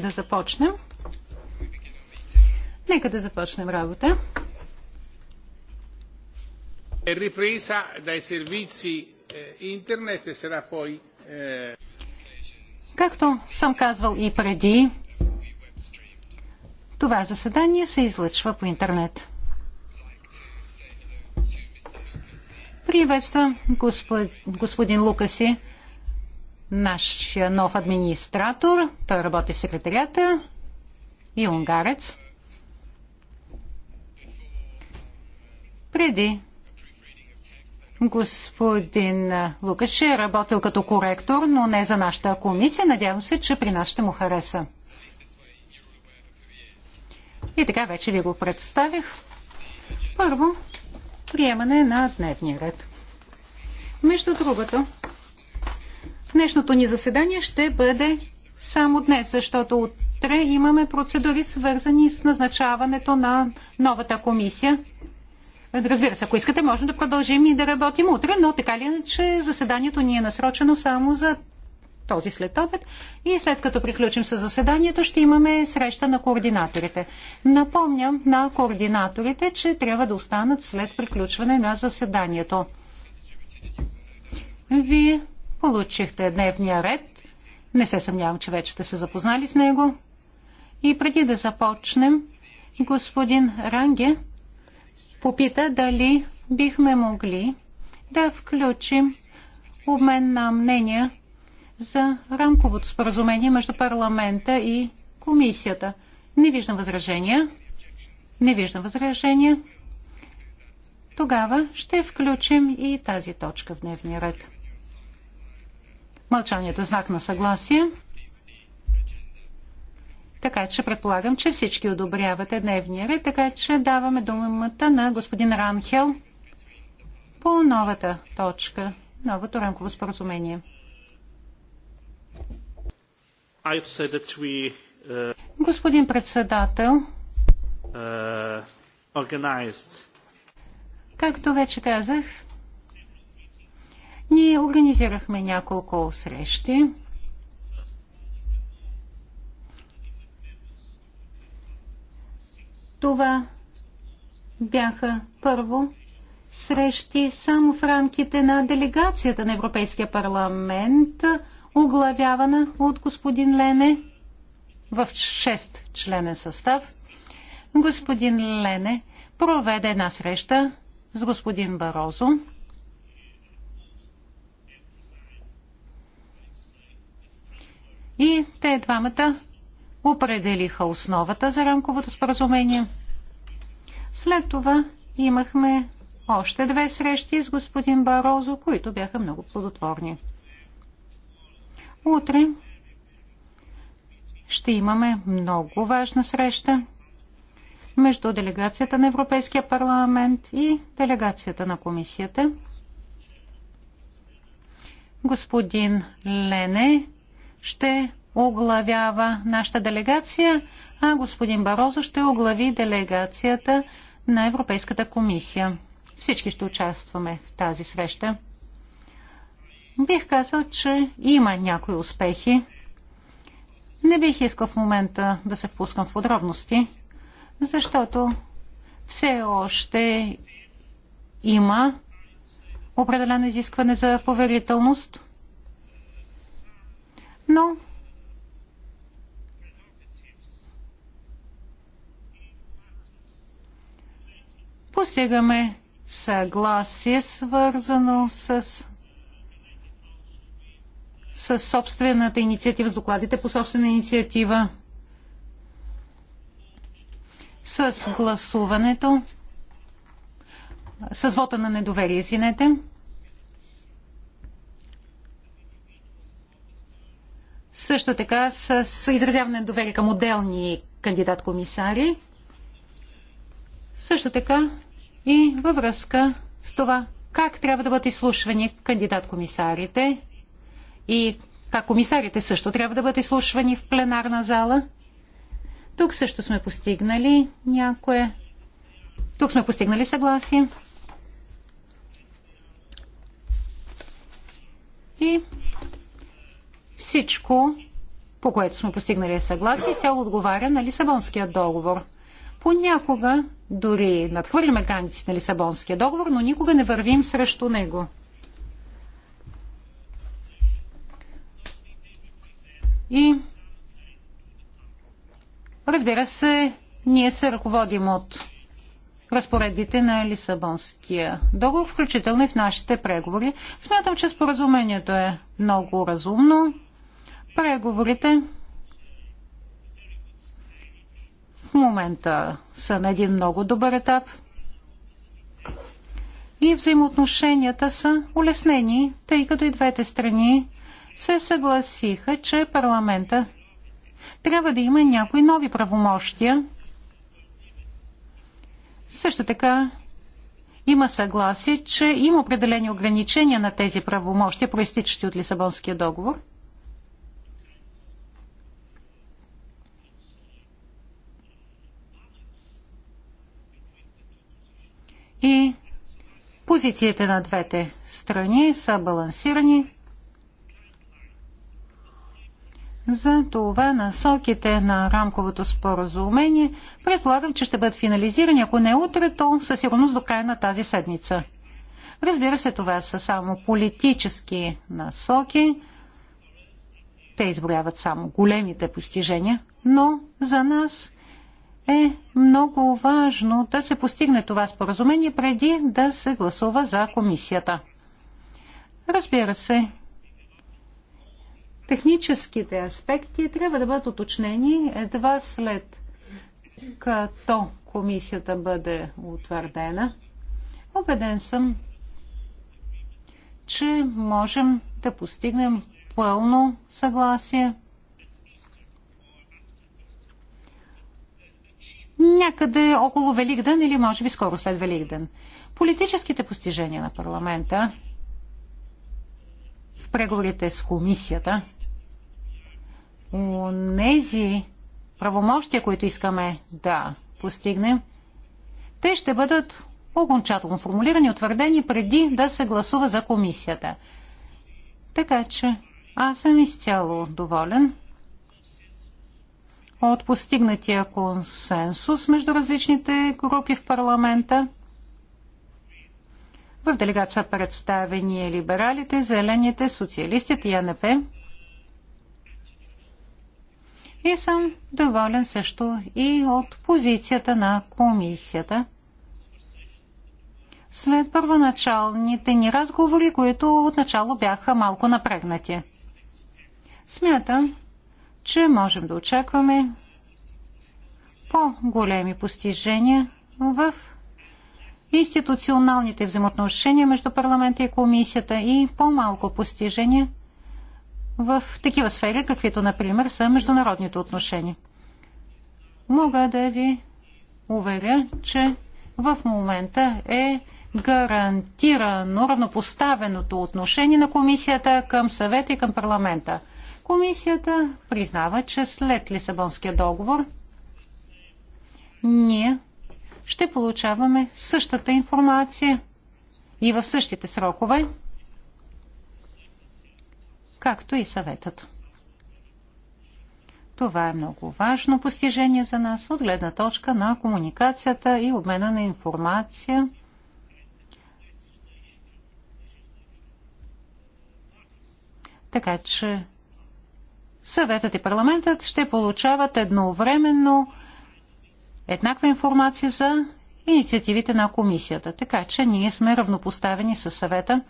да започнем. Нека да започнем работа. Е е, е Както съм казвал и преди, това заседание се излъчва по интернет. Приветствам господин Лукаси, нашия нов администратор. Той работи в секретарията и унгарец. Преди господин Лукаш е работил като коректор, но не за нашата комисия. Надявам се, че при нас ще му хареса. И така вече ви го представих. Първо, приемане на дневния ред. Между другото, Днешното ни заседание ще бъде само днес, защото утре имаме процедури свързани с назначаването на новата комисия. Разбира се, ако искате, можем да продължим и да работим утре, но така ли иначе заседанието ни е насрочено само за този след обед и след като приключим с заседанието ще имаме среща на координаторите. Напомням на координаторите, че трябва да останат след приключване на заседанието. Вие Получихте дневния ред. Не се съмнявам, че вече сте се запознали с него. И преди да започнем, господин Ранге попита дали бихме могли да включим обмен на мнения за рамковото споразумение между парламента и комисията. Не виждам възражения. Не виждам възражения. Тогава ще включим и тази точка в дневния ред. Мълчанието е знак на съгласие. Така че предполагам, че всички одобрявате дневния ред, така че даваме думата на господин Ранхел по новата точка, новото рамково споразумение. We, uh, господин председател, uh, Както вече казах, ние организирахме няколко срещи. Това бяха първо срещи само в рамките на делегацията на Европейския парламент, оглавявана от господин Лене в 6 членен състав. Господин Лене проведе една среща с господин Барозо. И те двамата определиха основата за рамковото споразумение. След това имахме още две срещи с господин Барозо, които бяха много плодотворни. Утре ще имаме много важна среща между делегацията на Европейския парламент и делегацията на комисията. Господин Лене ще оглавява нашата делегация, а господин Барозо ще оглави делегацията на Европейската комисия. Всички ще участваме в тази среща. Бих казал, че има някои успехи. Не бих искал в момента да се впускам в подробности, защото все още има определено изискване за поверителност – но постигаме съгласие, свързано с, със собствената инициатива, с докладите по собствена инициатива, с гласуването, с вота на недоверие, извинете. Също така с, изразяване на доверие към отделни кандидат-комисари. Също така и във връзка с това как трябва да бъдат изслушвани кандидат-комисарите и как комисарите също трябва да бъдат изслушвани в пленарна зала. Тук също сме постигнали някое. Тук сме постигнали съгласие. И всичко, по което сме постигнали съгласие, изцяло отговаря на Лисабонския договор. Понякога дори надхвърляме границите на Лисабонския договор, но никога не вървим срещу него. И разбира се, ние се ръководим от разпоредбите на Лисабонския договор, включително и в нашите преговори. Смятам, че споразумението е много разумно, Преговорите в момента са на един много добър етап и взаимоотношенията са улеснени, тъй като и двете страни се съгласиха, че парламента трябва да има някои нови правомощия. Също така има съгласие, че има определени ограничения на тези правомощия, проистичащи от Лисабонския договор. и позициите на двете страни са балансирани. За това насоките на рамковото споразумение предполагам, че ще бъдат финализирани, ако не утре, то със сигурност до края на тази седмица. Разбира се, това са само политически насоки. Те изброяват само големите постижения, но за нас е много важно да се постигне това споразумение преди да се гласува за комисията. Разбира се, техническите аспекти трябва да бъдат уточнени едва след като комисията бъде утвърдена. Обеден съм, че можем да постигнем пълно съгласие някъде около Великден или може би скоро след Великден. Политическите постижения на парламента в преговорите с комисията, нези правомощия, които искаме да постигнем, те ще бъдат окончателно формулирани, утвърдени преди да се гласува за комисията. Така че аз съм изцяло доволен от постигнатия консенсус между различните групи в парламента. В делегация представени е либералите, зелените, социалистите и АНП. И съм доволен също и от позицията на комисията. След първоначалните ни разговори, които отначало бяха малко напрегнати. Смятам, че можем да очакваме по-големи постижения в институционалните взаимоотношения между парламента и комисията и по-малко постижения в такива сфери, каквито, например, са международните отношения. Мога да ви уверя, че в момента е гарантирано равнопоставеното отношение на комисията към съвета и към парламента. Комисията признава, че след Лисабонския договор ние ще получаваме същата информация и в същите срокове, както и съветът. Това е много важно постижение за нас от гледна точка на комуникацията и обмена на информация. Така че съветът и парламентът ще получават едновременно еднаква информация за инициативите на комисията. Така че ние сме равнопоставени със съвета.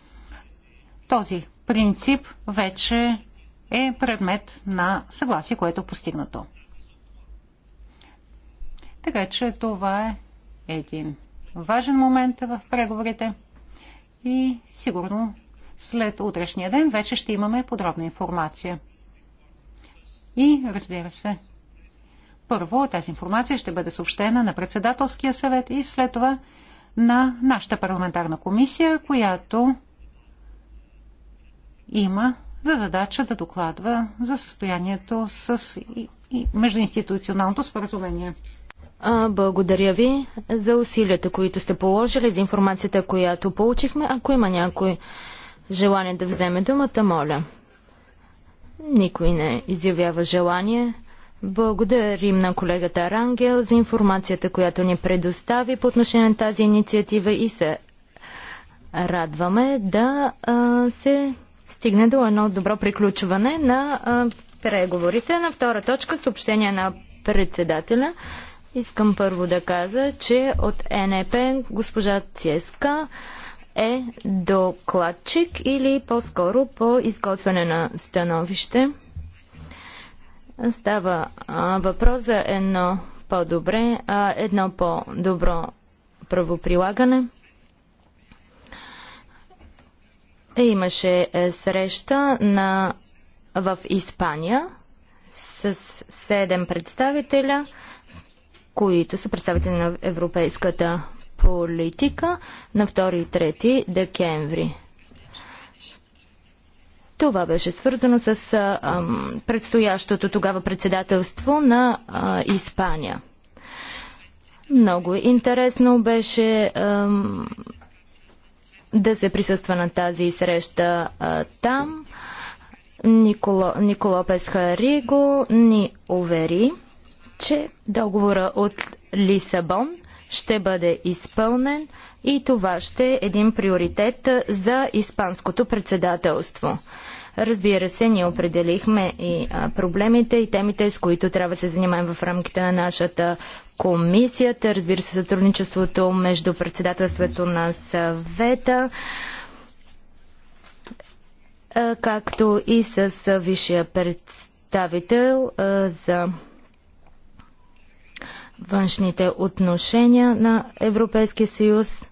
Този принцип вече е предмет на съгласие, което е постигнато. Така че това е един важен момент в преговорите и сигурно след утрешния ден вече ще имаме подробна информация. И, разбира се, първо тази информация ще бъде съобщена на председателския съвет и след това на нашата парламентарна комисия, която има за задача да докладва за състоянието с междуинституционалното споразумение. Благодаря ви за усилията, които сте положили, за информацията, която получихме. Ако има някой желание да вземе думата, моля. Никой не изявява желание. Благодарим на колегата Рангел за информацията, която ни предостави по отношение на тази инициатива и се радваме да а, се стигне до едно добро приключване на а, преговорите. На втора точка съобщение на председателя. Искам първо да кажа, че от НЕП госпожа Цеска е докладчик или по-скоро по изготвяне на становище. Става въпрос за едно по-добре, едно по-добро правоприлагане. Имаше е, среща на, в Испания с седем представителя, които са представители на Европейската политика на 2 и 3 декември. Това беше свързано с а, предстоящото тогава председателство на а, Испания. Много интересно беше а, да се присъства на тази среща а, там. Николо, Николо Песхариго ни увери, че договора от Лисабон ще бъде изпълнен и това ще е един приоритет за Испанското председателство. Разбира се, ние определихме и проблемите и темите, с които трябва да се занимаем в рамките на нашата комисията. Разбира се, сътрудничеството между председателството на съвета както и с висшия представител за външните отношения на Европейския съюз.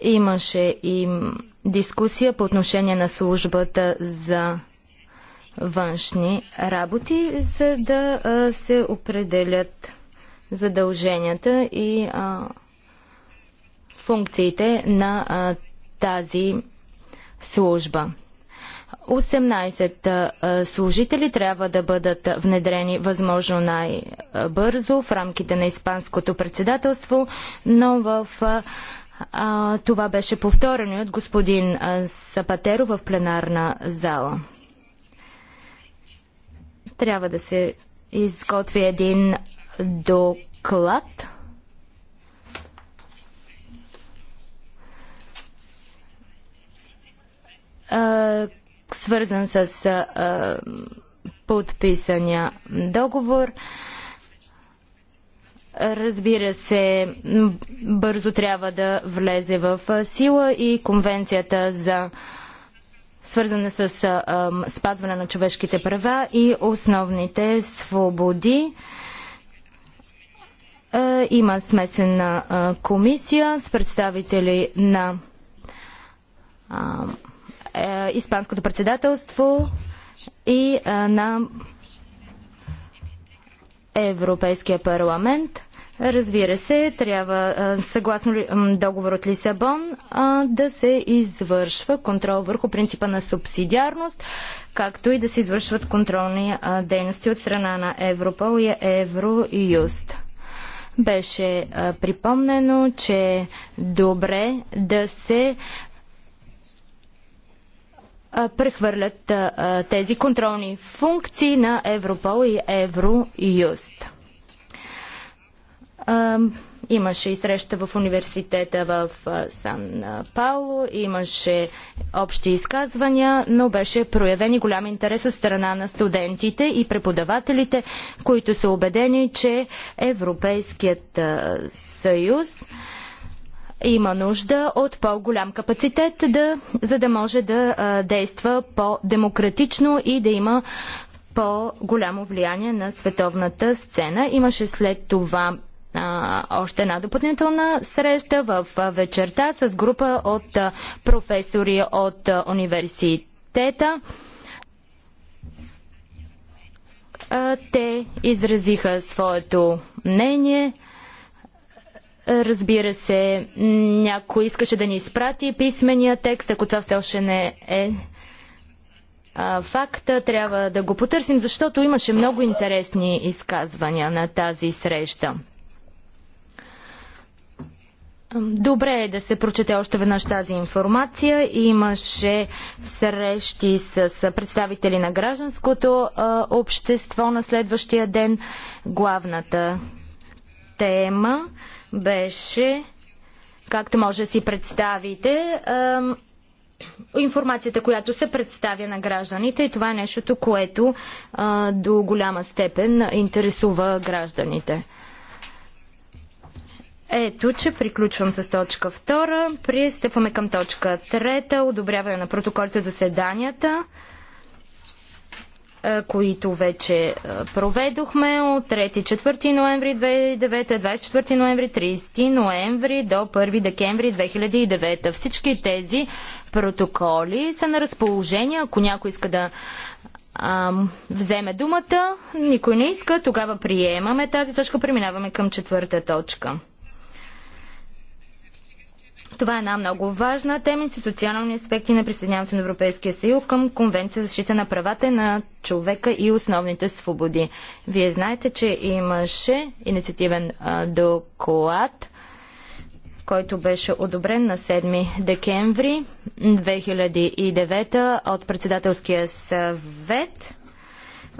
Имаше и дискусия по отношение на службата за външни работи, за да се определят задълженията и а, функциите на а, тази служба. 18 служители трябва да бъдат внедрени възможно най-бързо в рамките на Испанското председателство, но в а, това беше повторено и от господин Сапатеро в пленарна зала. Трябва да се изготви един доклад. Uh, свързан с а, подписания договор. Разбира се, бързо трябва да влезе в сила и конвенцията за свързана с а, спазване на човешките права и основните свободи. А, има смесена а, комисия с представители на а, е, Испанското председателство и е, на Европейския парламент. Разбира се, трябва е, съгласно договор от Лисабон да се извършва контрол върху принципа на субсидиарност, както и да се извършват контролни дейности от страна на Европол и Евроюст. Беше припомнено, че добре да се прехвърлят тези контролни функции на Европол и Евроюст. Имаше и среща в университета в Сан Пауло, имаше общи изказвания, но беше проявен и голям интерес от страна на студентите и преподавателите, които са убедени, че Европейският съюз има нужда от по-голям капацитет, да, за да може да а, действа по-демократично и да има по-голямо влияние на световната сцена. Имаше след това а, още една допълнителна среща в вечерта с група от а, професори от а, университета. А, те изразиха своето мнение Разбира се, някой искаше да ни изпрати писмения текст, ако това все още не е факта, трябва да го потърсим, защото имаше много интересни изказвания на тази среща. Добре е да се прочете още веднъж тази информация. Имаше срещи с представители на гражданското общество на следващия ден. Главната тема беше, както може да си представите, информацията, която се представя на гражданите и това е нещото, което до голяма степен интересува гражданите. Ето, че приключвам с точка 2. Пристъпваме към точка 3. Одобряване на протоколите заседанията. Е, които вече е, проведохме от 3-4 ноември 2009, 24 ноември, 30 ноември до 1 декември 2009. Всички тези протоколи са на разположение, ако някой иска да ам, вземе думата, никой не иска, тогава приемаме тази точка, преминаваме към четвърта точка. Това е една много важна тема, институционални аспекти на присъединяването на Европейския съюз към Конвенция за защита на правата на човека и основните свободи. Вие знаете, че имаше инициативен доклад, който беше одобрен на 7 декември 2009 от председателския съвет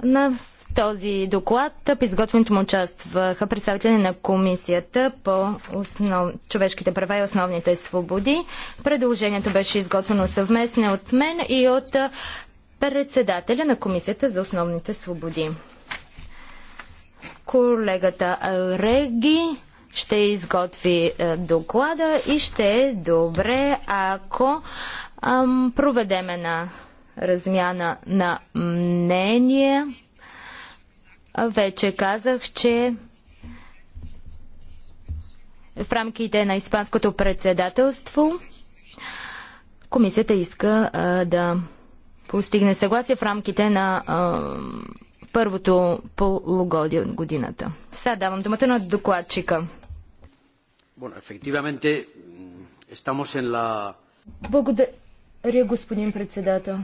на този доклад в изготвянето му участваха представители на Комисията по основ... човешките права и основните свободи. Предложението беше изготвено съвместно от мен и от председателя на Комисията за основните свободи. Колегата Реги ще изготви доклада и ще е добре, ако ам, проведеме на размяна на мнение вече казах, че в рамките на Испанското председателство комисията иска а, да постигне съгласие в рамките на а, първото полугодие от годината. Сега давам думата на докладчика. Bueno, mm, Благодаря, господин председател.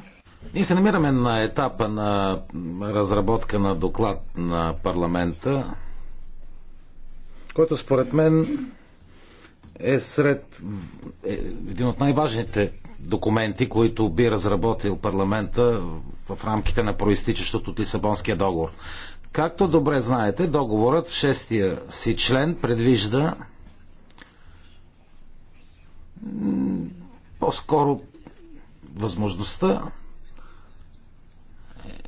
Ние се намираме на етапа на разработка на доклад на парламента, който според мен е сред е, един от най-важните документи, които би разработил парламента в рамките на проистичащото от Лисабонския договор. Както добре знаете, договорът в шестия си член предвижда по-скоро възможността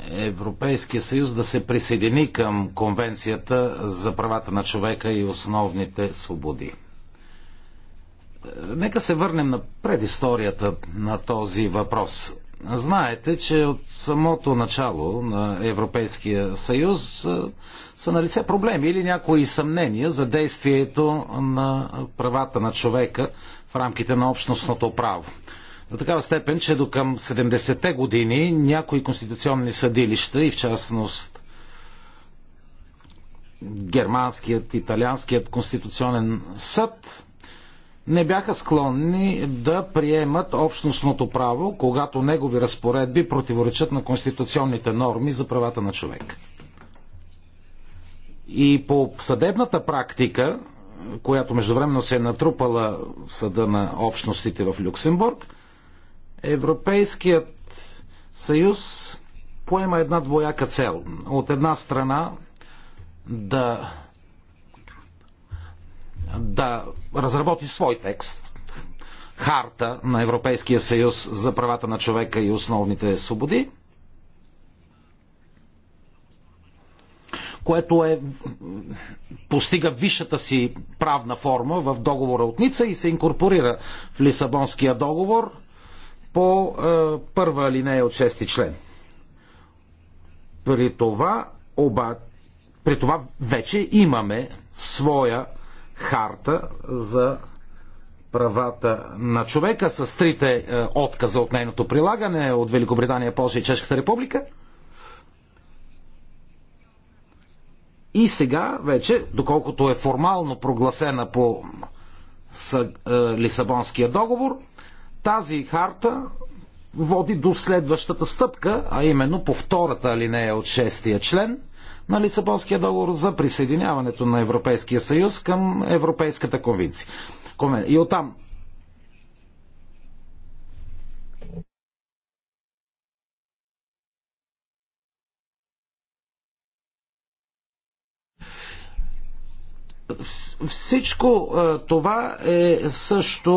Европейския съюз да се присъедини към Конвенцията за правата на човека и основните свободи. Нека се върнем на предисторията на този въпрос. Знаете, че от самото начало на Европейския съюз са налице проблеми или някои съмнения за действието на правата на човека в рамките на общностното право до такава степен, че до към 70-те години някои конституционни съдилища и в частност германският, италианският конституционен съд не бяха склонни да приемат общностното право, когато негови разпоредби противоречат на конституционните норми за правата на човек. И по съдебната практика, която междувременно се е натрупала в съда на общностите в Люксембург, Европейският съюз поема една двояка цел. От една страна да да разработи свой текст, харта на Европейския съюз за правата на човека и основните свободи, което е, постига висшата си правна форма в договора от Ница и се инкорпорира в Лисабонския договор – по е, първа алинея от 6 член. При това, оба, при това вече имаме своя харта за правата на човека с трите е, отказа от нейното прилагане от Великобритания, Польша и Чешката република. И сега вече, доколкото е формално прогласена по е, Лисабонския договор, тази харта води до следващата стъпка, а именно по втората алинея от шестия член на Лисабонския договор за присъединяването на Европейския съюз към Европейската конвенция. И оттам Всичко е, това е също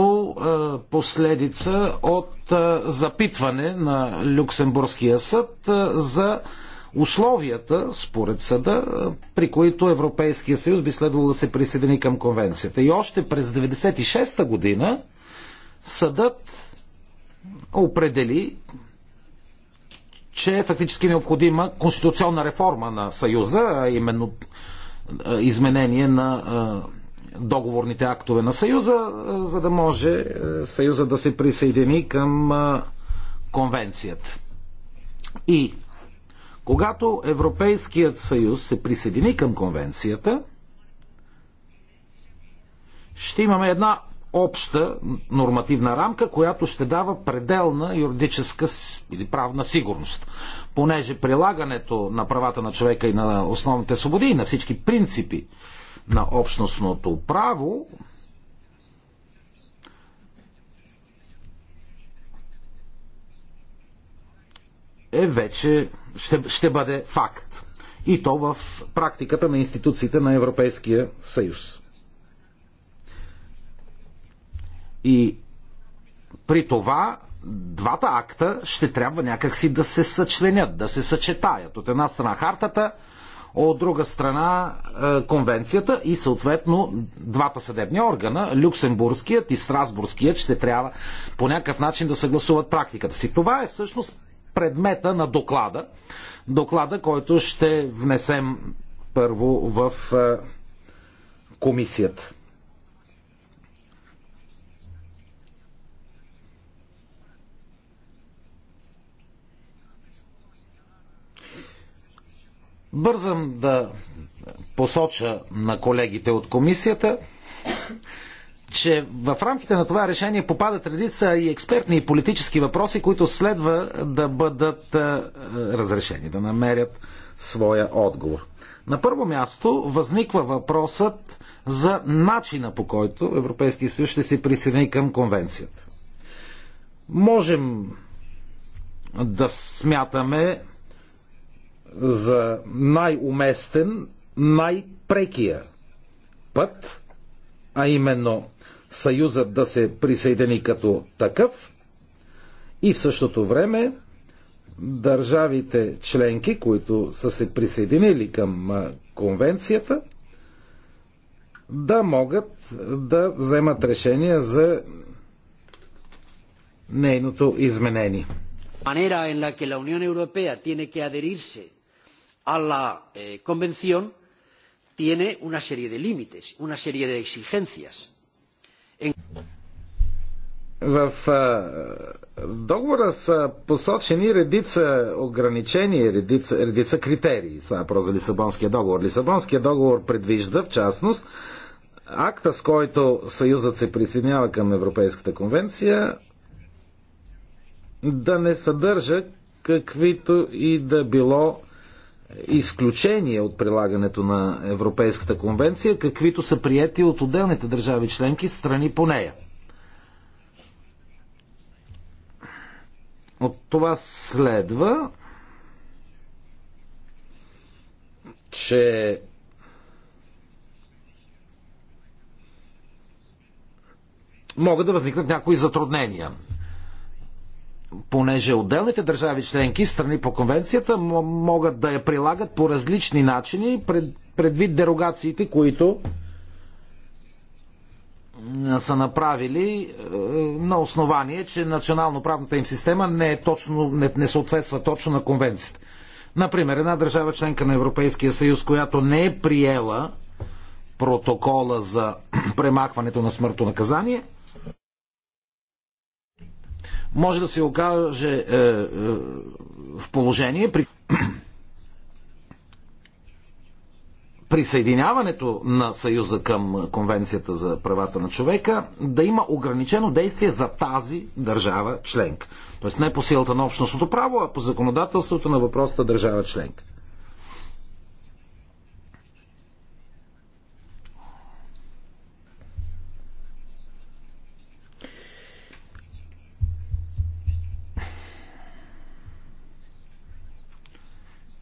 е, последица от е, запитване на Люксембургския съд за условията, според съда, при които Европейския съюз би следвало да се присъедини към конвенцията. И още през 1996 година съдът определи, че е фактически необходима конституционна реформа на Съюза, а именно изменение на договорните актове на Съюза, за да може е, Съюза да се присъедини към конвенцията. И когато Европейският съюз се присъедини към конвенцията, ще имаме една обща нормативна рамка, която ще дава пределна юридическа или правна сигурност. Понеже прилагането на правата на човека и на основните свободи и на всички принципи на общностното право е вече ще, ще бъде факт. И то в практиката на институциите на Европейския съюз. И при това двата акта ще трябва някакси да се съчленят, да се съчетаят. От една страна хартата, от друга страна е, конвенцията и съответно двата съдебни органа, люксембургският и страсбургският, ще трябва по някакъв начин да съгласуват практиката си. Това е всъщност предмета на доклада. Доклада, който ще внесем първо в е, комисията. Бързам да посоча на колегите от комисията, че в рамките на това решение попадат редица и експертни и политически въпроси, които следва да бъдат е, разрешени, да намерят своя отговор. На първо място възниква въпросът за начина по който Европейския съюз ще се присъедини към конвенцията. Можем да смятаме, за най-уместен, най-прекия път, а именно Съюзът да се присъедини като такъв и в същото време държавите членки, които са се присъединили към конвенцията, да могат да вземат решение за нейното изменение. Манера en la que la Unión Europea tiene que adherirse a la eh, Convención tiene una serie de límites, una serie de exigencias. В договора са посочени редица ограничения, редица, редица критерии. Става въпрос за Лисабонския договор. Лисабонския договор предвижда, в частност, акта, с който Съюзът се присъединява към Европейската конвенция, да не съдържа каквито и да било изключения от прилагането на Европейската конвенция, каквито са приети от отделните държави членки страни по нея. От това следва, че могат да възникнат някои затруднения понеже отделните държави членки, страни по конвенцията, могат да я прилагат по различни начини, пред, предвид дерогациите, които са направили е, на основание, че национално-правната им система не, е точно, не, не съответства точно на конвенцията. Например, една държава членка на Европейския съюз, която не е приела протокола за премахването на смъртонаказание, може да се окаже е, е, в положение при присъединяването на Съюза към Конвенцията за правата на човека да има ограничено действие за тази държава членка. Тоест не по силата на общностното право, а по законодателството на въпросата държава членка.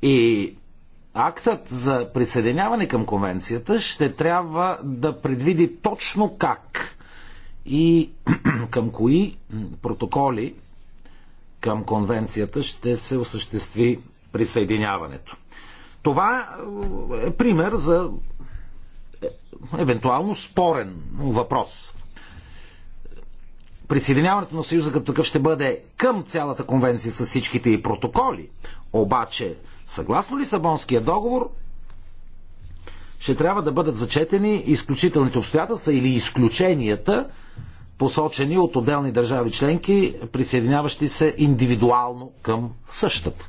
И актът за присъединяване към конвенцията ще трябва да предвиди точно как и към кои протоколи към конвенцията ще се осъществи присъединяването. Това е, е пример за е, евентуално спорен въпрос. Присъединяването на Съюза като такъв ще бъде към цялата конвенция с всичките и протоколи, обаче Съгласно Лисабонския договор ще трябва да бъдат зачетени изключителните обстоятелства или изключенията, посочени от отделни държави членки, присъединяващи се индивидуално към същата.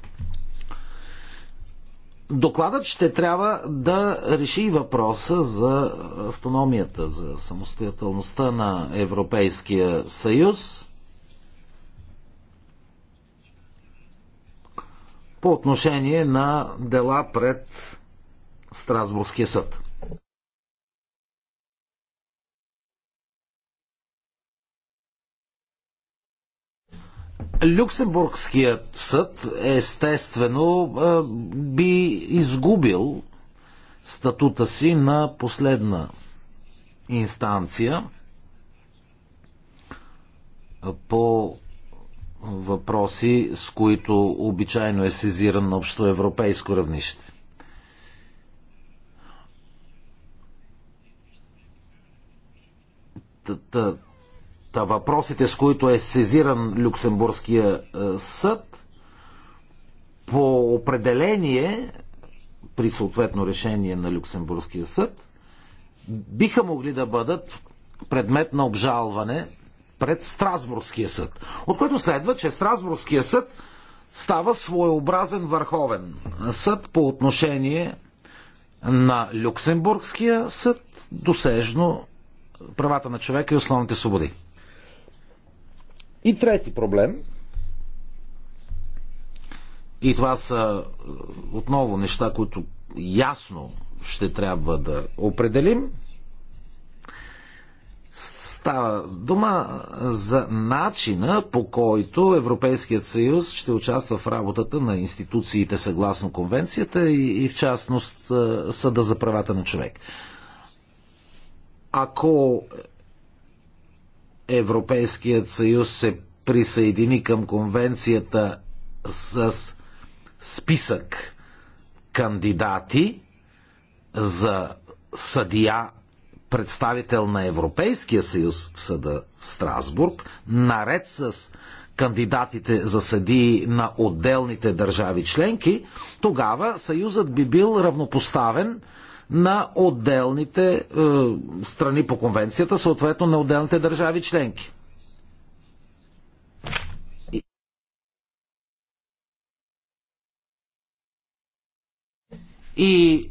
Докладът ще трябва да реши въпроса за автономията, за самостоятелността на Европейския съюз, по отношение на дела пред Страсбургския съд. Люксембургският съд естествено би изгубил статута си на последна инстанция по въпроси, с които обичайно е сезиран на общоевропейско равнище. Та, та, въпросите, с които е сезиран Люксембургския е, съд, по определение, при съответно решение на Люксембургския съд, биха могли да бъдат предмет на обжалване пред Страсбургския съд. От което следва, че Страсбургския съд става своеобразен върховен съд по отношение на Люксембургския съд, досежно правата на човека и основните свободи. И трети проблем. И това са е, отново неща, които ясно ще трябва да определим. Става дума за начина по който Европейският съюз ще участва в работата на институциите съгласно конвенцията и, и в частност е, Съда за правата на човек. Ако Европейският съюз се присъедини към конвенцията с списък кандидати за съдия представител на Европейския съюз в съда в Страсбург, наред с кандидатите за съдии на отделните държави членки, тогава съюзът би бил равнопоставен на отделните е, страни по конвенцията, съответно на отделните държави членки. И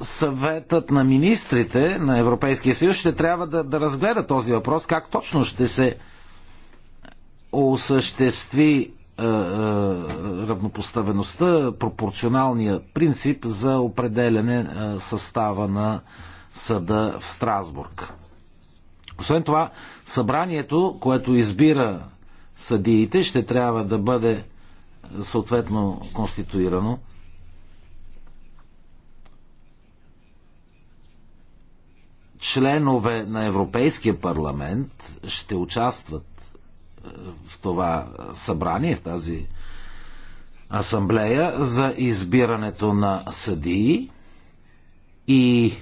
съветът на министрите на Европейския съюз ще трябва да, да разгледа този въпрос, как точно ще се осъществи е, е, равнопоставеността, пропорционалния принцип за определене е, състава на съда в Страсбург. Освен това, събранието, което избира съдиите, ще трябва да бъде е, съответно конституирано членове на Европейския парламент ще участват е, в това събрание, в тази асамблея за избирането на съдии и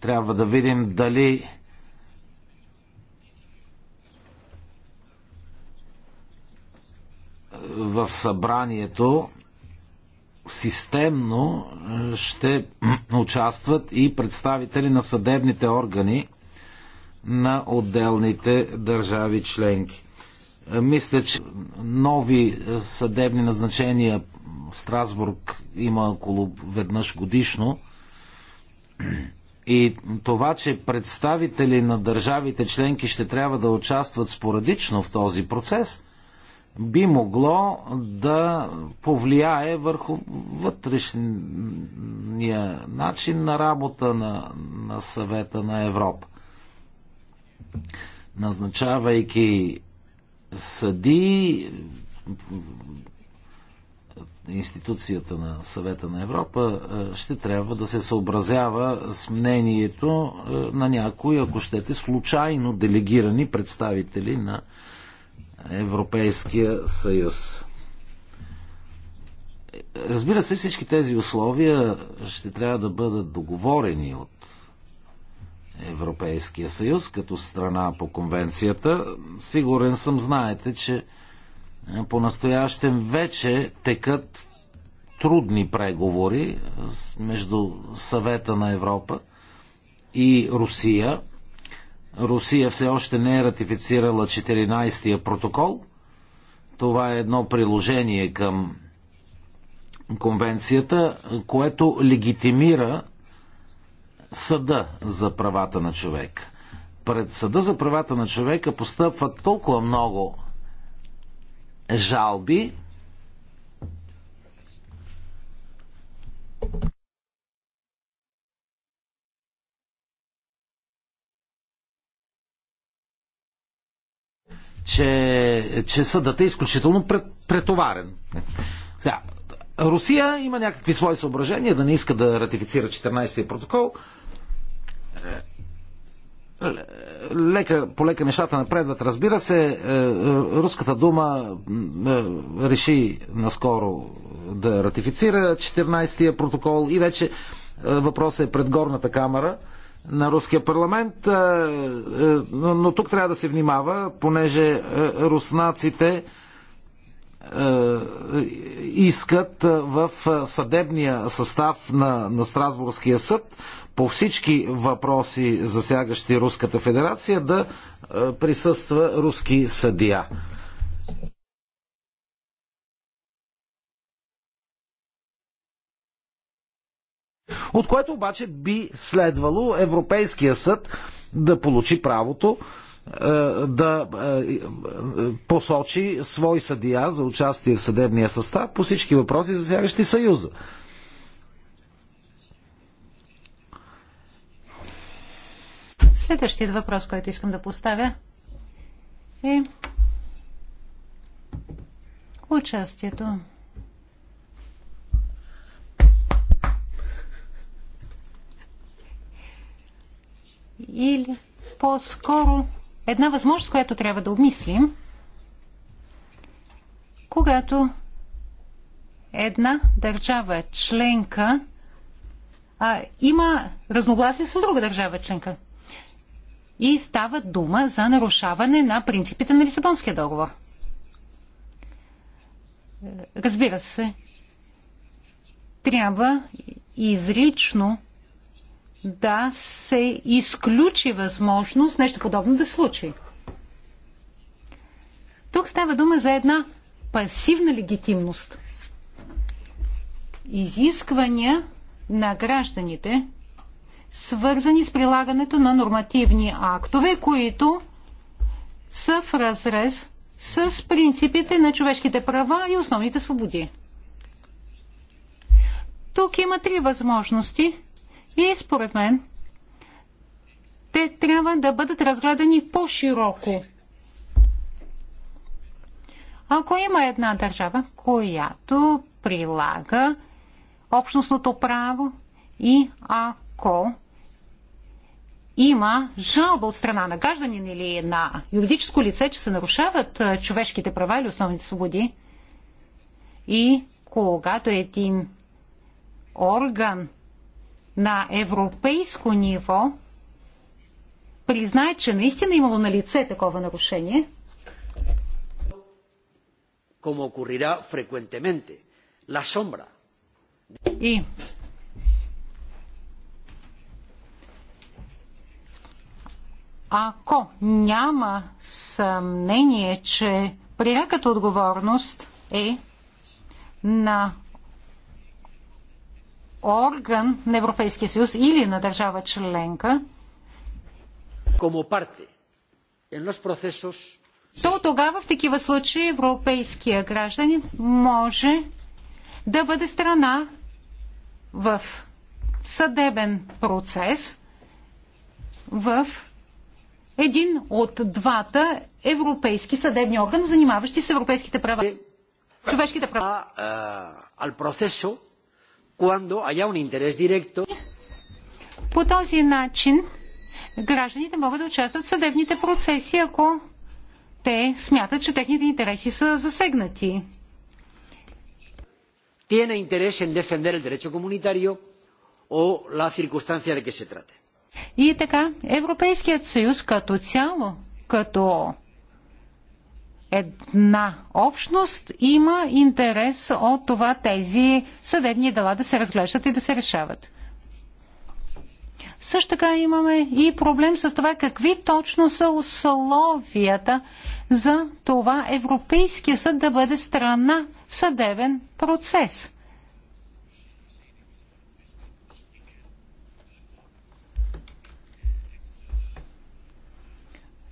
трябва да видим дали в събранието системно е, ще участват и представители на съдебните органи на отделните държави членки. Е, мисля, че нови съдебни назначения в Страсбург има около веднъж годишно. И това, че представители на държавите членки ще трябва да участват споредично в този процес – би могло да повлияе върху вътрешния начин на работа на, на съвета на Европа. Назначавайки съди, институцията на съвета на Европа е, ще трябва да се съобразява с мнението е, на някои, ако щете, случайно делегирани представители на Европейския съюз. Разбира се, всички тези условия ще трябва да бъдат договорени от Европейския съюз като страна по конвенцията. Сигурен съм, знаете, че е, по-настоящем вече текат трудни преговори между съвета на Европа и Русия – Русия все още не е ратифицирала 14-я протокол. Това е едно приложение към конвенцията, което легитимира съда за правата на човек. Пред съда за правата на човека постъпват толкова много жалби, че, че съдът е изключително пред, претоварен. Сега, Русия има някакви свои съображения да не иска да ратифицира 14-ти протокол. Лека, полека нещата напредват. Разбира се, е, руската дума е, реши наскоро да ратифицира 14-тия протокол и вече е, въпросът е пред горната камера на Руския парламент, е, е, но тук трябва да се внимава, понеже е, руснаците искат в съдебния състав на, на Страсбургския съд по всички въпроси, засягащи Руската федерация, да присъства руски съдия. От което обаче би следвало Европейския съд да получи правото е, да е, е, посочи свой съдия за участие в съдебния състав по всички въпроси, засягащи Съюза. Следващият въпрос, който искам да поставя е участието или по-скоро една възможност, която трябва да обмислим, когато една държава членка а, има разногласие с друга държава членка. И става дума за нарушаване на принципите на Лисабонския договор. Разбира се, трябва изрично да се изключи възможност нещо подобно да случи. Тук става дума за една пасивна легитимност. Изисквания на гражданите, свързани с прилагането на нормативни актове, които са в разрез с принципите на човешките права и основните свободи. Тук има три възможности и според мен те трябва да бъдат разгледани по-широко. Ако има една държава, която прилага общностното право и ако има жалба от страна на гражданин или на юридическо лице, че се нарушават човешките права или основните свободи, и когато един орган на европейско ниво признае, че наистина е имало на лице такова нарушение? И ако няма съмнение, че пряката отговорност е на орган на Европейския съюз или на държава членка, то тогава в такива случаи европейския гражданин може да бъде страна в съдебен процес в един от двата европейски съдебни органа, занимаващи с европейските права, е, човешките права. Al процесо, cuando haya un interés directo. По този начин гражданите могат да участват в съдебните процеси, ако те смятат, че техните интереси са засегнати. Tiene interés en defender el derecho comunitario o la circunstancia de que se trate. И така, Европейският съюз като цяло, като една общност има интерес от това тези съдебни дела да се разглеждат и да се решават. Също така имаме и проблем с това какви точно са условията за това Европейския съд да бъде страна в съдебен процес.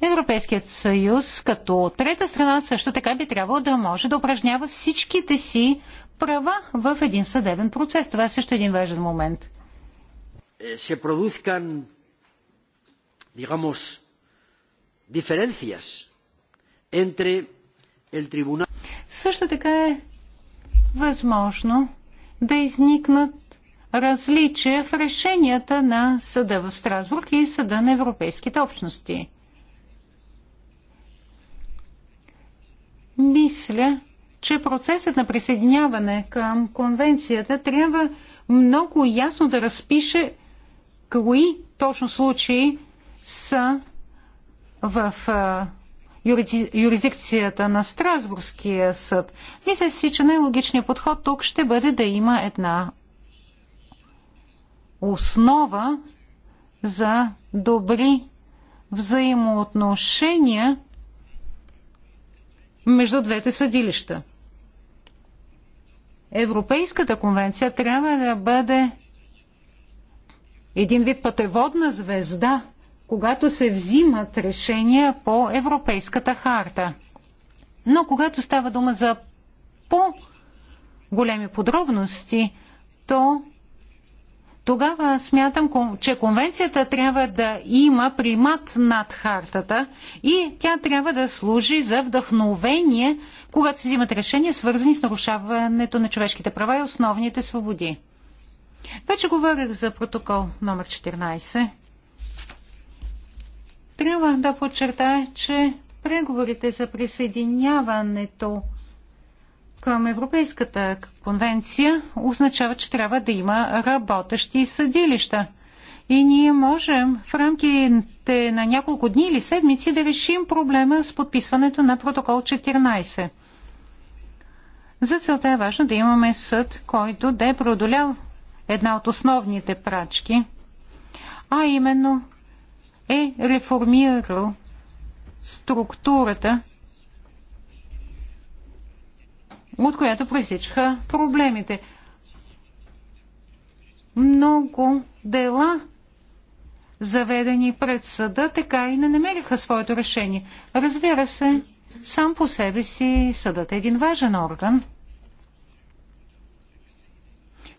Европейският съюз като трета страна също така би трябвало да може да упражнява всичките си права в един съдебен процес. Това е също един важен момент. Е, се produzcan, digamos, diferencias entre el tribunal... Също така е възможно да изникнат различия в решенията на съда в Страсбург и съда на европейските общности – мисля, че процесът на присъединяване към конвенцията трябва много ясно да разпише кои точно случаи са в юрисдикцията на Страсбургския съд. Мисля си, че най-логичният подход тук ще бъде да има една основа за добри взаимоотношения между двете съдилища. Европейската конвенция трябва да бъде един вид пътеводна звезда, когато се взимат решения по Европейската харта. Но когато става дума за по-големи подробности, то тогава смятам, че конвенцията трябва да има примат над хартата и тя трябва да служи за вдъхновение, когато се взимат решения, свързани с нарушаването на човешките права и основните свободи. Вече говорих за протокол номер 14. Трябва да подчертая, че преговорите за присъединяването към Европейската конвенция означава, че трябва да има работещи съдилища. И ние можем в рамките на няколко дни или седмици да решим проблема с подписването на протокол 14. За целта е важно да имаме съд, който да е преодолял една от основните прачки, а именно е реформирал структурата от която пресичаха проблемите. Много дела, заведени пред съда, така и не намериха своето решение. Разбира се, сам по себе си съдът е един важен орган.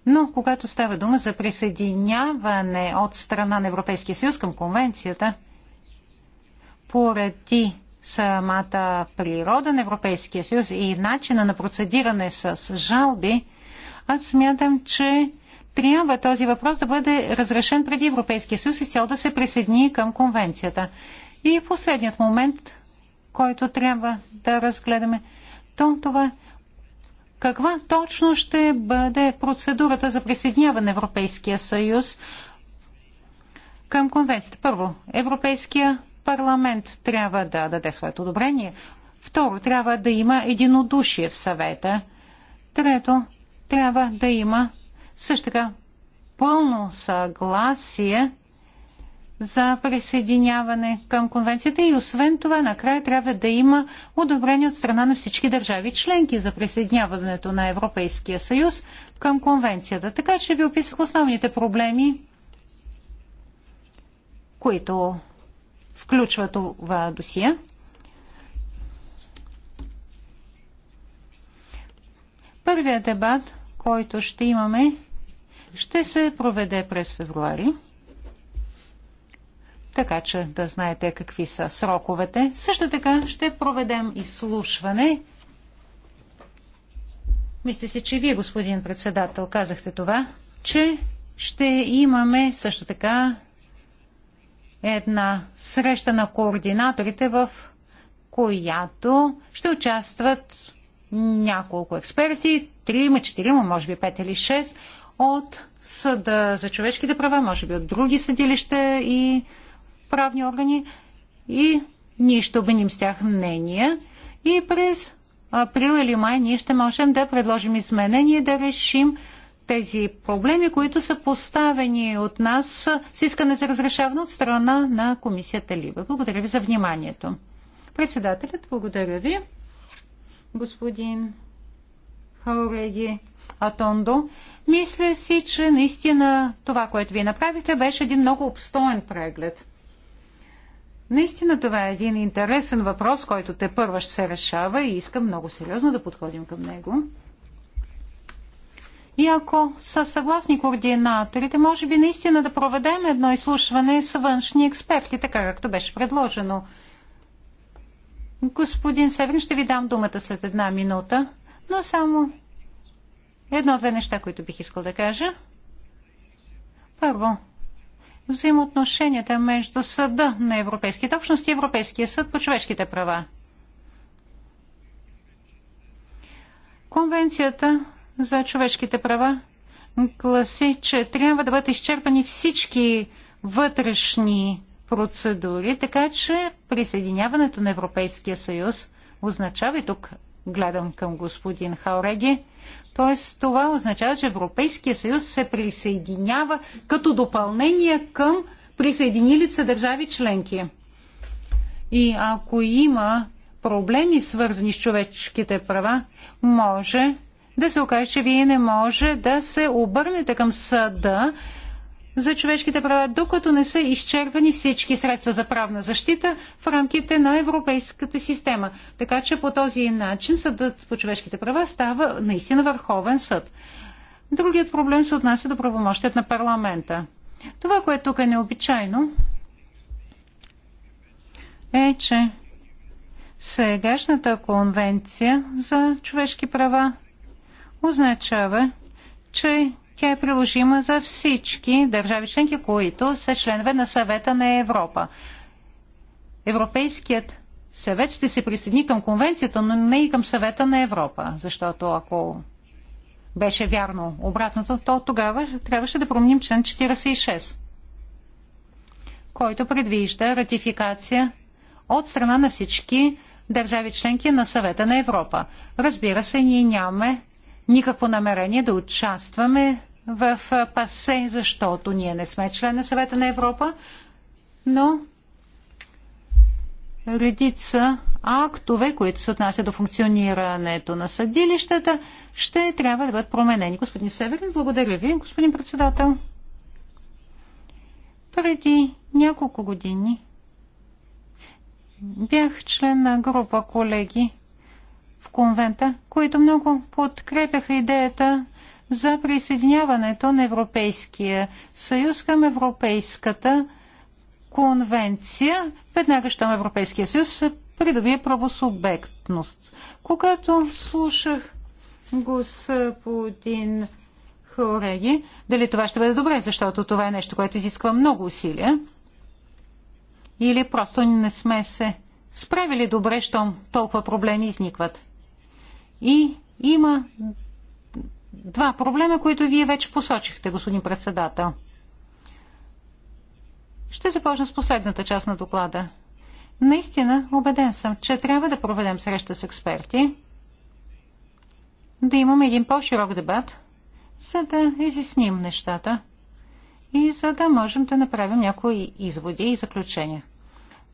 Но когато става дума за присъединяване от страна на Европейския съюз към конвенцията, поради самата природа на Европейския съюз и начина на процедиране с жалби, аз смятам, че трябва този въпрос да бъде разрешен преди Европейския съюз и цял да се присъедини към конвенцията. И последният момент, който трябва да разгледаме, то това каква точно ще бъде процедурата за присъединяване на Европейския съюз към конвенцията. Първо, Европейския парламент трябва да даде своето одобрение. Второ, трябва да има единодушие в съвета. Трето, трябва да има също така пълно съгласие за присъединяване към конвенцията и освен това накрая трябва да има одобрение от страна на всички държави членки за присъединяването на Европейския съюз към конвенцията. Така че ви описах основните проблеми, които включва това досие. Първият дебат, който ще имаме, ще се проведе през февруари. Така че да знаете какви са сроковете. Също така ще проведем изслушване. Мисля си, че вие, господин председател, казахте това, че ще имаме също така една среща на координаторите, в която ще участват няколко експерти, трима, 4, може би пет или 6, от Съда за човешките права, може би от други съдилища и правни органи. И ние ще обменим с тях мнения и през април или май ние ще можем да предложим изменения и да решим тези проблеми, които са поставени от нас с искане за разрешаване от страна на комисията Либе. Благодаря ви за вниманието. Председателят, благодаря ви. Господин Хауреги Атондо, мисля си, че наистина това, което вие направихте, беше един много обстоен преглед. Наистина това е един интересен въпрос, който те първа ще се решава и искам много сериозно да подходим към него. И ако са съгласни координаторите, може би наистина да проведем едно изслушване с външни експерти, така както беше предложено. Господин Северин, ще ви дам думата след една минута, но само едно-две неща, които бих искал да кажа. Първо, взаимоотношенията между Съда на Европейските общности и Европейския съд по човешките права. Конвенцията за човешките права гласи, че трябва да бъдат изчерпани всички вътрешни процедури, така че присъединяването на Европейския съюз означава и тук гледам към господин Хауреги, т.е. това означава, че Европейския съюз се присъединява като допълнение към присъединили се държави членки. И ако има проблеми, свързани с човешките права, може да се окаже, че вие не може да се обърнете към съда за човешките права, докато не са изчерпани всички средства за правна защита в рамките на европейската система. Така че по този начин съдът по човешките права става наистина върховен съд. Другият проблем се отнася до правомощият на парламента. Това, което тук е необичайно, е, че сегашната конвенция за човешки права означава, че тя е приложима за всички държави членки, които са членове на съвета на Европа. Европейският съвет ще се присъедини към конвенцията, но не и към съвета на Европа, защото ако беше вярно обратното, то тогава трябваше да променим член 46, който предвижда ратификация от страна на всички държави членки на съвета на Европа. Разбира се, ние нямаме никакво намерение да участваме в ПАСЕ, защото ние не сме член на съвета на Европа, но редица актове, които се отнасят до функционирането на съдилищата, ще трябва да бъдат променени. Господин Северин, благодаря ви, господин председател. Преди няколко години бях член на група колеги, в конвента, които много подкрепяха идеята за присъединяването на Европейския съюз към Европейската конвенция, веднага щом Европейския съюз придобие правосубектност. Когато слушах господин Хореги, дали това ще бъде добре, защото това е нещо, което изисква много усилия, или просто не сме се справили добре, щом толкова проблеми изникват. И има два проблема, които вие вече посочихте, господин председател. Ще започна с последната част на доклада. Наистина, убеден съм, че трябва да проведем среща с експерти, да имаме един по-широк дебат, за да изясним нещата и за да можем да направим някои изводи и заключения.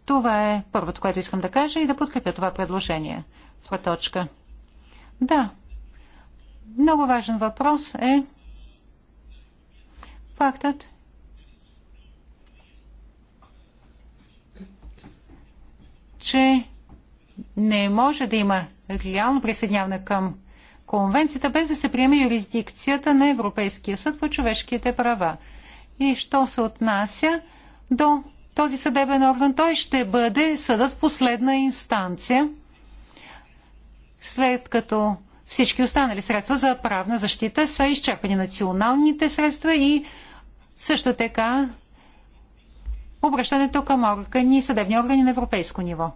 Това е първото, което искам да кажа и да подкрепя това предложение. Това точка – да, много важен въпрос е фактът, че не може да има реално присъединяване към конвенцията, без да се приеме юрисдикцията на Европейския съд по човешките права. И що се отнася до този съдебен орган, той ще бъде съдът в последна инстанция – след като всички останали средства за правна защита са изчерпани националните средства и също така обръщането към органи, съдебни органи на европейско ниво.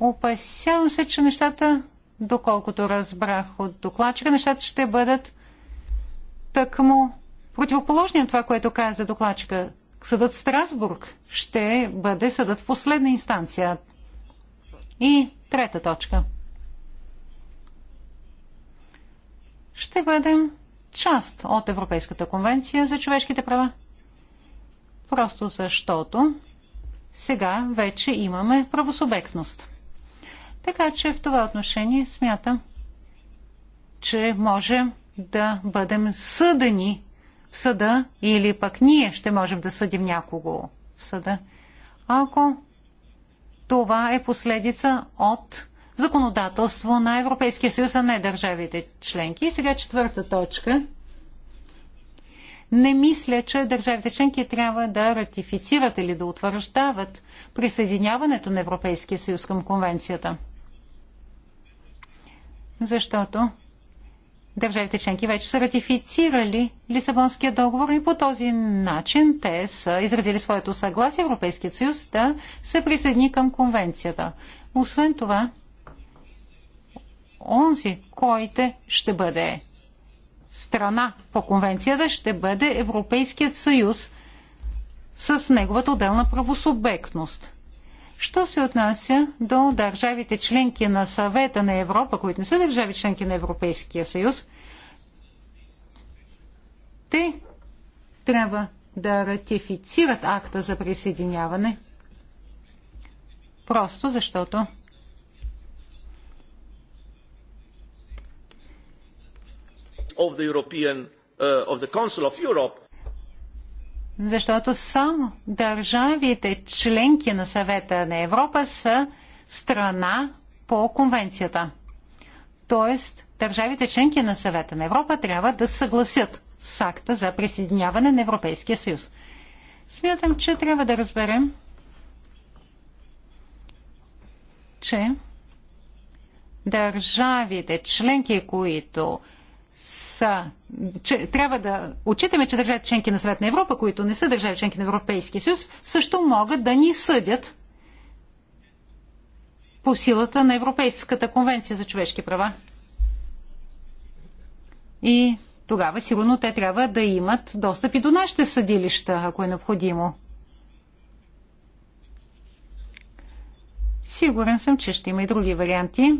Опасявам се, че нещата, доколкото разбрах от докладчика, нещата ще бъдат тъкмо противоположни на това, което каза докладчика. Съдът в Страсбург ще бъде съдът в последна инстанция. И трета точка – ще бъдем част от Европейската конвенция за човешките права. Просто защото сега вече имаме правосубектност. Така че в това отношение смятам, че можем да бъдем съдени в съда или пък ние ще можем да съдим някого в съда, ако това е последица от законодателство на Европейския съюз, а не държавите членки. И сега четвърта точка. Не мисля, че държавите членки трябва да ратифицират или да утвърждават присъединяването на Европейския съюз към конвенцията. Защото държавите членки вече са ратифицирали Лисабонския договор и по този начин те са изразили своето съгласие Европейският съюз да се присъедини към конвенцията. Освен това, онзи, който ще бъде страна по конвенцията, ще бъде Европейският съюз с неговата отделна правосубектност. Що се отнася до държавите членки на съвета на Европа, които не са държави членки на Европейския съюз, те трябва да ратифицират акта за присъединяване, просто защото of the European uh, of the Council of Europe. Защото само държавите членки на съвета на Европа са страна по конвенцията. Тоест, държавите членки на съвета на Европа трябва да съгласят с акта за присъединяване на Европейския съюз. Смятам, че трябва да разберем, че държавите членки, които са, че, трябва да отчитаме, че държавите членки на Съвет на Европа, които не са държави членки на Европейския съюз, също могат да ни съдят по силата на Европейската конвенция за човешки права. И тогава сигурно те трябва да имат достъп и до нашите съдилища, ако е необходимо. Сигурен съм, че ще има и други варианти.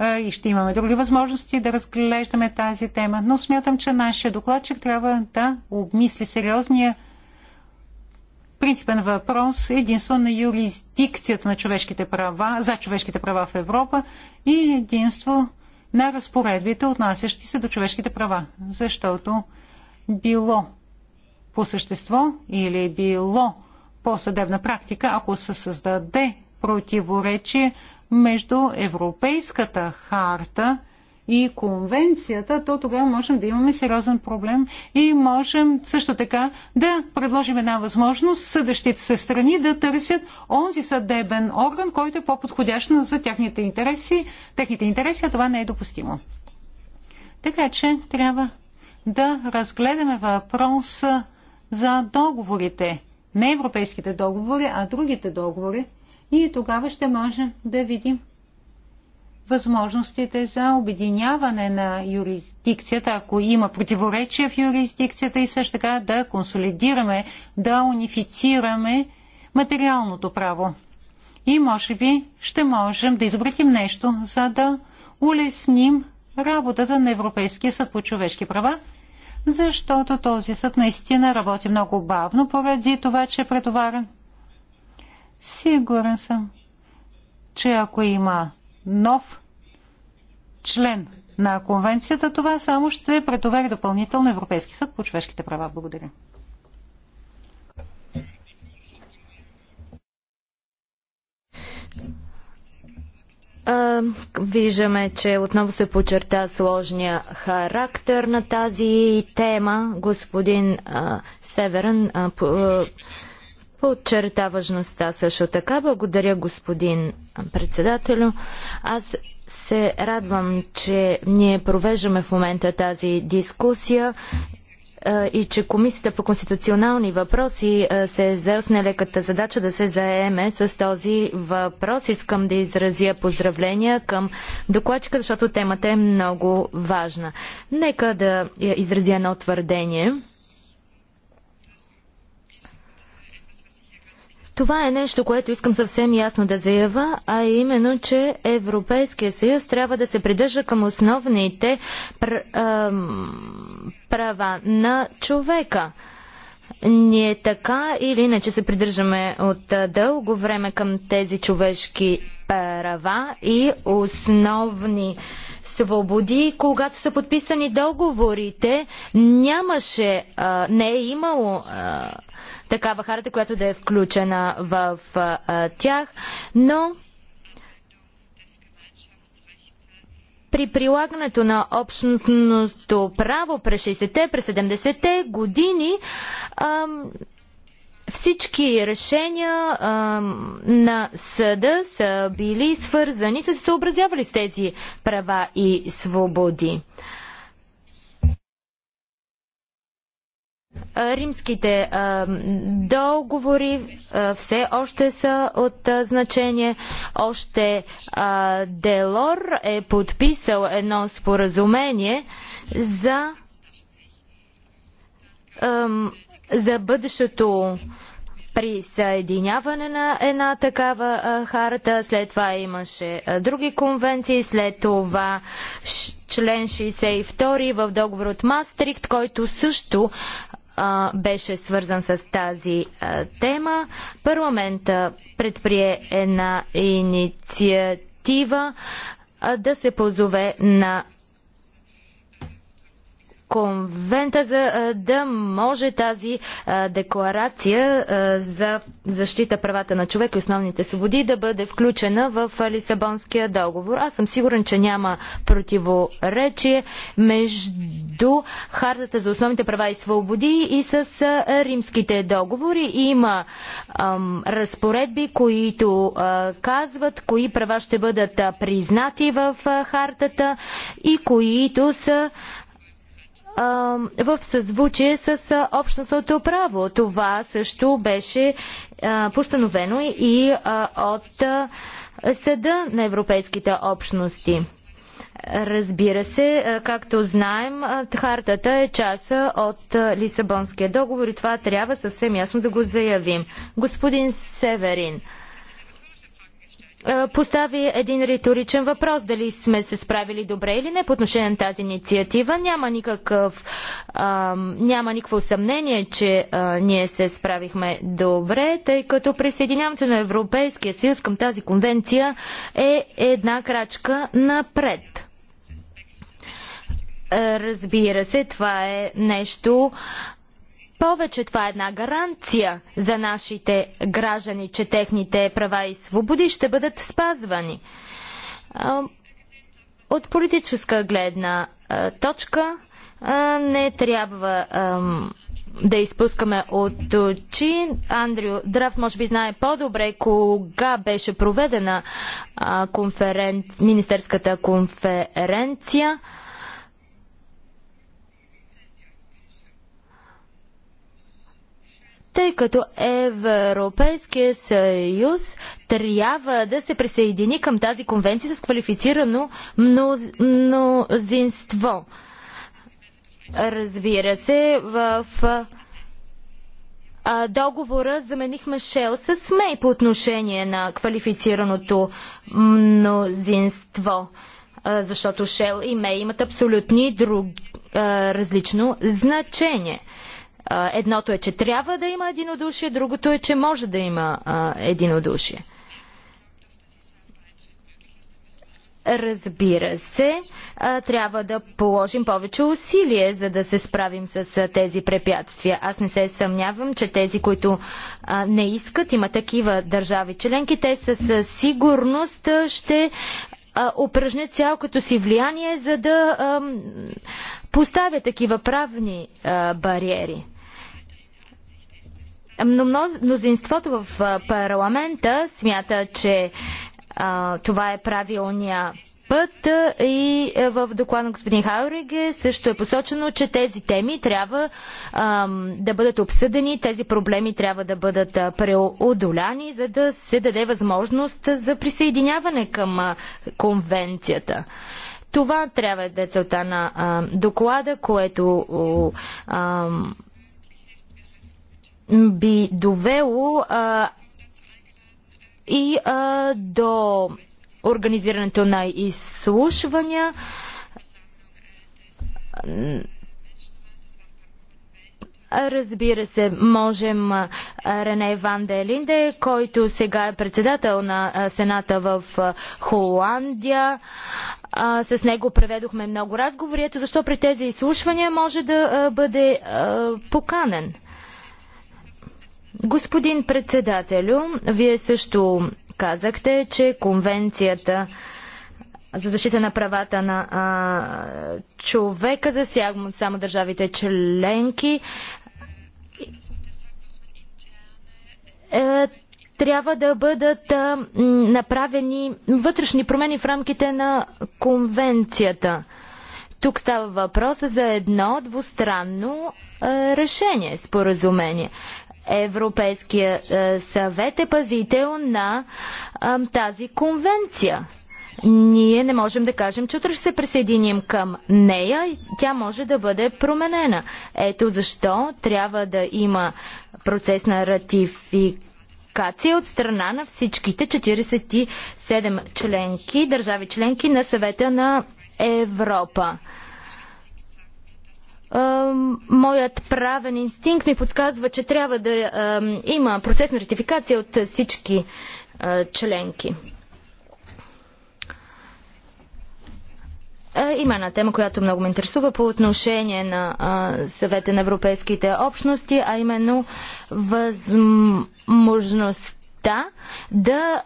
Е, и ще имаме други възможности да разглеждаме тази тема. Но смятам, че нашия докладчик трябва да обмисли сериозния принципен въпрос единствено на юрисдикцията на човешките права, за човешките права в Европа и единство на разпоредбите, отнасящи се до човешките права. Защото било по същество или било по съдебна практика, ако се създаде противоречие, между Европейската харта и конвенцията, то тогава можем да имаме сериозен проблем и можем също така да предложим една възможност съдещите се страни да търсят онзи съдебен орган, който е по-подходящ за техните интереси, техните интереси, а това не е допустимо. Така че трябва да разгледаме въпроса за договорите. Не европейските договори, а другите договори, и тогава ще можем да видим възможностите за обединяване на юрисдикцията, ако има противоречия в юрисдикцията и също така да консолидираме, да унифицираме материалното право. И може би ще можем да изобретим нещо, за да улесним работата на Европейския съд по човешки права, защото този съд наистина работи много бавно поради това, че е претоварен Сигурен съм, че ако има нов член на конвенцията, това само ще претовери допълнително Европейски съд по човешките права. Благодаря. Виждаме, че отново се почерта сложния характер на тази тема. Господин а, Северен а, по, а, подчерта важността също така. Благодаря, господин председателю. Аз се радвам, че ние провеждаме в момента тази дискусия е, и че Комисията по конституционални въпроси е, се е взел с нелеката задача да се заеме с този въпрос. Искам да изразя поздравления към докладчика, защото темата е много важна. Нека да изразя едно твърдение – Това е нещо, което искам съвсем ясно да заява, а именно, че Европейския съюз трябва да се придържа към основните права на човека. Ние така или иначе се придържаме от дълго време към тези човешки права и основни свободи, когато са подписани договорите, нямаше, а, не е имало а, такава харта, която да е включена в а, тях, но при прилагането на общностното право през 60-те, през 70-те години, всички решения а, на съда са били свързани, са се съобразявали с тези права и свободи. Римските а, договори а, все още са от а, значение. Още Делор е подписал едно споразумение за, за бъдещето при съединяване на една такава а, харта, след това имаше а, други конвенции, след това член 62 в договор от Мастрихт, който също а, беше свързан с тази а, тема. Парламента предприе една инициатива а, да се позове на конвента, за да може тази декларация за защита правата на човек и основните свободи да бъде включена в Лисабонския договор. Аз съм сигурен, че няма противоречие между Хартата за основните права и свободи и с римските договори. Има ам, разпоредби, които а, казват кои права ще бъдат признати в Хартата и които са в съзвучие с общностното право. Това също беше постановено и от Съда на европейските общности. Разбира се, както знаем, хартата е част от Лисабонския договор и това трябва съвсем ясно да го заявим. Господин Северин, е, постави един риторичен въпрос дали сме се справили добре или не по отношение на тази инициатива. Няма, никакъв, а, няма никакво съмнение, че а, ние се справихме добре, тъй като присъединяването на Европейския съюз към тази конвенция е една крачка напред. Е, разбира се, това е нещо, повече това е една гаранция за нашите граждани, че техните права и свободи ще бъдат спазвани. От политическа гледна точка не трябва да изпускаме от очи. Андрю Драв може би знае по-добре кога беше проведена конферен... министерската конференция. тъй като Европейския съюз трябва да се присъедини към тази конвенция с квалифицирано мнозинство. Разбира се, в договора заменихме Шел с Мей по отношение на квалифицираното мнозинство, защото Шел и Мей имат абсолютни друг, различно значение едното е, че трябва да има единодушие, другото е, че може да има единодушие. Разбира се, трябва да положим повече усилие, за да се справим с тези препятствия. Аз не се съмнявам, че тези, които не искат, има такива държави членки, те със сигурност ще упражнят цялото си влияние, за да поставят такива правни бариери. Но мнозинството в парламента смята, че а, това е правилния път и в доклад на господин Хауриге също е посочено, че тези теми трябва а, да бъдат обсъдени, тези проблеми трябва да бъдат преодоляни, за да се даде възможност за присъединяване към конвенцията. Това трябва да е целта на а, доклада, което а, би довело а, и а, до организирането на изслушвания. Разбира се, можем Рене Ван де Линде, който сега е председател на Сената в Холандия. С него преведохме много разговори. Ето защо при тези изслушвания може да бъде поканен. Господин председателю, вие също казахте, че конвенцията за защита на правата на а, човека засяга само държавите членки. Е, трябва да бъдат а, направени вътрешни промени в рамките на конвенцията. Тук става въпрос за едно двустранно а, решение, споразумение. Европейския е, съвет е пазител на е, тази конвенция. Ние не можем да кажем, че утре ще се присъединим към нея и тя може да бъде променена. Ето защо трябва да има процес на ратификация от страна на всичките 47 членки, държави членки на съвета на Европа моят правен инстинкт ми подсказва, че трябва да има процес на ратификация от всички членки. Има една тема, която много ме интересува по отношение на а, съвета на европейските общности, а именно възможността да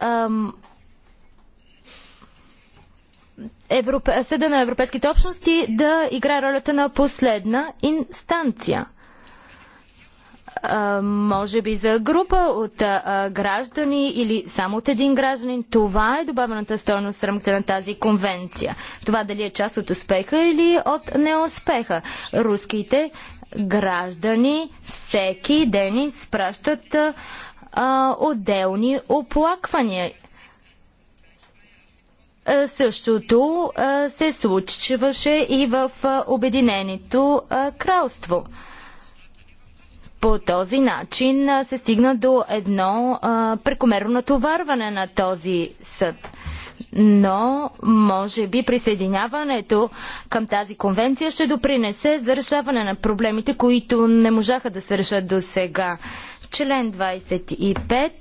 Съда на Европейските общности да играе ролята на последна инстанция. А, може би за група от а, граждани или само от един гражданин. Това е добавената стойност в рамките на тази конвенция. Това дали е част от успеха или от неуспеха. Руските граждани всеки ден изпращат а, отделни оплаквания е, същото е, се случваше и в е, Обединеното кралство. По този начин се стигна до едно прекомерно натоварване на този съд. Но, може би, присъединяването към тази конвенция ще допринесе за решаване на проблемите, които не можаха да се решат до сега. Член 25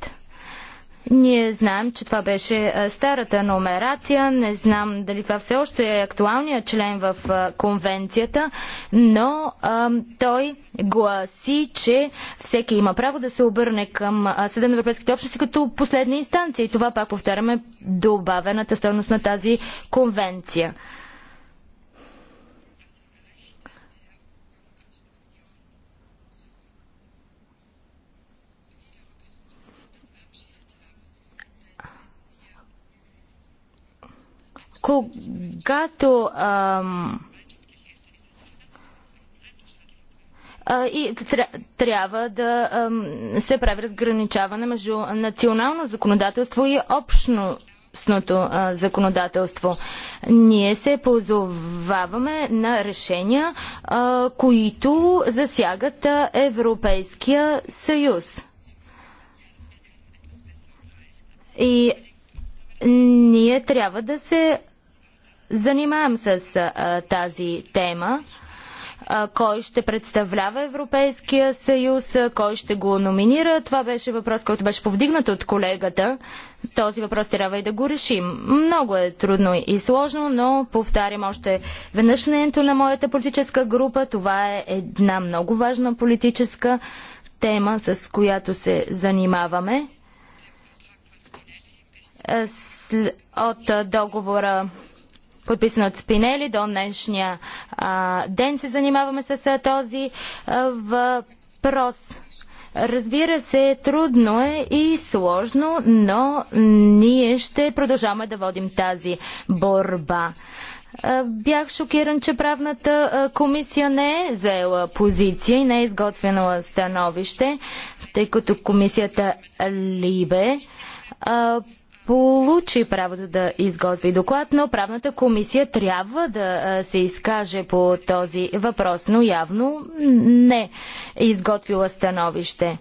ние знаем, че това беше старата номерация. Не знам дали това все още е актуалният член в конвенцията, но а, той гласи, че всеки има право да се обърне към Съда на Европейските общности като последна инстанция. И това пак повтаряме добавената стойност на тази конвенция. Когато ам, и трябва да се прави разграничаване между национално законодателство и общно законодателство. Ние се позоваваме на решения, които засягат Европейския съюз. И ние трябва да се занимаем с а, тази тема. А, кой ще представлява Европейския съюз, а, кой ще го номинира. Това беше въпрос, който беше повдигнат от колегата. Този въпрос трябва и да го решим. Много е трудно и сложно, но повтарям още веднъж мнението на моята политическа група. Това е една много важна политическа тема, с която се занимаваме е, от договора подписан от Спинели. До днешния а, ден се занимаваме с а, този а, въпрос. Разбира се, трудно е и сложно, но ние ще продължаваме да водим тази борба. Бях шокиран, че правната комисия не е заела позиция и не е изготвена становище, тъй като комисията Либе получи правото да изготви доклад, но правната комисия трябва да се изкаже по този въпрос, но явно не е изготвила становище.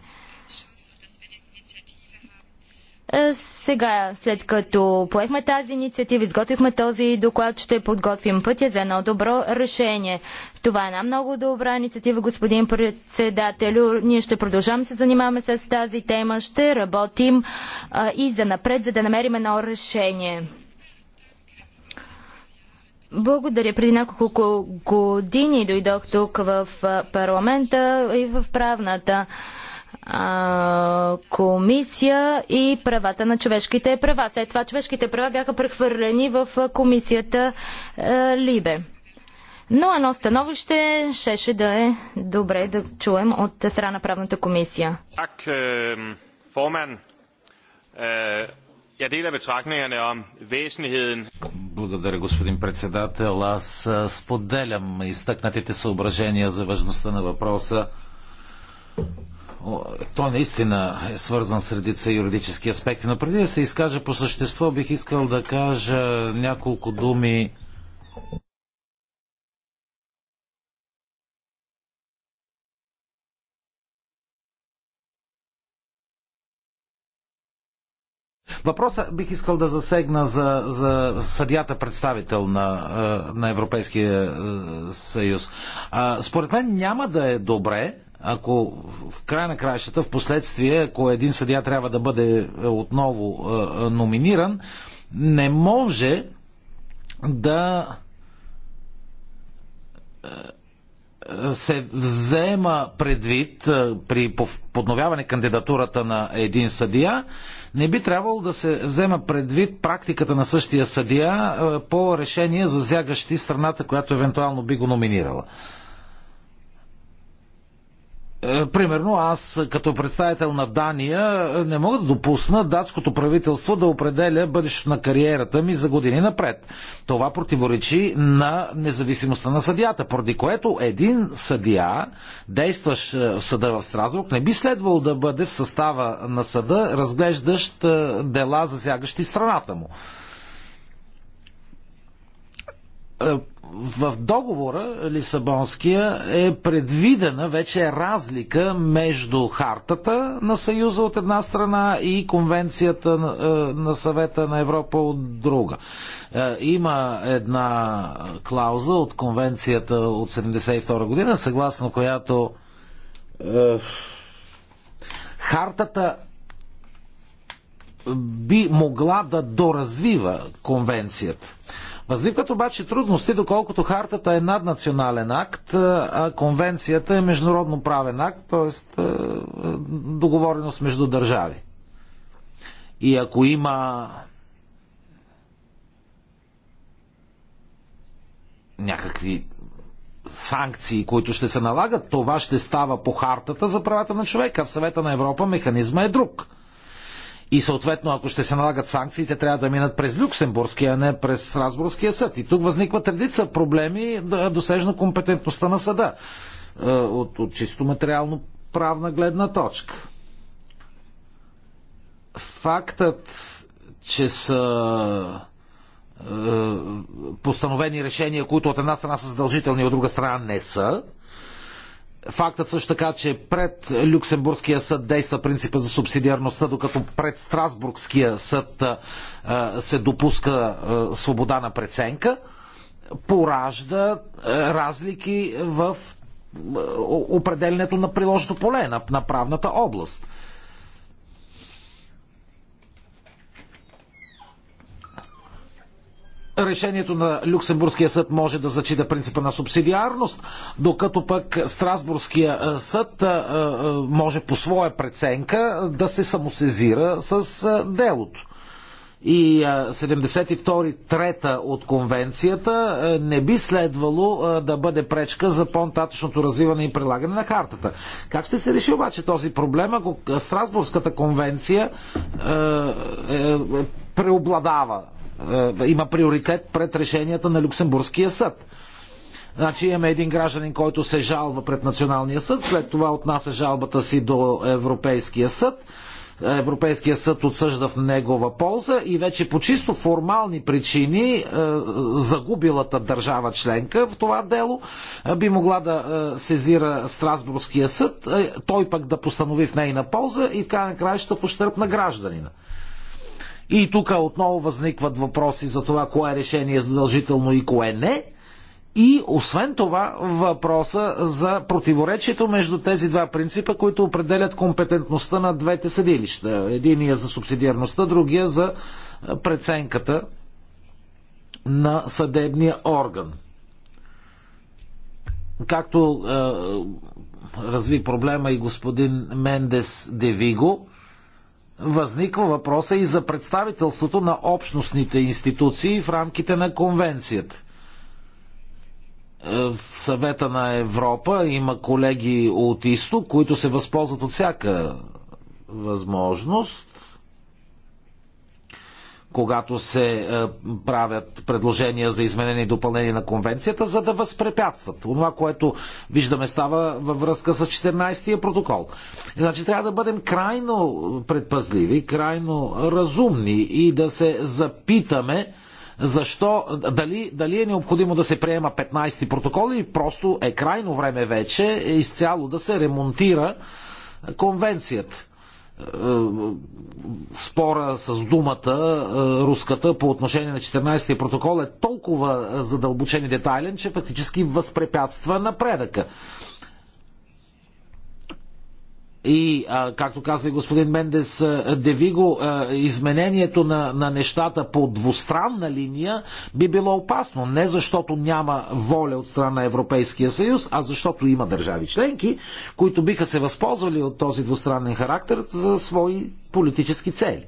Е, сега, след като поехме тази инициатива, изготвихме този доклад, ще подготвим пътя за едно добро решение. Това е една много добра инициатива, господин председателю. Ние ще продължаваме се занимаваме с тази тема, ще работим а, и за напред, за да намерим едно решение. Благодаря. Преди няколко години дойдох тук в парламента и в правната а, комисия и правата на човешките права. След това човешките права бяха прехвърлени в комисията а, Либе. Но едно становище щеше да е добре да чуем от страна на правната комисия. Так, е, форман. Е, я деля betragtningerne om væsentligheden. Благодаря, господин председател. Аз е, споделям изтъкнатите съображения за важността на въпроса той наистина е свързан с редица юридически аспекти, но преди да се изкажа по същество, бих искал да кажа няколко думи Въпроса бих искал да засегна за, за съдията представител на, е, на Европейския е, съюз. Според мен няма да е добре ако в край на краищата, в последствие, ако един съдия трябва да бъде е, отново е, е, номиниран, не може да се взема предвид при подновяване кандидатурата на един съдия, не би трябвало да се взема предвид практиката на същия съдия по решение за зягащи страната, която евентуално би го номинирала. Е, примерно аз като представител на Дания е, не мога да допусна датското правителство да определя бъдещето на кариерата ми за години напред. Това противоречи на независимостта на съдията, поради което един съдия, действащ е, в съда в Страсбург, не би следвал да бъде в състава на съда, разглеждащ дела, засягащи страната му в договора Лисабонския е предвидена вече разлика между хартата на Съюза от една страна и конвенцията на е, съвета на Европа от друга. Е, има една клауза от конвенцията от 72 година, съгласно която е, хартата би могла да доразвива конвенцията. Възникват обаче трудности, доколкото хартата е наднационален акт, а конвенцията е международно правен акт, т.е. договореност между държави. И ако има някакви санкции, които ще се налагат, това ще става по хартата за правата на човека. В съвета на Европа механизма е друг. И съответно, ако ще се налагат санкциите, трябва да минат през Люксембургския, а не през Страсбургския съд. И тук възникват редица проблеми, досежна компетентността на съда е, от, от чисто материално правна гледна точка. Фактът, че са е, постановени решения, които от една страна са задължителни, от друга страна не са, Фактът също така, че пред Люксембургския съд действа принципа за субсидиарността, докато пред Страсбургския съд се допуска свобода на преценка, поражда разлики в определенето на приложното поле, на, на правната област. решението на Люксембургския съд може да зачита принципа на субсидиарност, докато пък Страсбургския съд може по своя преценка да се самосезира с делото. И 72-3 от конвенцията не би следвало да бъде пречка за по-нататъчното развиване и прилагане на хартата. Как ще се реши обаче този проблем, ако Страсбургската конвенция е, е, преобладава е, има приоритет пред решенията на Люксембургския съд. Значи имаме един гражданин, който се жалва пред Националния съд, след това отнася жалбата си до Европейския съд. Е, Европейския съд отсъжда в негова полза и вече по чисто формални причини е, загубилата държава членка в това дело би могла да сезира Страсбургския съд, той пък да постанови в нейна полза и така накрая ще в ущърп на гражданина. И тук отново възникват въпроси за това, кое решение е задължително и кое не. И освен това въпроса за противоречието между тези два принципа, които определят компетентността на двете съдилища. Единия за субсидиарността, другия за е, преценката на съдебния орган. Както е, разви проблема и господин Мендес Девиго, възниква въпроса и за представителството на общностните институции в рамките на конвенцията. Е, в съвета на Европа има колеги от изток, които се възползват от всяка възможност когато се е, правят предложения за изменение и допълнение на конвенцията, за да възпрепятстват. Това, което виждаме става във връзка с 14-тия протокол. Значи трябва да бъдем крайно предпазливи, крайно разумни и да се запитаме защо, дали, дали е необходимо да се приема 15-ти протокол или просто е крайно време вече изцяло да се ремонтира конвенцията. Е, е, спора с думата е, руската по отношение на 14-ти протокол е толкова задълбочен и детайлен, че фактически възпрепятства напредъка. И, а, както каза и господин Мендес Девиго, а, изменението на, на нещата по двустранна линия би било опасно. Не защото няма воля от страна на Европейския съюз, а защото има държави членки, които биха се възползвали от този двустранен характер за свои политически цели.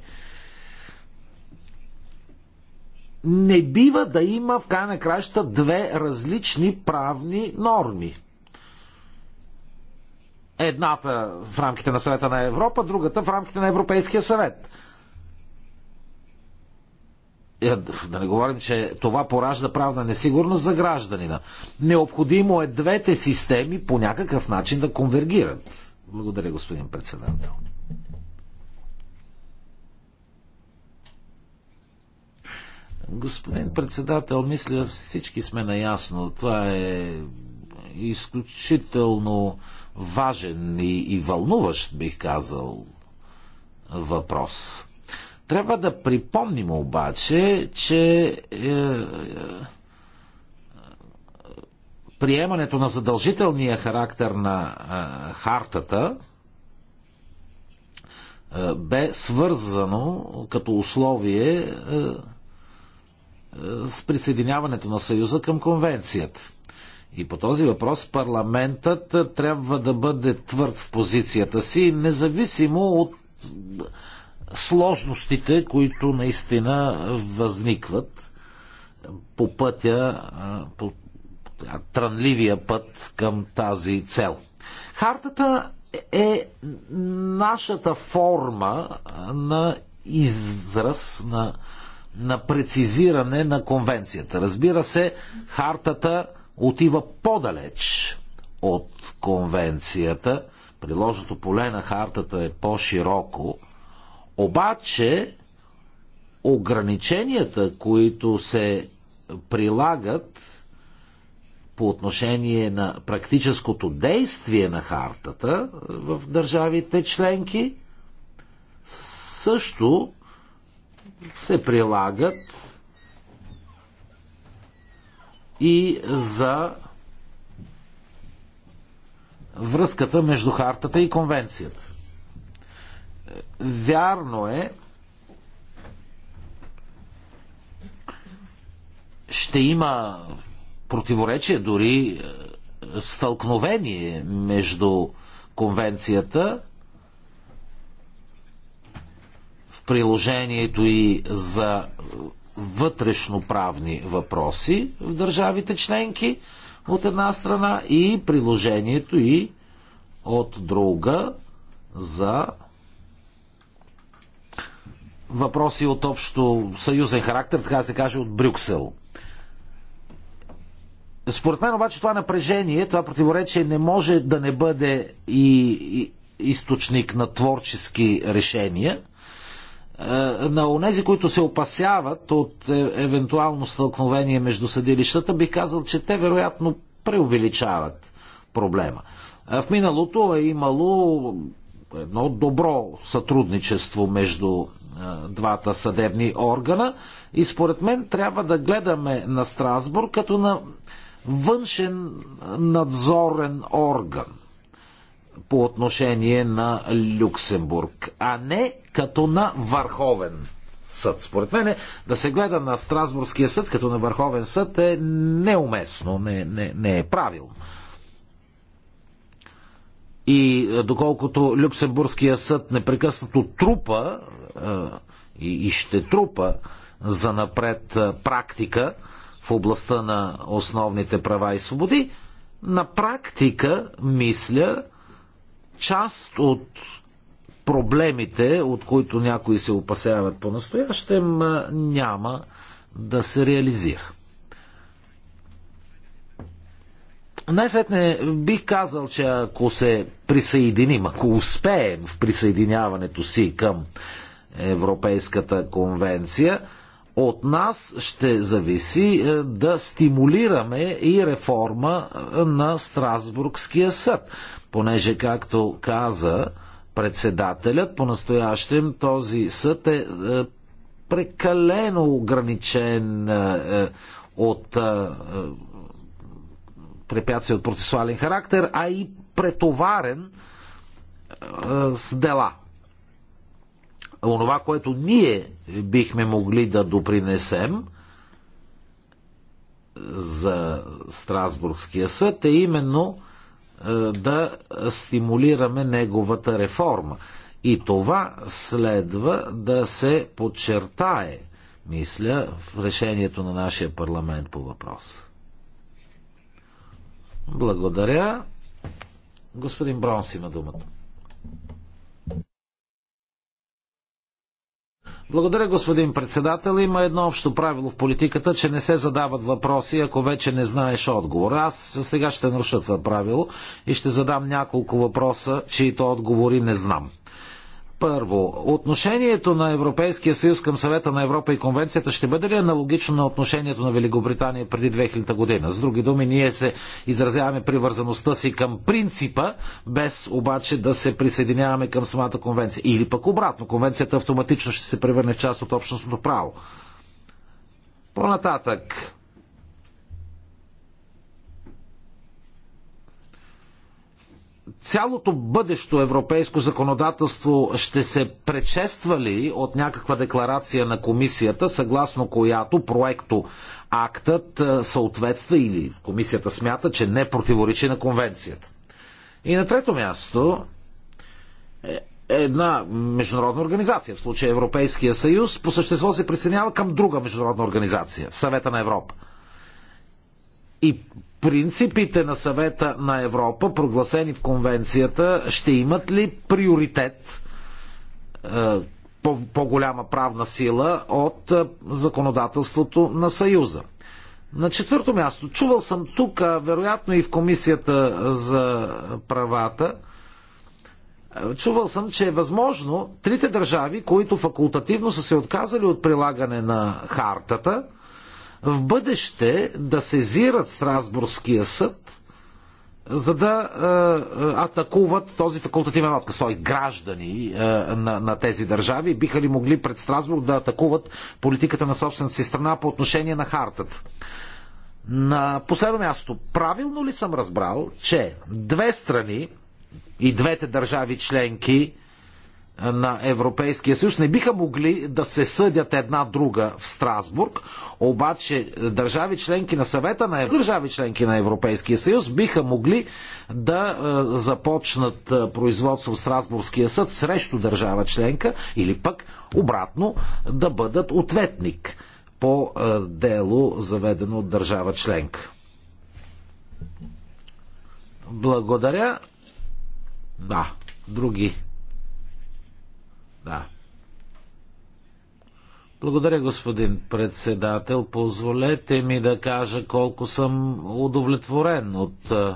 Не бива да има в край на краща две различни правни норми Едната в рамките на съвета на Европа, другата в рамките на Европейския съвет. Е, да не говорим, че това поражда правна несигурност за гражданина. Необходимо е двете системи по някакъв начин да конвергират. Благодаря, господин председател. Господин председател, мисля всички сме наясно. Това е изключително важен и, и вълнуващ, бих казал, въпрос. Трябва да припомним обаче, че е, е, приемането на задължителния характер на е, хартата е, бе свързано като условие е, е, с присъединяването на Съюза към конвенцията. И по този въпрос парламентът трябва да бъде твърд в позицията си, независимо от сложностите, които наистина възникват по пътя, по трънливия път към тази цел. Хартата е нашата форма на израз, на, на прецизиране на конвенцията. Разбира се, хартата отива по-далеч от конвенцията. Приложното поле на хартата е по-широко. Обаче ограниченията, които се прилагат по отношение на практическото действие на хартата в държавите членки, също се прилагат и за връзката между хартата и конвенцията. Вярно е, ще има противоречие, дори е, стълкновение между конвенцията в приложението и за вътрешноправни въпроси в държавите членки от една страна и приложението и от друга за въпроси от общо съюзен характер, така да се каже, от Брюксел. Според мен обаче това напрежение, това противоречие не може да не бъде и, източник на творчески решения, е, на онези, които се опасяват от е, евентуално стълкновение между съдилищата, бих казал, че те вероятно преувеличават проблема. Е, в миналото е имало едно добро сътрудничество между двата съдебни органа и според мен трябва да гледаме на Страсбург като на външен надзорен орган по отношение на Люксембург, а не като на върховен съд. Според мен да се гледа на Страсбургския съд като на върховен съд е неуместно, не, не, не е правилно. И е, доколкото Люксембургския съд непрекъснато трупа е, и ще трупа за напред е, практика в областта на основните права и свободи, на практика мисля, част от проблемите, от които някои се опасяват по-настоящем, няма да се реализира. Най-сетне бих казал, че ако се присъединим, ако успеем в присъединяването си към Европейската конвенция, от нас ще зависи е, да стимулираме и реформа е, на Страсбургския съд понеже, както каза председателят, по-настоящем този съд е, е прекалено ограничен е, е от е, е, препятствия от процесуален характер, а и претоварен е, с дела. Онова, което ние бихме могли да допринесем за Страсбургския съд е именно е, да стимулираме неговата реформа. И това следва да се подчертае, мисля, в решението на нашия парламент по въпрос. Благодаря. Господин Бронс има думата. Благодаря, господин председател. Има едно общо правило в политиката, че не се задават въпроси, ако вече не знаеш отговор. Аз сега ще наруша това правило и ще задам няколко въпроса, чието отговори не знам. Първо, отношението на Европейския съюз към съвета на Европа и конвенцията ще бъде ли аналогично на отношението на Великобритания преди 2000 година? С други думи, ние се изразяваме привързаността си към принципа, без обаче да се присъединяваме към самата конвенция. Или пък обратно, конвенцията автоматично ще се превърне в част от общностното право. По-нататък, цялото бъдещо европейско законодателство ще се предшества ли от някаква декларация на комисията, съгласно която проекто актът е, съответства или комисията смята, че не противоречи на конвенцията? И на трето място, е, една международна организация, в случая Европейския съюз, по същество се присъединява към друга международна организация, Съвета на Европа. И принципите на съвета на Европа, прогласени в конвенцията, ще имат ли приоритет е, по-голяма правна сила от е, законодателството на Съюза? На четвърто място, чувал съм тук, а вероятно и в Комисията за правата, е, чувал съм, че е възможно трите държави, които факултативно са се отказали от прилагане на хартата, в бъдеще да сезират Страсбургския съд, за да атакуват този факултативен отказ. Той граждани на, на тези държави биха ли могли пред Страсбург да атакуват политиката на собствената си страна по отношение на хартата. На последно място, правилно ли съм разбрал, че две страни и двете държави членки на Европейския съюз не биха могли да се съдят една друга в Страсбург, обаче е, държави членки на съвета на държави членки на Европейския съюз биха могли да е, започнат е, производство в Страсбургския съд срещу държава членка или пък обратно да бъдат ответник по дело заведено от държава членка. Благодаря. Да, други да. Благодаря, господин председател. Позволете ми да кажа колко съм удовлетворен от е,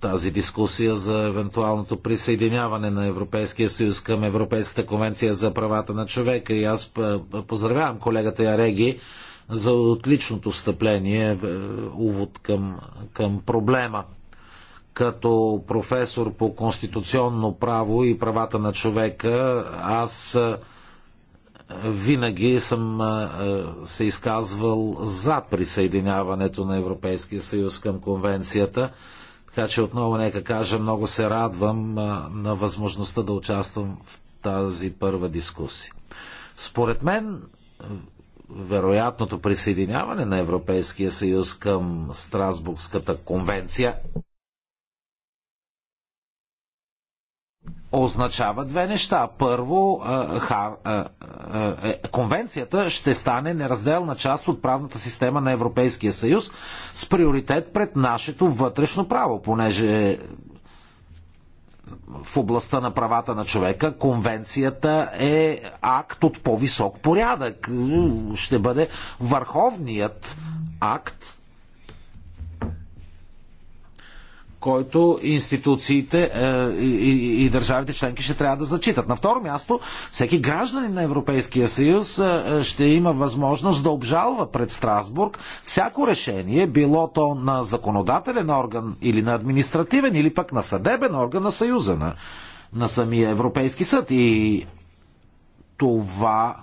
тази дискусия за евентуалното присъединяване на Европейския съюз към Европейската конвенция за правата на човека. И аз е, поздравявам колегата Яреги за отличното встъпление, е, увод към, към проблема като професор по конституционно право и правата на човека, аз винаги съм се изказвал за присъединяването на Европейския съюз към конвенцията. Така че отново нека кажа, много се радвам на възможността да участвам в тази първа дискусия. Според мен, вероятното присъединяване на Европейския съюз към Страсбургската конвенция означава две неща. Първо, е, е, е, конвенцията ще стане неразделна част от правната система на Европейския съюз с приоритет пред нашето вътрешно право, понеже в областта на правата на човека конвенцията е акт от по-висок порядък. Ще бъде върховният акт който институциите е, и държавите членки ще трябва да зачитат. На второ място, всеки гражданин на Европейския съюз е, е, ще има възможност да обжалва пред Страсбург всяко решение, било то на законодателен орган или на административен, или пък на съдебен орган на Съюза, на, на самия Европейски съд. И това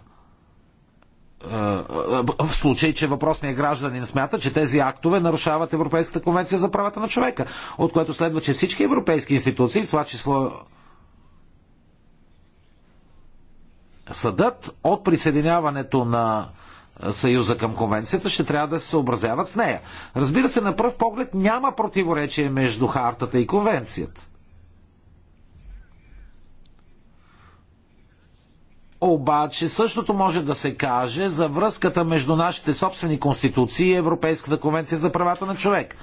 в случай, че въпросният гражданин смята, че тези актове нарушават Европейската конвенция за правата на човека, от което следва, че всички европейски институции, в това число съдът, от присъединяването на Съюза към конвенцията, ще трябва да се съобразяват с нея. Разбира се, на пръв поглед няма противоречие между хартата и конвенцията. Обаче същото може да се каже за връзката между нашите собствени конституции и Европейската конвенция за правата на човек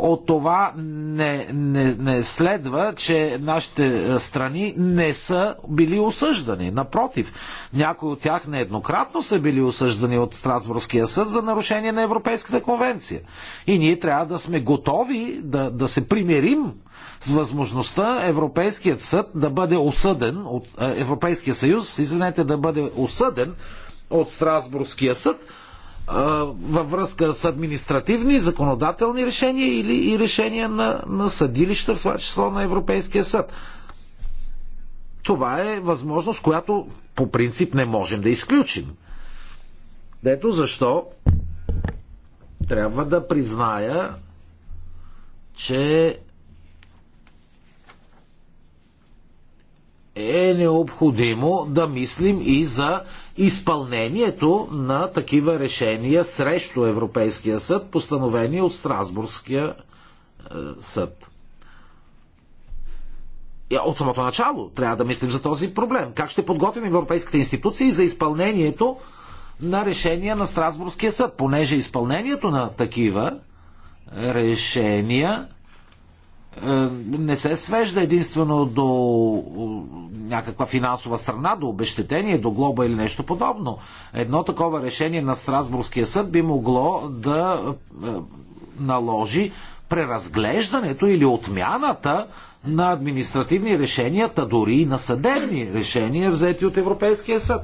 от това не, не, не следва, че нашите е, страни не са били осъждани. Напротив, някои от тях нееднократно са били осъждани от Страсбургския съд за нарушение на Европейската конвенция. И ние трябва да сме готови да, да се примирим с възможността Европейският съд да бъде осъден от е, Европейския съюз, извинете, да бъде осъден от Страсбургския съд във връзка с административни, законодателни решения или и решения на, на съдилища, в това число на Европейския съд. Това е възможност, която по принцип не можем да изключим. Ето защо трябва да призная, че е необходимо да мислим и за изпълнението на такива решения срещу Европейския съд, постановени от Страсбургския е, съд. Е, от самото начало трябва да мислим за този проблем. Как ще подготвим европейските институции за изпълнението на решения на Страсбургския съд, понеже изпълнението на такива решения е, не се свежда единствено до някаква финансова страна, до обещетение, до глоба или нещо подобно. Едно такова решение на Страсбургския съд би могло да е, наложи преразглеждането или отмяната на административни решения, та дори и на съдебни решения, взети от Европейския съд.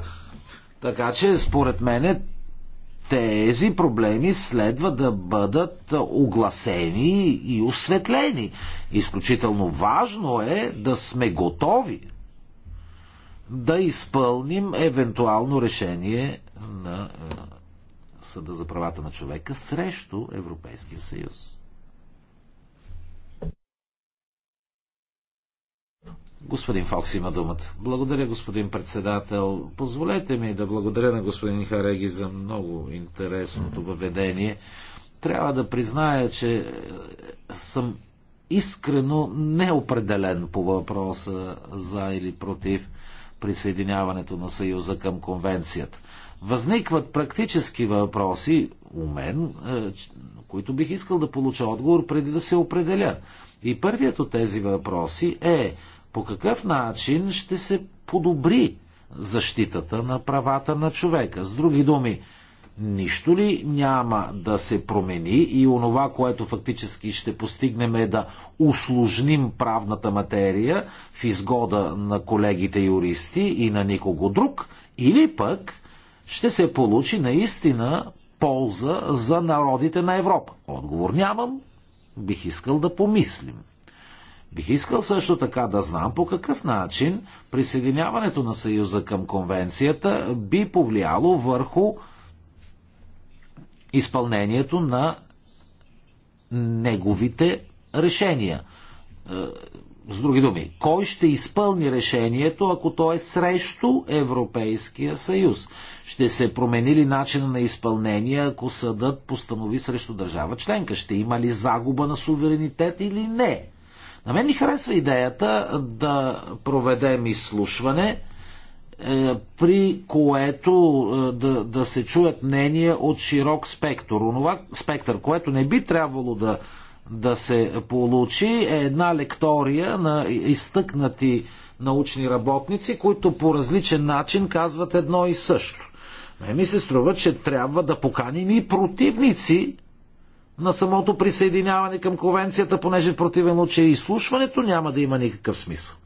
Така че, според мен, тези проблеми следва да бъдат огласени и осветлени. Изключително важно е да сме готови да изпълним евентуално решение на е, Съда за правата на човека срещу Европейския съюз. Господин Фокс има думата. Благодаря, господин председател. Позволете ми да благодаря на господин Хареги за много интересното въведение. Трябва да призная, че е, съм искрено неопределен по въпроса за или против присъединяването на Съюза към конвенцията. Възникват практически въпроси у мен, е, които бих искал да получа отговор преди да се определя. И първият от тези въпроси е по какъв начин ще се подобри защитата на правата на човека. С други думи, нищо ли няма да се промени и онова, което фактически ще постигнем е да усложним правната материя в изгода на колегите юристи и на никого друг, или пък ще се получи наистина полза за народите на Европа? Отговор нямам, бих искал да помислим. Бих искал също така да знам по какъв начин присъединяването на Съюза към конвенцията би повлияло върху изпълнението на неговите решения. Е, с други думи, кой ще изпълни решението, ако то е срещу Европейския съюз? Ще се промени ли начина на изпълнение, ако съдът постанови срещу държава членка? Ще има ли загуба на суверенитет или не? На мен ми харесва идеята да проведем изслушване, е, при което е, да, да се чуят мнения от широк спектър. Онова спектър, което не би трябвало да, да се получи, е една лектория на изтъкнати научни работници, които по различен начин казват едно и също. Ме ми се струва, че трябва да поканим и противници на самото присъединяване към конвенцията, понеже в противен случай изслушването няма да има никакъв смисъл.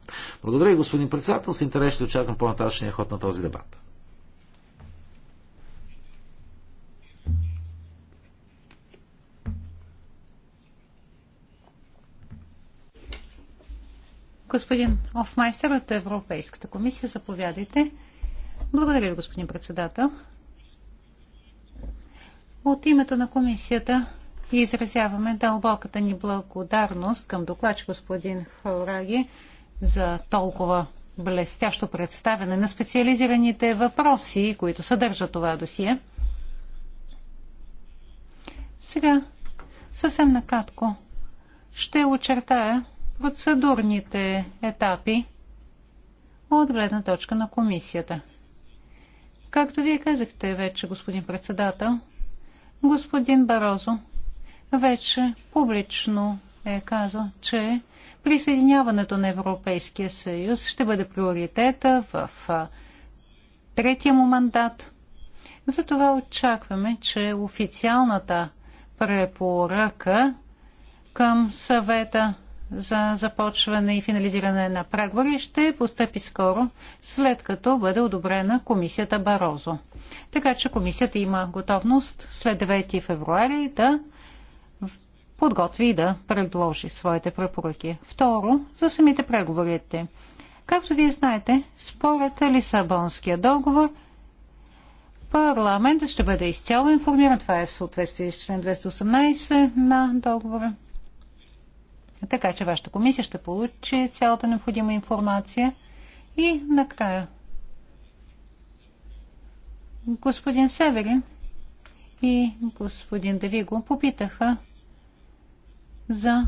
Благодаря, господин председател. С интерес ще очаквам по-нататъчния ход на този дебат. Господин Офмайстер от Европейската комисия, заповядайте. Благодаря ви, господин председател. От името на комисията и изразяваме дълбоката ни благодарност към докладч господин Хаураги за толкова блестящо представяне на специализираните въпроси, които съдържа това досие. Сега съвсем накратко ще очертая процедурните етапи от гледна точка на комисията. Както вие казахте вече, господин председател, господин Барозо вече публично е казал, че присъединяването на Европейския съюз ще бъде приоритета в третия му мандат. Затова очакваме, че официалната препоръка към съвета за започване и финализиране на преговори ще постъпи скоро, след като бъде одобрена комисията Барозо. Така че комисията има готовност след 9 февруари да подготви и да предложи своите препоръки. Второ, за самите преговорите. Както вие знаете, според Лисабонския договор, парламентът ще бъде изцяло информиран. Това е в съответствие с член 218 на договора. Така че вашата комисия ще получи цялата необходима информация. И накрая. Господин Северин и господин Давиго попитаха за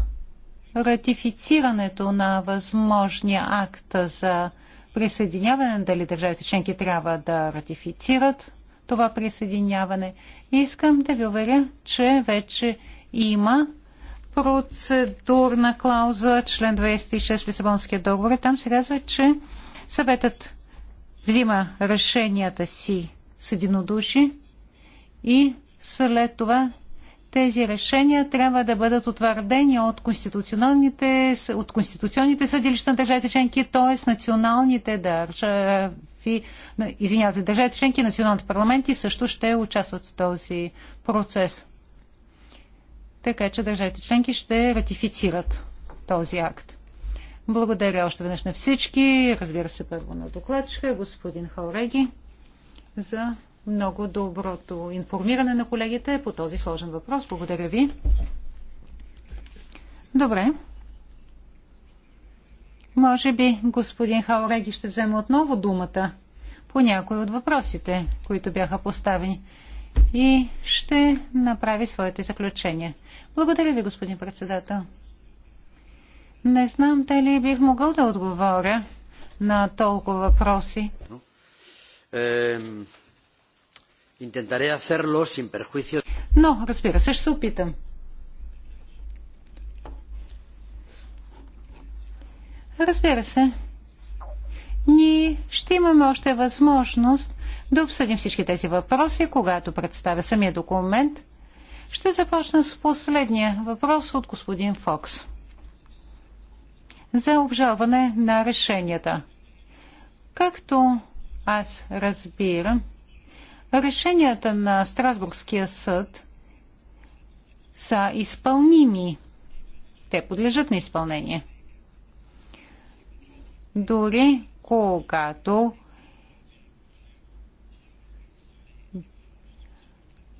ратифицирането на възможния акт за присъединяване, дали държавите членки трябва да ратифицират това присъединяване. Искам да ви уверя, че вече има процедурна клауза, член 26 в Лисабонския договор. Там се казва, че съветът взима решенията си с единодуши и след това тези решения трябва да бъдат утвърдени от конституционните, от конституционните съдилища на държавите членки, т.е. националните държави, извинявайте, държавите членки, националните парламенти също ще участват в този процес. Така че държавите членки ще ратифицират този акт. Благодаря още веднъж на всички. Разбира се, първо на докладчика, господин Хауреги, за много доброто информиране на колегите по този сложен въпрос. Благодаря ви. Добре. Може би господин Хаореги ще вземе отново думата по някои от въпросите, които бяха поставени и ще направи своите заключения. Благодаря ви, господин председател. Не знам дали бих могъл да отговоря на толкова въпроси hacerlo sin perjuicio. Но, разбира се, ще се опитам. Разбира се. Ние ще имаме още възможност да обсъдим всички тези въпроси, когато представя самия документ. Ще започна с последния въпрос от господин Фокс за обжалване на решенията. Както аз разбирам, решенията на Страсбургския съд са изпълними. Те подлежат на изпълнение. Дори когато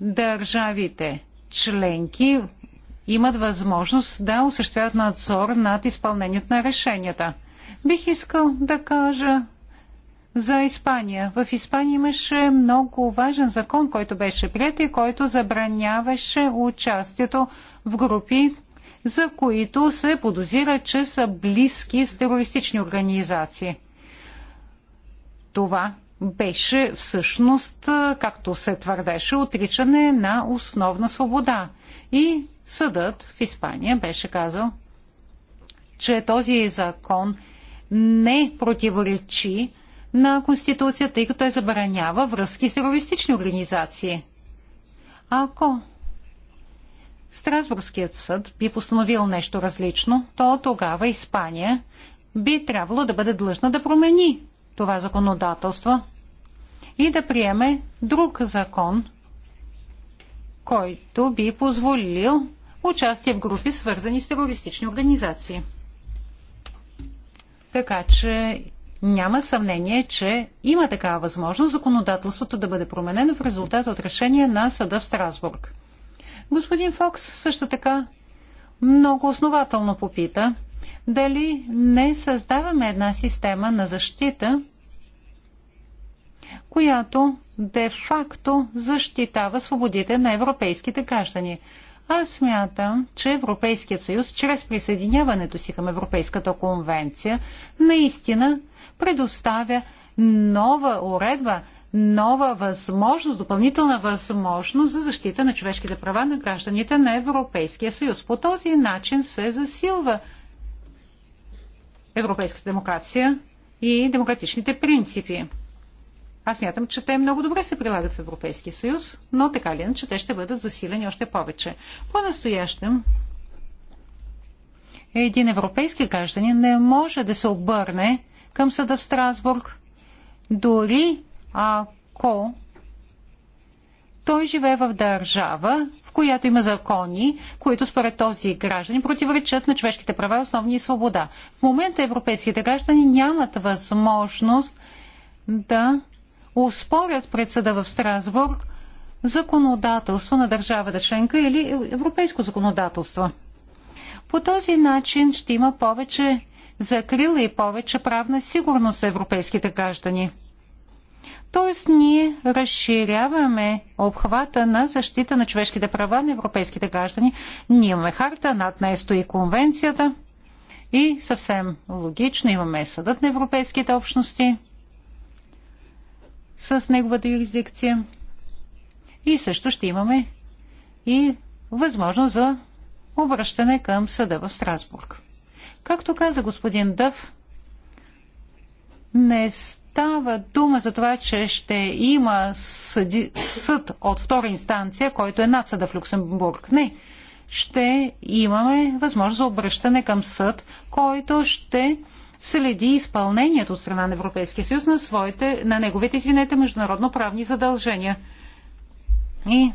държавите членки имат възможност да осъществяват надзор над изпълнението на решенията. Бих искал да кажа за Испания. В Испания имаше много важен закон, който беше прият и който забраняваше участието в групи, за които се подозира, че са близки с терористични организации. Това беше всъщност, както се твърдеше, отричане на основна свобода. И съдът в Испания беше казал, че този закон не противоречи на Конституцията, тъй като е забранява връзки с терористични организации. Ако Страсбургският съд би постановил нещо различно, то тогава Испания би трябвало да бъде длъжна да промени това законодателство и да приеме друг закон, който би позволил участие в групи, свързани с терористични организации. Така че няма съмнение, че има такава възможност законодателството да бъде променено в резултат от решение на съда в Страсбург. Господин Фокс също така много основателно попита дали не създаваме една система на защита, която де-факто защитава свободите на европейските граждани. Аз смятам, че Европейският съюз, чрез присъединяването си към Европейската конвенция, наистина предоставя нова уредба, нова възможност, допълнителна възможност за защита на човешките права на гражданите на Европейския съюз. По този начин се засилва европейската демокрация и демократичните принципи. Аз мятам, че те много добре се прилагат в Европейския съюз, но така ли че те ще бъдат засилени още повече. По-настоящем един европейски гражданин не може да се обърне към съда в Страсбург, дори ако той живее в държава, в която има закони, които според този граждан противоречат на човешките права и основни свобода. В момента европейските граждани нямат възможност да успорят пред съда в Страсбург законодателство на държавата членка или европейско законодателство. По този начин ще има повече закрила и повече правна сигурност за европейските граждани. Тоест ние разширяваме обхвата на защита на човешките права на европейските граждани. Ние имаме харта, над нея стои конвенцията и съвсем логично имаме съдът на европейските общности с неговата юрисдикция. И също ще имаме и възможност за обръщане към съда в Страсбург. Както каза господин Дъв, не става дума за това, че ще има съди, съд от втора инстанция, който е над съда в Люксембург. Не. Ще имаме възможност за обръщане към съд, който ще следи изпълнението от страна на Европейския съюз на, своите, на неговите, извинете, международно-правни задължения. И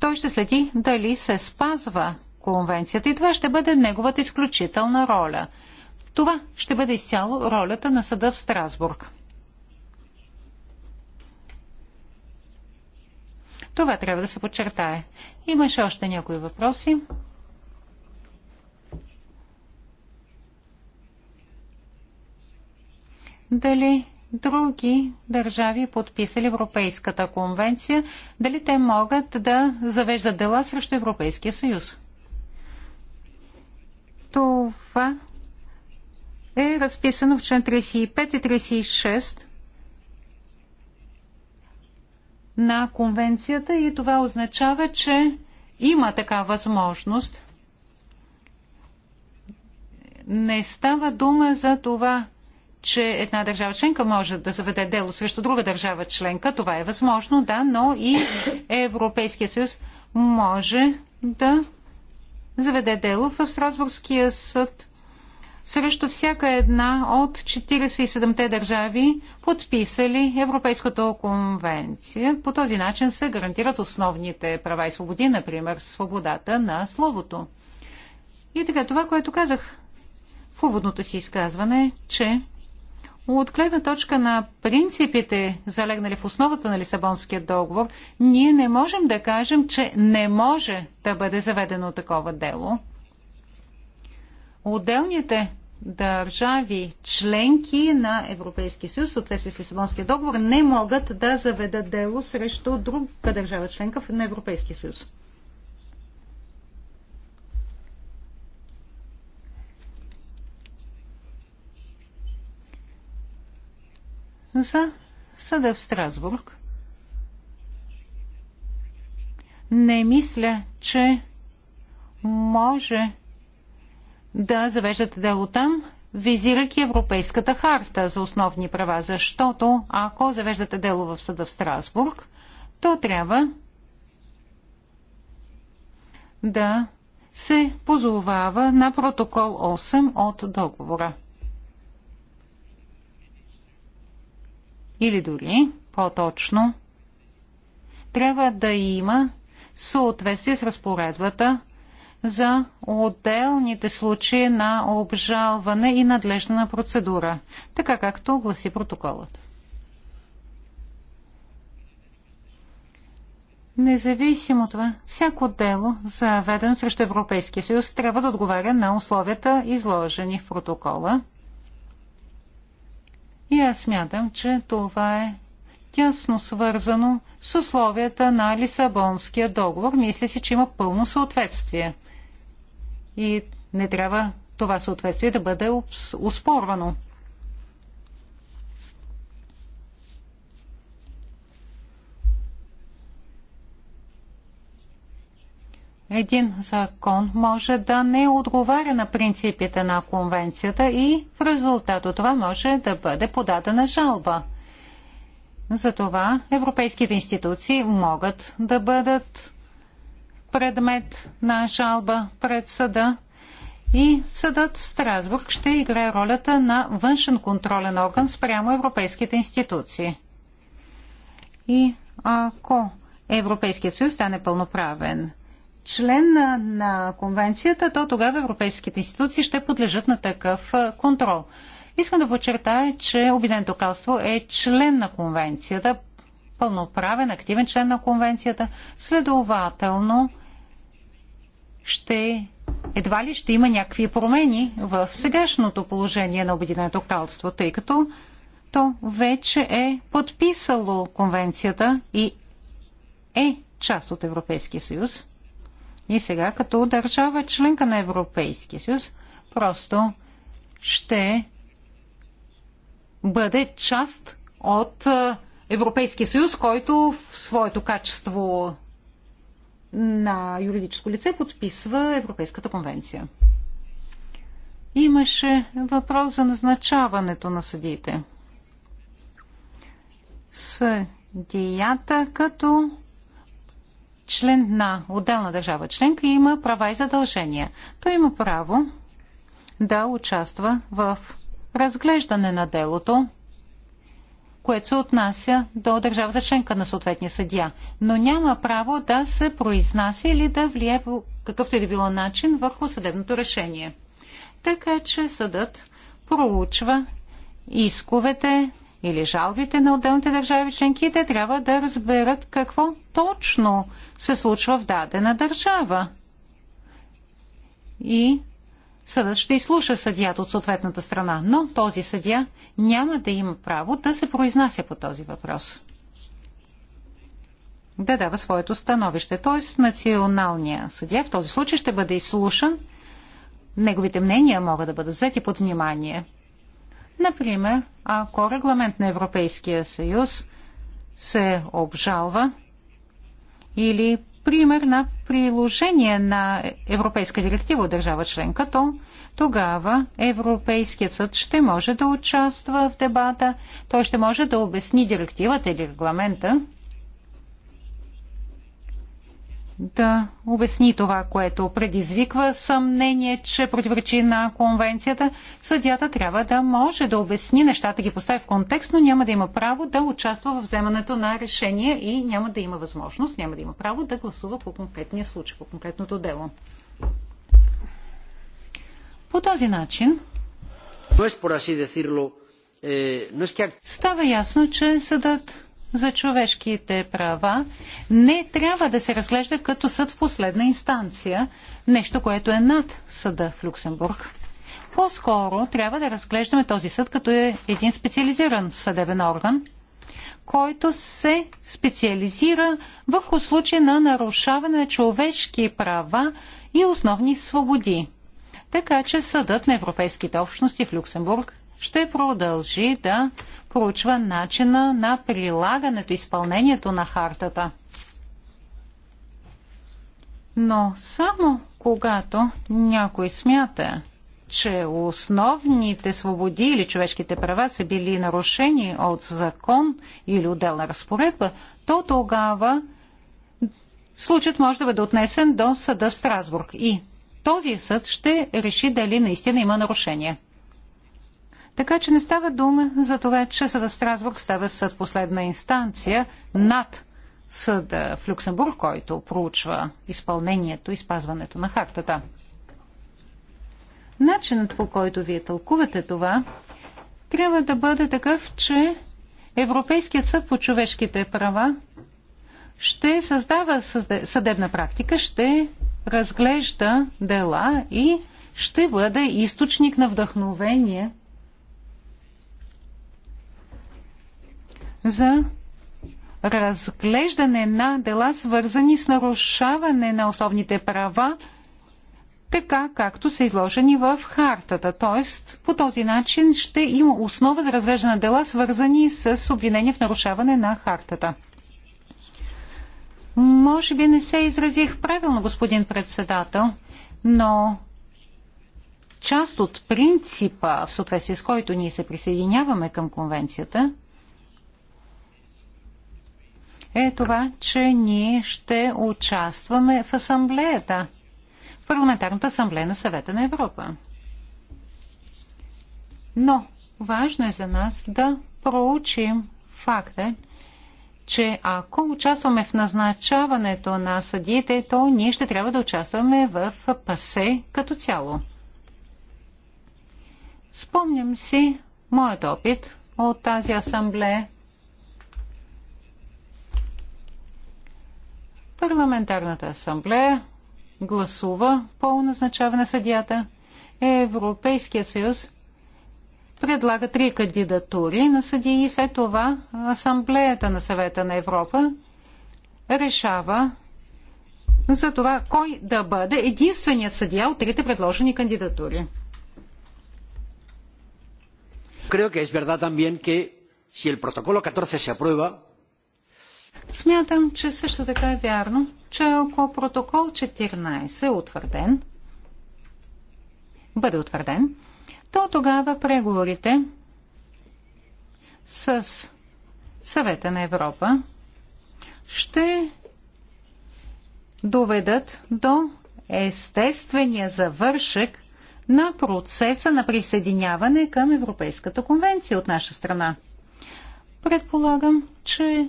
той ще следи дали се спазва конвенцията и това ще бъде неговата изключителна роля. Това ще бъде изцяло ролята на съда в Страсбург. Това трябва да се подчертае. Имаше още някои въпроси. Дали други държави подписали Европейската конвенция, дали те могат да завеждат дела срещу Европейския съюз? Това е разписано в член 35 и 36 на конвенцията и това означава, че има така възможност. Не става дума за това, че една държава членка може да заведе дело срещу друга държава членка. Това е възможно, да, но и Европейския съюз може да заведе дело в Страсбургския съд срещу всяка една от 47-те държави, подписали Европейската конвенция. По този начин се гарантират основните права и свободи, например свободата на словото. И така, това, което казах в уводното си изказване, че от гледна точка на принципите, залегнали в основата на Лисабонския договор, ние не можем да кажем, че не може да бъде заведено такова дело. Отделните държави, членки на Европейския съюз, съответствие с Лисабонския договор, не могат да заведат дело срещу друга държава членка на Европейския съюз. за съда в Страсбург. Не мисля, че може да завеждате дело там, визирайки Европейската харта за основни права, защото ако завеждате дело в съда в Страсбург, то трябва да се позовава на протокол 8 от договора. Или дори, по-точно, трябва да има съответствие с разпоредбата за отделните случаи на обжалване и надлежна процедура, така както гласи протоколът. Независимо от това, всяко дело, заведено срещу Европейския съюз, трябва да отговаря на условията, изложени в протокола – и аз смятам, че това е тясно свързано с условията на Лисабонския договор. Мисля си, че има пълно съответствие. И не трябва това съответствие да бъде успорвано. един закон може да не отговаря на принципите на конвенцията и в резултат от това може да бъде подадена жалба. Затова европейските институции могат да бъдат предмет на жалба пред съда и съдът в Страсбург ще играе ролята на външен контролен орган спрямо европейските институции. И ако Европейският съюз стане пълноправен член на конвенцията, то тогава европейските институции ще подлежат на такъв контрол. Искам да подчертая, че Обединеното кралство е член на конвенцията, пълноправен, активен член на конвенцията. Следователно, ще, едва ли ще има някакви промени в сегашното положение на Обединеното кралство, тъй като то вече е подписало конвенцията и е част от Европейския съюз. И сега като държава членка на Европейския съюз просто ще бъде част от Европейския съюз, който в своето качество на юридическо лице подписва Европейската конвенция. Имаше въпрос за назначаването на съдиите. Съдията като член на отделна държава членка има права и задължения. Той има право да участва в разглеждане на делото, което се отнася до държавата членка на съответния съдия, но няма право да се произнася или да влияе по какъвто и да било начин върху съдебното решение. Така че съдът проучва исковете или жалбите на отделните държави членки, те трябва да разберат какво точно се случва в дадена държава. И съдът ще изслуша съдията от съответната страна, но този съдия няма да има право да се произнася по този въпрос. Да дава своето становище. Т.е. националния съдия в този случай ще бъде изслушан. Неговите мнения могат да бъдат взети под внимание – Например, ако регламент на Европейския съюз се обжалва или пример на приложение на Европейска директива от държава членка, то тогава Европейският съд ще може да участва в дебата, той ще може да обясни директивата или регламента да обясни това, което предизвиква съмнение, че противоречи на конвенцията. Съдята трябва да може да обясни нещата, ги постави в контекст, но няма да има право да участва в вземането на решение и няма да има възможност, няма да има право да гласува по конкретния случай, по конкретното дело. По този начин eh, става ясно, че съдът за човешките права не трябва да се разглежда като съд в последна инстанция, нещо, което е над съда в Люксембург. По-скоро трябва да разглеждаме този съд като е един специализиран съдебен орган, който се специализира върху случай на нарушаване на човешки права и основни свободи. Така че съдът на европейските общности в Люксембург ще продължи да проучва начина на прилагането, изпълнението на хартата. Но само когато някой смята, че основните свободи или човешките права са били нарушени от закон или отделна разпоредба, то тогава случат може да бъде отнесен до съда в Страсбург и този съд ще реши дали наистина има нарушение. Така че не става дума за това, че съда Страсбург става съд последна инстанция над съда в Люксембург, който проучва изпълнението и спазването на хартата. Начинът по който вие тълкувате това трябва да бъде такъв, че Европейският съд по човешките права ще създава съдебна практика, ще разглежда дела и ще бъде източник на вдъхновение – за разглеждане на дела, свързани с нарушаване на основните права, така както са изложени в хартата. Тоест, по този начин ще има основа за разглеждане на дела, свързани с обвинение в нарушаване на хартата. Може би не се изразих правилно, господин председател, но част от принципа, в съответствие с който ние се присъединяваме към конвенцията – е това, че ние ще участваме в асамблеята, в парламентарната асамблея на съвета на Европа. Но важно е за нас да проучим факта, че ако участваме в назначаването на съдиите, то ние ще трябва да участваме в ПАСЕ като цяло. Спомням си моят опит от тази асамблея Парламентарната асамблея гласува по назначаване на съдията. Европейският съюз предлага три кандидатури на съдии и след това Асамблеята на съвета на Европа решава за това кой да бъде единственият съдия от трите предложени кандидатури. Creo que es verdad también que si el protocolo 14 se aprueba, Смятам, че също така е вярно, че ако протокол 14 е утвърден, бъде утвърден, то тогава преговорите с съвета на Европа ще доведат до естествения завършек на процеса на присъединяване към Европейската конвенция от наша страна. Предполагам, че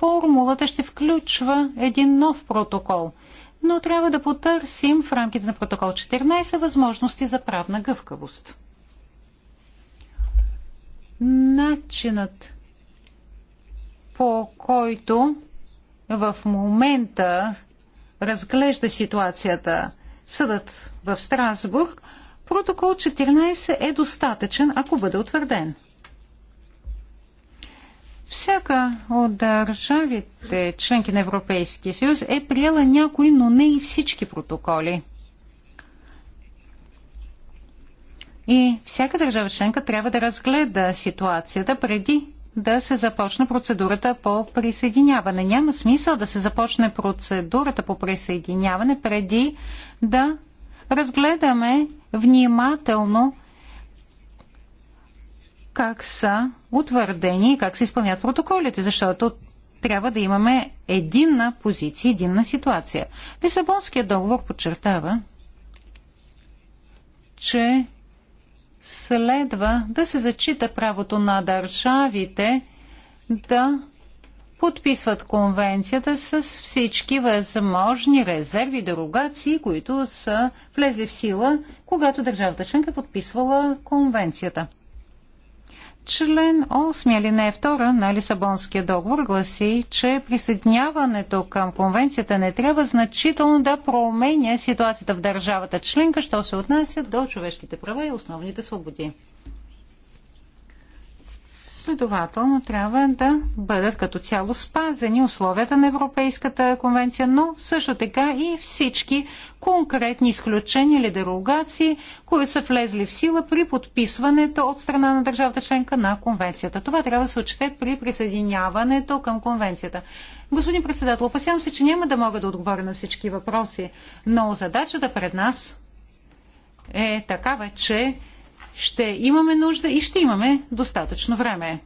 формулата ще включва един нов протокол, но трябва да потърсим в рамките на протокол 14 възможности за правна гъвкавост. Начинът по който в момента разглежда ситуацията съдът в Страсбург, протокол 14 е достатъчен, ако бъде утвърден. Всяка от държавите, членки на Европейския съюз, е приела някои, но не и всички протоколи. И всяка държава членка трябва да разгледа ситуацията преди да се започне процедурата по присъединяване. Няма смисъл да се започне процедурата по присъединяване преди да разгледаме внимателно как са утвърдени и как се изпълняват протоколите, защото трябва да имаме единна позиция, единна ситуация. Лисабонският договор подчертава, че следва да се зачита правото на държавите да подписват конвенцията с всички възможни резерви дерогации, които са влезли в сила, когато държавата членка е подписвала конвенцията. Член 8 или не 2 на Лисабонския договор гласи, че присъединяването към конвенцията не трябва значително да променя ситуацията в държавата членка, що се отнася до човешките права и основните свободи. Следователно трябва да бъдат като цяло спазени условията на Европейската конвенция, но също така и всички конкретни изключения или дерогации, които са влезли в сила при подписването от страна на държавата членка на конвенцията. Това трябва да се отчете при присъединяването към конвенцията. Господин председател, опасявам се, че няма да мога да отговоря на всички въпроси, но задачата пред нас е такава, че ще имаме нужда и ще имаме достатъчно време.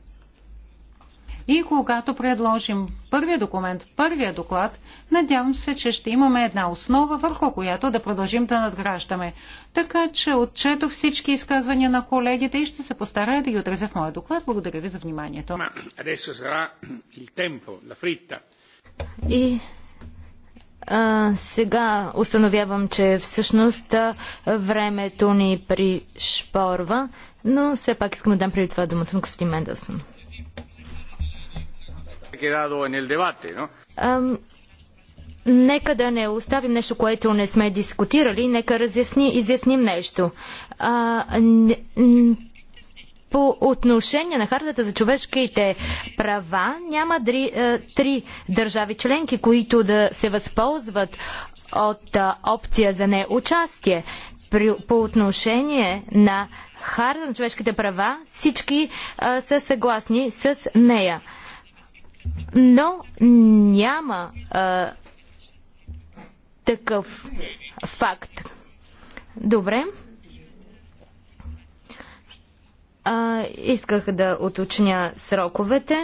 И когато предложим първия документ, първия доклад, надявам се, че ще имаме една основа, върху която да продължим да надграждаме. Така че отчето всички изказвания на колегите и ще се постарая да ги отразя в моя доклад. Благодаря ви за вниманието. И а, сега установявам, че всъщност времето ни пришпорва, но все пак искам да дам преди това думата на господин Мендълсън. Нека да не оставим нещо, което не сме дискутирали, нека разясни, изясним нещо. А, по отношение на хартата за човешките права няма дри, е, три държави членки, които да се възползват от е, опция за неучастие. При, по отношение на хартата на човешките права всички а, е, са съгласни с нея. Но няма а, такъв факт. Добре. А, исках да уточня сроковете.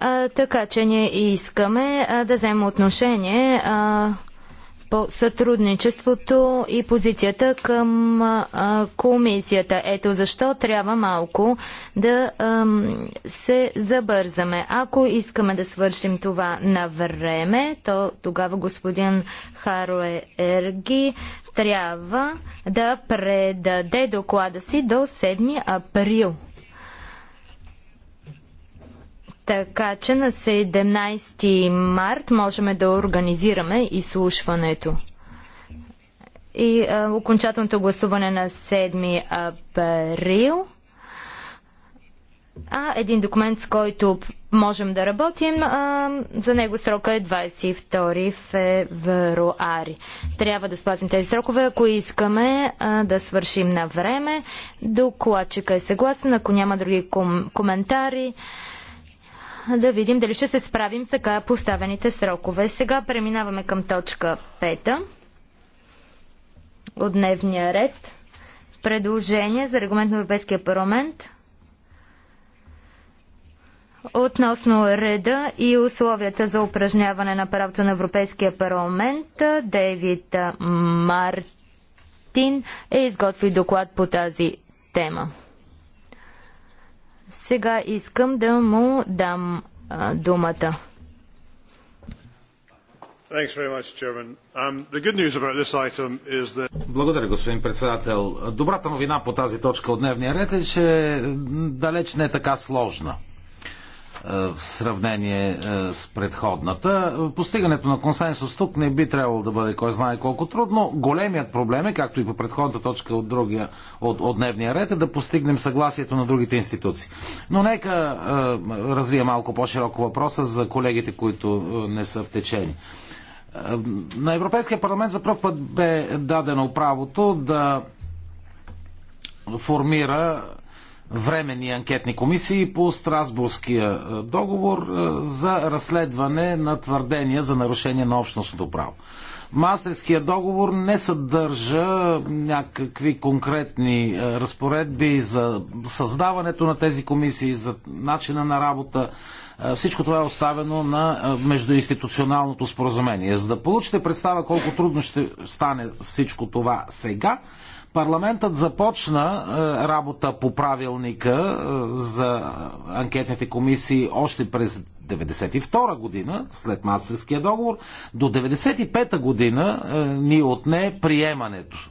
А, така че ние искаме а, да вземем отношение а, по сътрудничеството и позицията към комисията. Ето защо трябва малко да се забързаме. Ако искаме да свършим това на време, то тогава господин Харуе Ерги трябва да предаде доклада си до 7 април така че на 17 март можем да организираме изслушването. И а, окончателното гласуване на 7 април. А един документ, с който можем да работим, а, за него срока е 22 февруари. Трябва да спазим тези срокове, ако искаме а, да свършим на време. Докладчика е съгласен, ако няма други ком- коментари да видим дали ще се справим с така поставените срокове. Сега преминаваме към точка 5 от дневния ред. Предложение за регламент на Европейския парламент относно реда и условията за упражняване на правото на Европейския парламент. Дейвид Мартин е изготви доклад по тази тема. Сега искам да му дам а, думата. Um, Благодаря, господин председател. Добрата новина по тази точка от дневния ред е, че далеч не е така сложна. Е, в сравнение е, с предходната. Постигането на консенсус тук не би трябвало да бъде кой знае колко трудно. Големият проблем е, както и по предходната точка от, другия, от, от дневния ред, е да постигнем съгласието на другите институции. Но нека е, развия малко по-широко въпроса за колегите, които е, не са в течение. На Европейския парламент за първ път бе дадено правото да формира временни анкетни комисии по Страсбургския е, договор е, за разследване на твърдения за нарушение на общностното право. Мастерския договор не съдържа някакви конкретни е, разпоредби за създаването на тези комисии, за начина на работа. Всичко това е оставено на междуинституционалното споразумение. За да получите представа колко трудно ще стане всичко това сега, Парламентът започна е, работа по правилника е, за анкетните комисии още през 1992 година, след Мастерския договор. До 1995 година е, ни отне приемането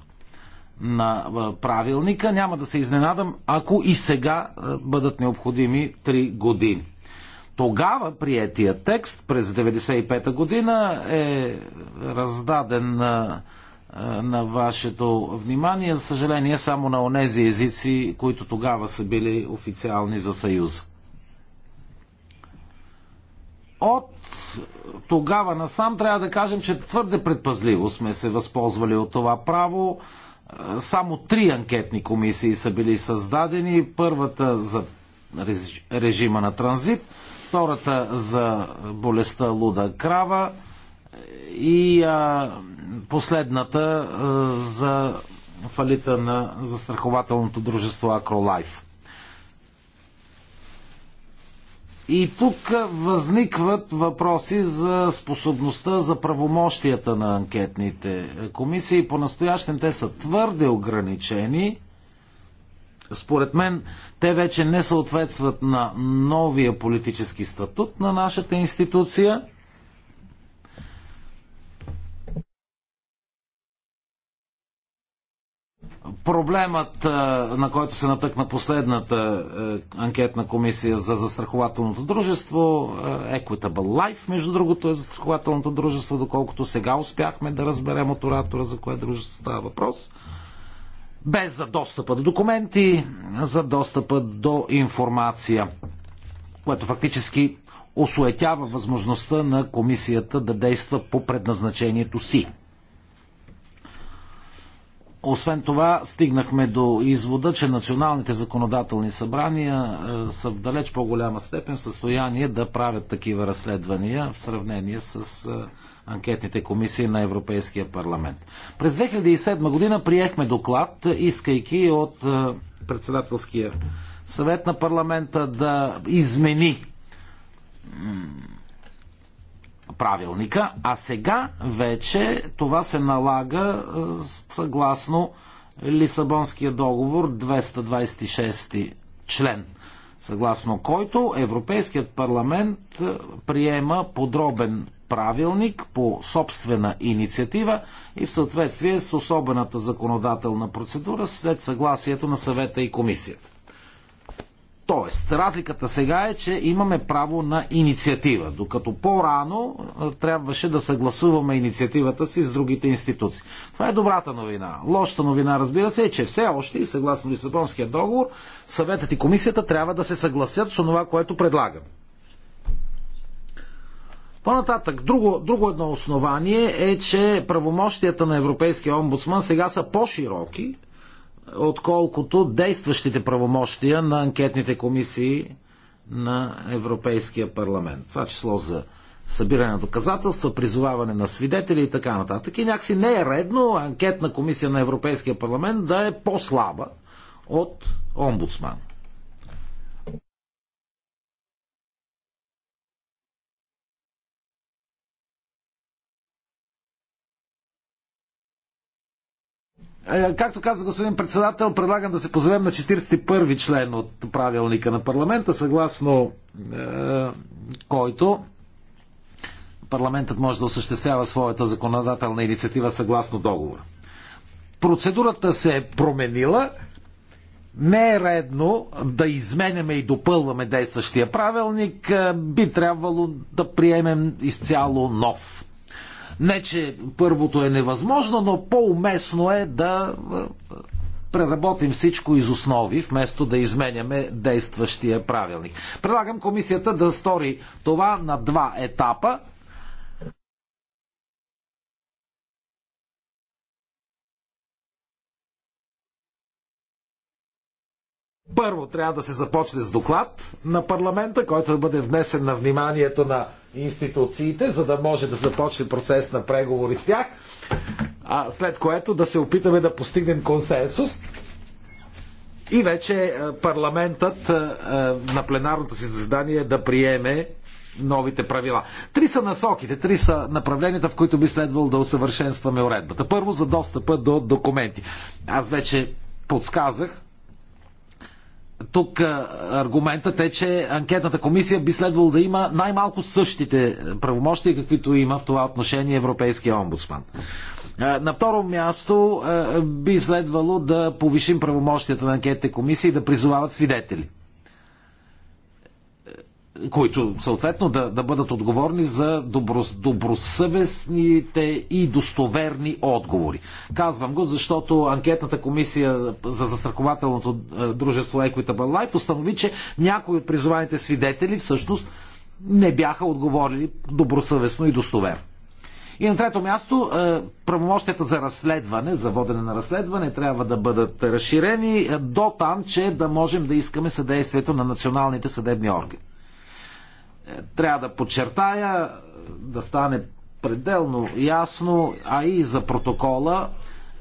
на правилника. Няма да се изненадам, ако и сега бъдат необходими 3 години. Тогава приятия текст през 1995 година е раздаден на на вашето внимание. За съжаление, само на онези езици, които тогава са били официални за Съюз. От тогава насам трябва да кажем, че твърде предпазливо сме се възползвали от това право. Само три анкетни комисии са били създадени. Първата за режима на транзит, втората за болестта луда крава, и а, последната а, за фалита на застрахователното дружество Акролайф. И тук възникват въпроси за способността, за правомощията на анкетните комисии. По-настоящен те са твърде ограничени. Според мен те вече не съответстват на новия политически статут на нашата институция – Проблемът, е, на който се натъкна последната е, анкетна комисия за застрахователното дружество, е, Equitable Life, между другото е застрахователното дружество, доколкото сега успяхме да разберем от оратора за кое дружество става въпрос, без за достъпа до документи, за достъпа до информация, което фактически осуетява възможността на комисията да действа по предназначението си освен това, стигнахме до извода, че националните законодателни събрания е, са в далеч по-голяма степен в състояние да правят такива разследвания в сравнение с е, анкетните комисии на Европейския парламент. През 2007 година приехме доклад, искайки от е, председателския съвет на парламента да измени правилника, а сега вече това се налага е, съгласно Лисабонския договор 226 член, съгласно който Европейският парламент е, приема подробен правилник по собствена инициатива и в съответствие с особената законодателна процедура след съгласието на съвета и комисията. Тоест, разликата сега е, че имаме право на инициатива, докато по-рано трябваше да съгласуваме инициативата си с другите институции. Това е добрата новина. Лошата новина, разбира се, е, че все още и съгласно Лисабонския договор, съветът и комисията трябва да се съгласят с това, което предлагам. По-нататък, друго, друго едно основание е, че правомощията на Европейския омбудсман сега са по-широки, отколкото действащите правомощия на анкетните комисии на Европейския парламент. Това число за събиране на доказателства, призоваване на свидетели и така нататък. И някакси не е редно анкетна комисия на Европейския парламент да е по-слаба от омбудсман. Е, както каза господин председател, предлагам да се позовем на 41-ви член от правилника на парламента, съгласно е, който парламентът може да осъществява своята законодателна инициатива съгласно договора. Процедурата се е променила. Не е редно да изменяме и допълваме действащия правилник. Е, би трябвало да приемем изцяло нов не, че първото е невъзможно, но по-уместно е да е, преработим всичко из основи, вместо да изменяме действащия правилник. Предлагам комисията да стори това на два етапа. Първо трябва да се започне с доклад на парламента, който да бъде внесен на вниманието на институциите, за да може да започне процес на преговори с тях, а след което да се опитаме да постигнем консенсус и вече е, парламентът е, е, на пленарното си заседание да приеме новите правила. Три са насоките, три са направленията, в които би следвало да усъвършенстваме уредбата. Първо за достъпа до документи. Аз вече подсказах, тук е, аргументът е, че анкетната комисия би следвало да има най-малко същите е, правомощия, каквито има в това отношение Европейския омбудсман. Е, на второ място би следвало да повишим правомощията на анкетните комисии и да призовават свидетели които съответно да, да бъдат отговорни за доброс, добросъвестните и достоверни отговори. Казвам го, защото анкетната комисия за застрахователното е, дружество Equitable Life установи, че някои от призованите свидетели всъщност не бяха отговорили добросъвестно и достоверно. И на трето място, е, правомощията за разследване, за водене на разследване, трябва да бъдат разширени е, до там, че да можем да искаме съдействието на националните съдебни органи трябва да подчертая, да стане пределно ясно, а и за протокола,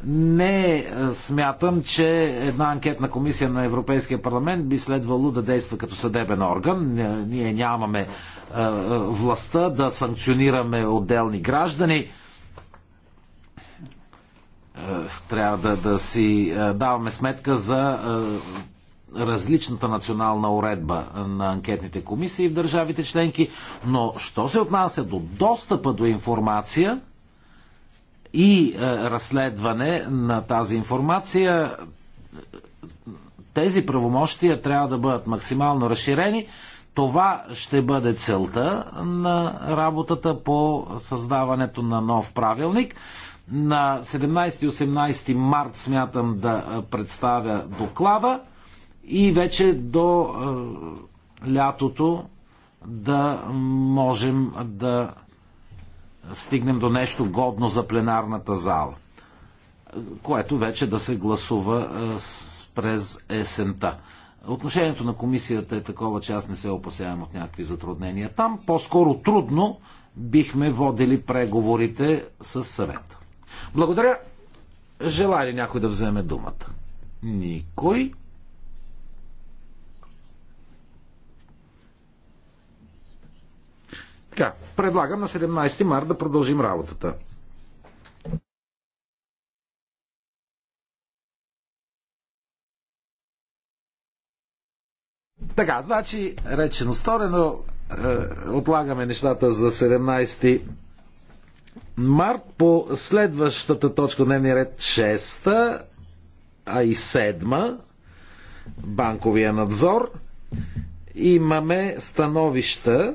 не смятам, че една анкетна комисия на Европейския парламент би следвало да действа като съдебен орган. Ние нямаме е, властта да санкционираме отделни граждани. Е, трябва да, да си е, даваме сметка за различната национална уредба на анкетните комисии в държавите членки, но що се отнася до достъпа до информация и е, разследване на тази информация, тези правомощия трябва да бъдат максимално разширени. Това ще бъде целта на работата по създаването на нов правилник. На 17 и 18 март смятам да представя доклада и вече до а, лятото да можем да стигнем до нещо годно за пленарната зала, което вече да се гласува а, с, през есента. Отношението на комисията е такова, че аз не се опасявам от някакви затруднения. Там по-скоро трудно бихме водили преговорите с съвета. Благодаря. Желая ли някой да вземе думата? Никой. Така, предлагам на 17 марта да продължим работата. Така, значи, речено сторено, е, отлагаме нещата за 17 март по следващата точка дневния ред 6, а и 7, банковия надзор. Имаме становища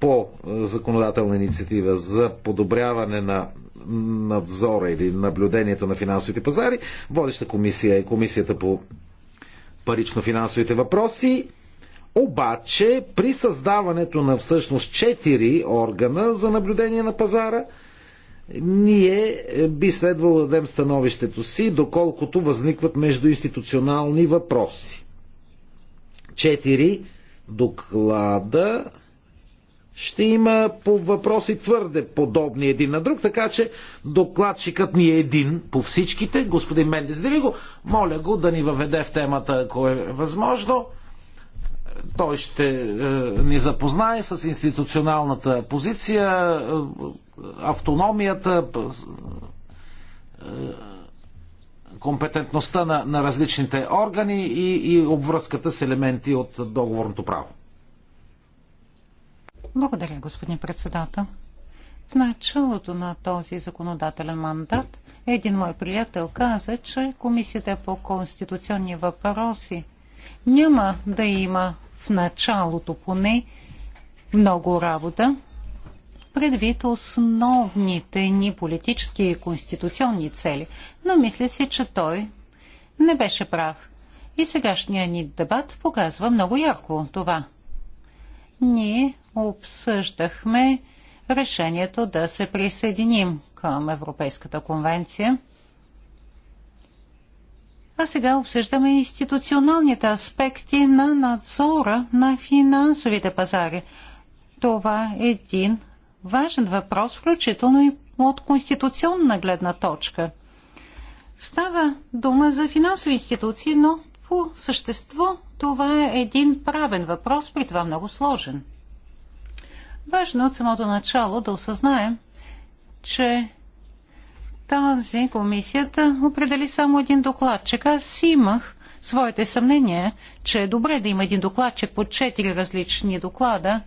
по законодателна инициатива за подобряване на надзора или наблюдението на финансовите пазари. Водеща комисия е комисията по парично-финансовите въпроси. Обаче при създаването на всъщност четири органа за наблюдение на пазара, ние би следвало да дадем становището си, доколкото възникват междуинституционални въпроси. Четири доклада ще има по въпроси твърде подобни един на друг, така че докладчикът ни е един по всичките. Господин Мендес го, моля го да ни въведе в темата, ако е възможно. Той ще е, ни запознае с институционалната позиция, е, автономията, е, компетентността на, на различните органи и, и обвръзката с елементи от договорното право. Благодаря, господин председател. В началото на този законодателен мандат един мой приятел каза, че Комисията по конституционни въпроси няма да има в началото поне много работа, предвид основните ни политически и конституционни цели, но мисля си, че той не беше прав. И сегашния ни дебат показва много ярко това. Ние обсъждахме решението да се присъединим към Европейската конвенция. А сега обсъждаме институционалните аспекти на надзора на финансовите пазари. Това е един важен въпрос, включително и от конституционна гледна точка. Става дума за финансови институции, но по същество това е един правен въпрос, при това много сложен. Важно е от самото начало да осъзнаем, че тази комисията определи само един докладчик. Аз имах своите съмнения, че е добре да има един докладчик по четири различни доклада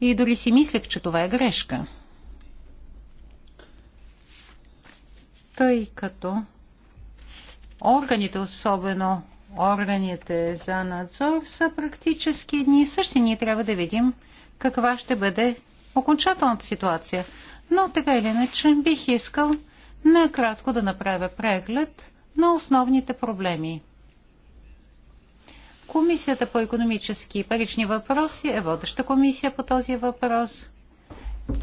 и дори си мислех, че това е грешка. Тъй като органите, особено органите за надзор, са практически едни и същи. Ние трябва да видим каква ще бъде окончателната ситуация. Но така или иначе бих искал накратко да направя преглед на основните проблеми. Комисията по економически и парични въпроси е водеща комисия по този въпрос.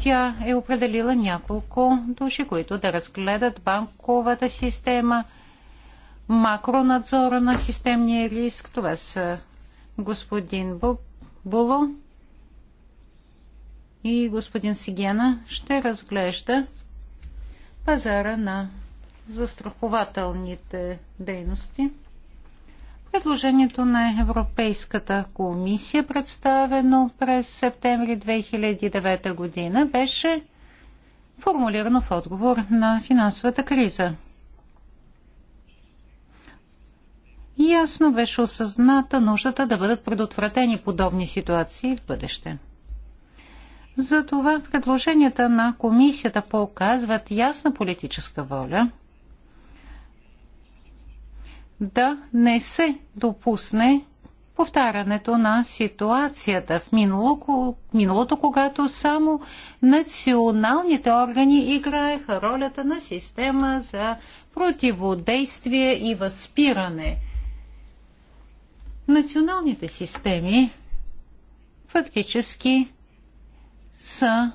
Тя е определила няколко души, които да разгледат банковата система, макронадзора на системния риск. Това са господин Було, и господин Сигена ще разглежда пазара на застрахователните дейности. Предложението на Европейската комисия, представено през септември 2009 година, беше формулирано в отговор на финансовата криза. Ясно беше осъзната нуждата да бъдат предотвратени подобни ситуации в бъдеще. Затова предложенията на комисията показват ясна политическа воля да не се допусне повтарянето на ситуацията в минало, миналото, когато само националните органи играеха ролята на система за противодействие и възпиране. Националните системи фактически са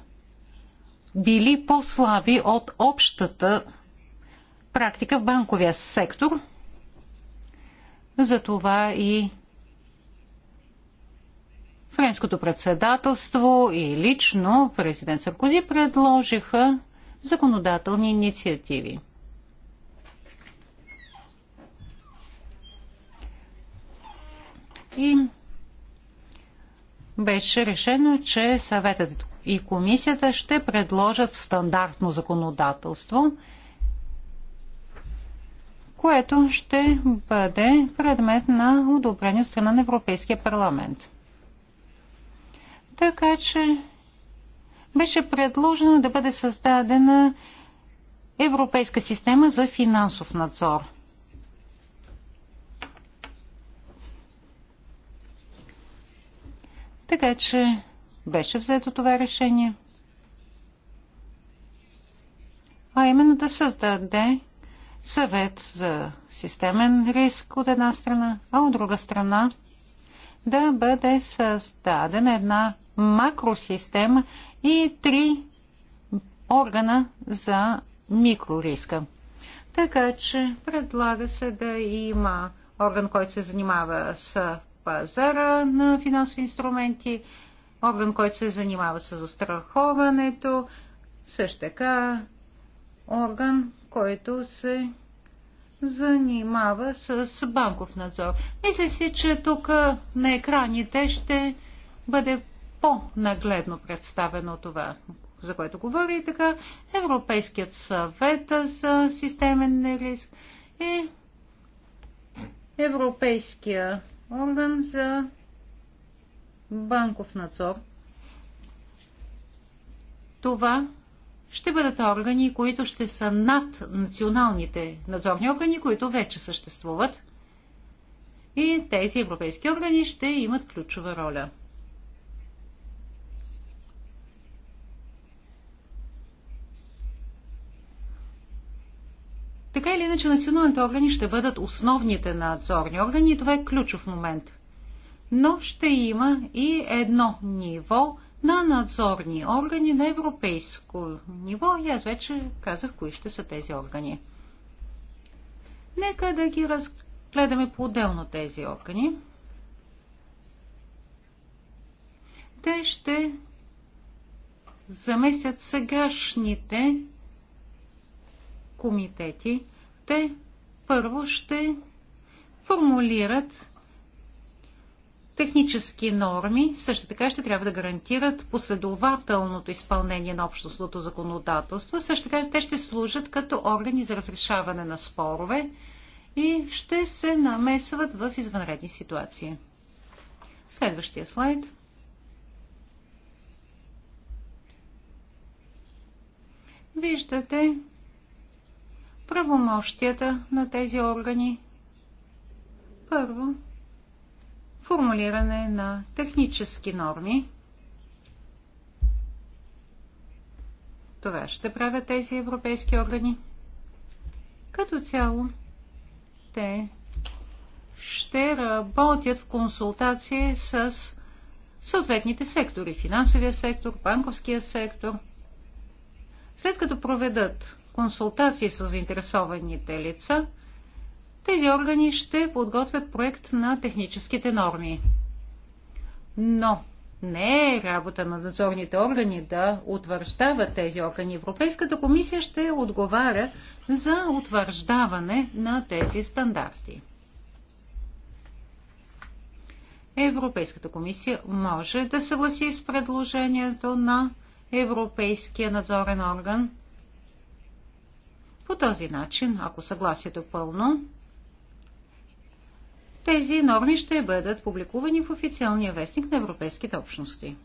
били по-слаби от общата практика в банковия сектор. Затова и Френското председателство и лично президент Саркози предложиха законодателни инициативи. И беше решено, че съветът и комисията ще предложат стандартно законодателство, което ще бъде предмет на одобрение от страна на Европейския парламент. Така че беше предложено да бъде създадена Европейска система за финансов надзор. Така че беше взето това решение. А именно да създаде съвет за системен риск от една страна, а от друга страна да бъде създадена една макросистема и три органа за микрориска. Така че предлага се да има орган, който се занимава с пазара на финансови инструменти, орган, който се занимава с застраховането, също така орган, който се занимава с банков надзор. Мисля си, че тук на екраните ще бъде по-нагледно представено това, за което говори така Европейският съвет за системен риск и Европейския орган за банков надзор. Това ще бъдат органи, които ще са над националните надзорни органи, които вече съществуват. И тези европейски органи ще имат ключова роля. Така или иначе националните органи ще бъдат основните надзорни органи и това е ключов момент – но ще има и едно ниво на надзорни органи на европейско ниво и аз вече казах кои ще са тези органи. Нека да ги разгледаме по-отделно тези органи. Те ще заместят сегашните комитети. Те първо ще формулират технически норми също така ще трябва да гарантират последователното изпълнение на общностното законодателство. Също така те ще служат като органи за разрешаване на спорове и ще се намесват в извънредни ситуации. Следващия слайд. Виждате правомощията на тези органи. Първо, формулиране на технически норми. Това ще правят тези европейски органи. Като цяло, те ще работят в консултации с съответните сектори. Финансовия сектор, банковския сектор. След като проведат консултации с заинтересованите лица, тези органи ще подготвят проект на техническите норми. Но не е работа на надзорните органи да утвърждават тези органи. Европейската комисия ще отговаря за утвърждаване на тези стандарти. Европейската комисия може да съгласи с предложението на Европейския надзорен орган. По този начин, ако съгласието е пълно, тези норми ще бъдат публикувани в официалния вестник на европейските общности.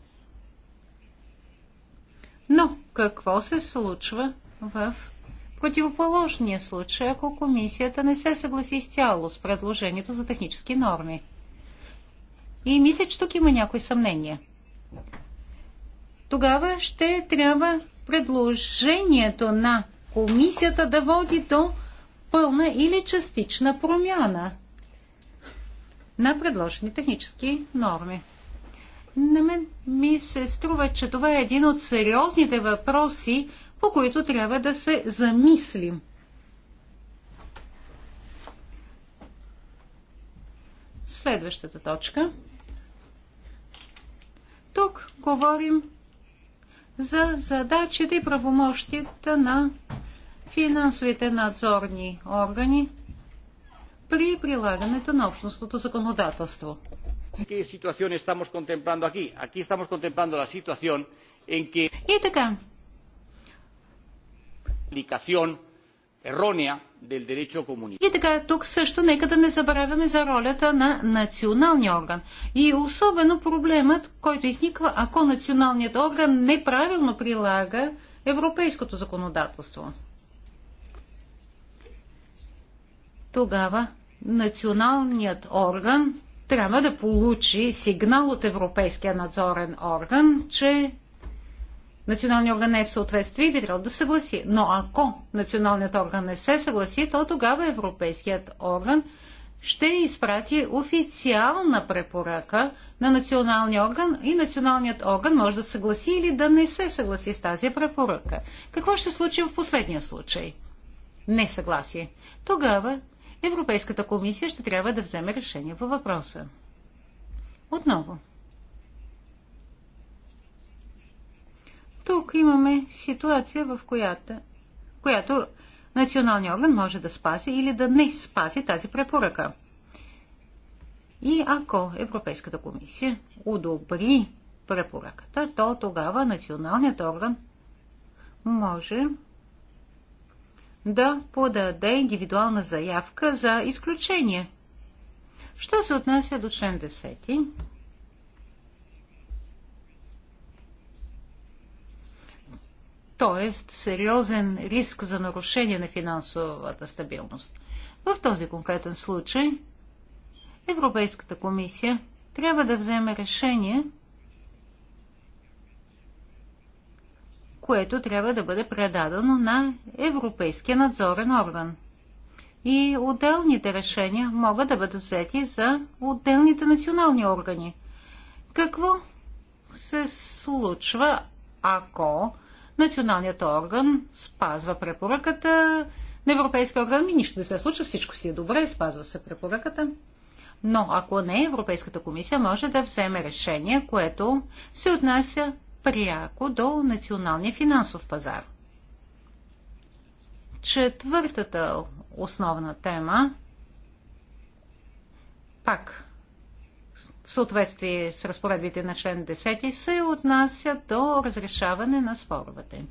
Но какво се случва в противоположния случай, ако комисията не се съгласи изцяло с предложението за технически норми? И мисля, че тук има някои съмнения. Тогава ще трябва предложението на комисията да води до пълна или частична промяна на предложени технически норми. На мен ми се струва, че това е един от сериозните въпроси, по които трябва да се замислим. Следващата точка. Тук говорим за задачите и правомощията на финансовите надзорни органи при прилагането на общностното законодателство. И така. И така, тук също нека да не забравяме за ролята на националния орган. И особено проблемът, който изниква, ако националният орган неправилно прилага европейското законодателство. Тогава националният орган трябва да получи сигнал от Европейския надзорен орган, че националният орган не е в съответствие и би трябвало да се съгласи. Но ако националният орган не се съгласи, то тогава Европейският орган ще изпрати официална препоръка на националния орган и националният орган може да съгласи или да не се съгласи с тази препоръка. Какво ще случи в последния случай? Не съгласи. Тогава Европейската комисия ще трябва да вземе решение по въпроса. Отново. Тук имаме ситуация, в която, която националния орган може да спази или да не спази тази препоръка. И ако Европейската комисия удобри препоръката, то тогава националният орган може да подаде индивидуална заявка за изключение. Що се отнася до член 10? т.е. сериозен риск за нарушение на финансовата стабилност. В този конкретен случай Европейската комисия трябва да вземе решение – което трябва да бъде предадено на Европейския надзорен орган. И отделните решения могат да бъдат взети за отделните национални органи. Какво се случва, ако националният орган спазва препоръката на Европейския орган? Ми нищо не се случва, всичко си е добре, спазва се препоръката. Но ако не, Европейската комисия може да вземе решение, което се отнася пряко до националния финансов пазар. Четвъртата основна тема, пак в съответствие с разпоредбите на член 10, се отнася до разрешаване на споровете.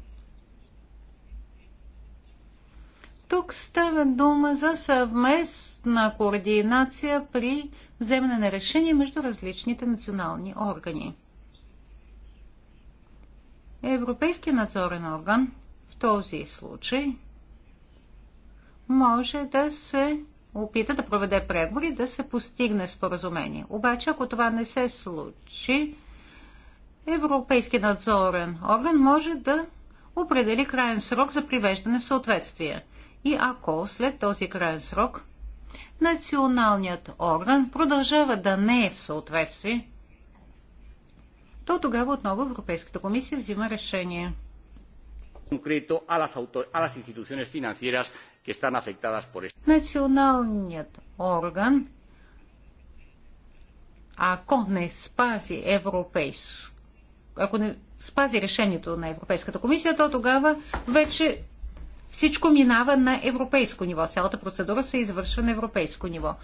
Тук става дума за съвместна координация при вземане на решение между различните национални органи. Европейския надзорен орган в този случай може да се опита да проведе преговори, да се постигне споразумение. Обаче, ако това не се случи, Европейския надзорен орган може да определи крайен срок за привеждане в съответствие. И ако след този крайен срок националният орган продължава да не е в съответствие, то тогава отново Европейската комисия взима решение. Националният орган, ако не спази европейско, ако не спази решението на Европейската комисия, то тогава вече всичко минава на европейско ниво. Цялата процедура се извършва на европейско ниво.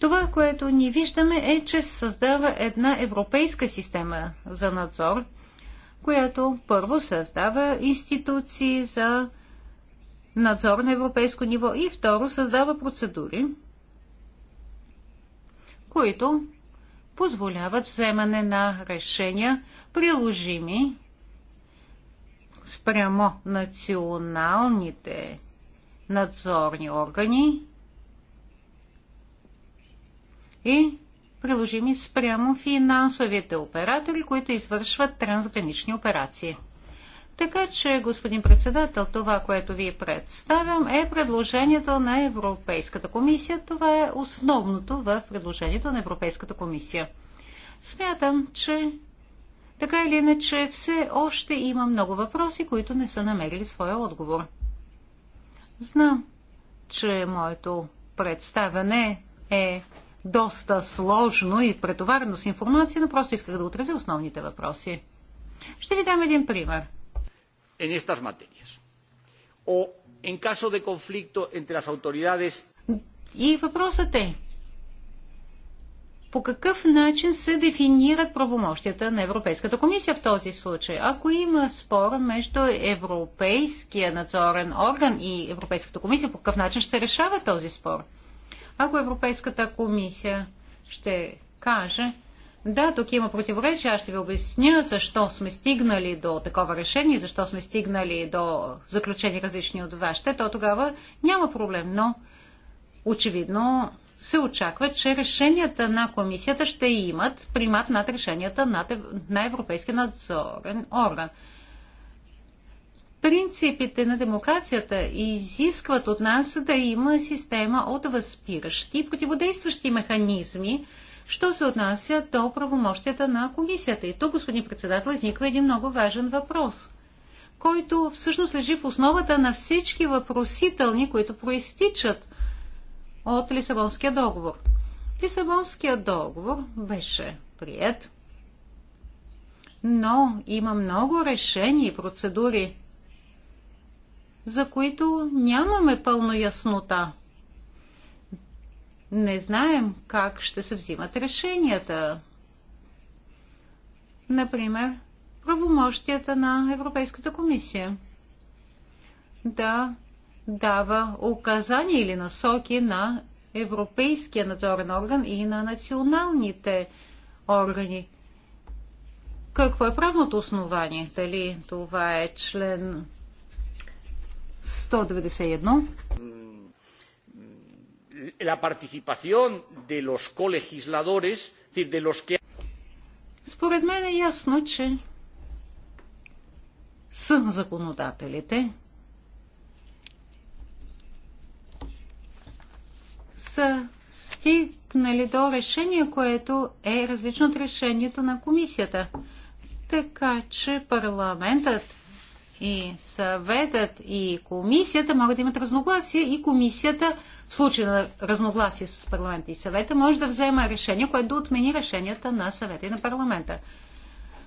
Това, което ни виждаме е, че се създава една европейска система за надзор, която първо създава институции за надзор на европейско ниво и второ създава процедури, които позволяват вземане на решения, приложими спрямо националните надзорни органи и приложими спрямо финансовите оператори, които извършват трансгранични операции. Така че, господин председател, това, което ви представям, е предложението на Европейската комисия. Това е основното в предложението на Европейската комисия. Смятам, че така или иначе все още има много въпроси, които не са намерили своя отговор. Знам, че моето представяне е доста сложно и претоварено с информация, но просто исках да отразя основните въпроси. Ще ви дам един пример. En estas materias. O en caso de conflicto entre las autoridades... И въпросът е, по какъв начин се дефинират правомощията на Европейската комисия в този случай? Ако има спор между Европейския надзорен орган и Европейската комисия, по какъв начин ще се решава този спор? Ако Европейската комисия ще каже, да, тук има противоречие, аз ще ви обясня защо сме стигнали до такова решение, защо сме стигнали до заключени различни от вашите, то тогава няма проблем. Но очевидно се очаква, че решенията на комисията ще имат примат над решенията на Европейския надзорен орган. Принципите на демокрацията изискват от нас да има система от възпиращи и противодействащи механизми, що се отнася до правомощията на комисията. И тук, господин председател, изниква един много важен въпрос, който всъщност лежи в основата на всички въпросителни, които проистичат от Лисабонския договор. Лисабонския договор беше прият, но има много решения и процедури, за които нямаме пълно яснота. Не знаем как ще се взимат решенията. Например, правомощията на Европейската комисия. Да дава указания или насоки на Европейския надзорен орган и на националните органи. Какво е правното основание? Дали това е член 191. La participación de los colegisladores, de los que... Според мен е ясно, че са законодателите са стигнали до решение, което е различно от решението на комисията. Така че парламентът и съветът и комисията могат да имат разногласия и комисията в случай на разногласие с парламента и съвета може да взема решение, което да отмени решенията на съвета и на парламента.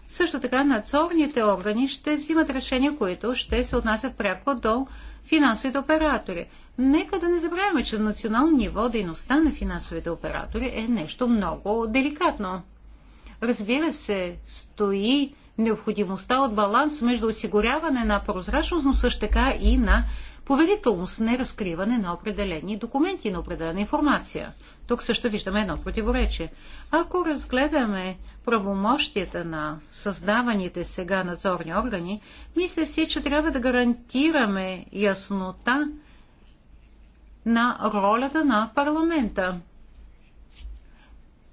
Също така надзорните органи ще взимат решения, които ще се отнасят пряко до финансовите оператори. Нека да не забравяме, че на национално ниво дейността на финансовите оператори е нещо много деликатно. Разбира се, стои необходимостта от баланс между осигуряване на прозрачност, но също така и на поверителност, не разкриване на определени документи, на определена информация. Тук също виждаме едно противоречие. Ако разгледаме правомощията на създаваните сега надзорни органи, мисля си, че трябва да гарантираме яснота на ролята на парламента.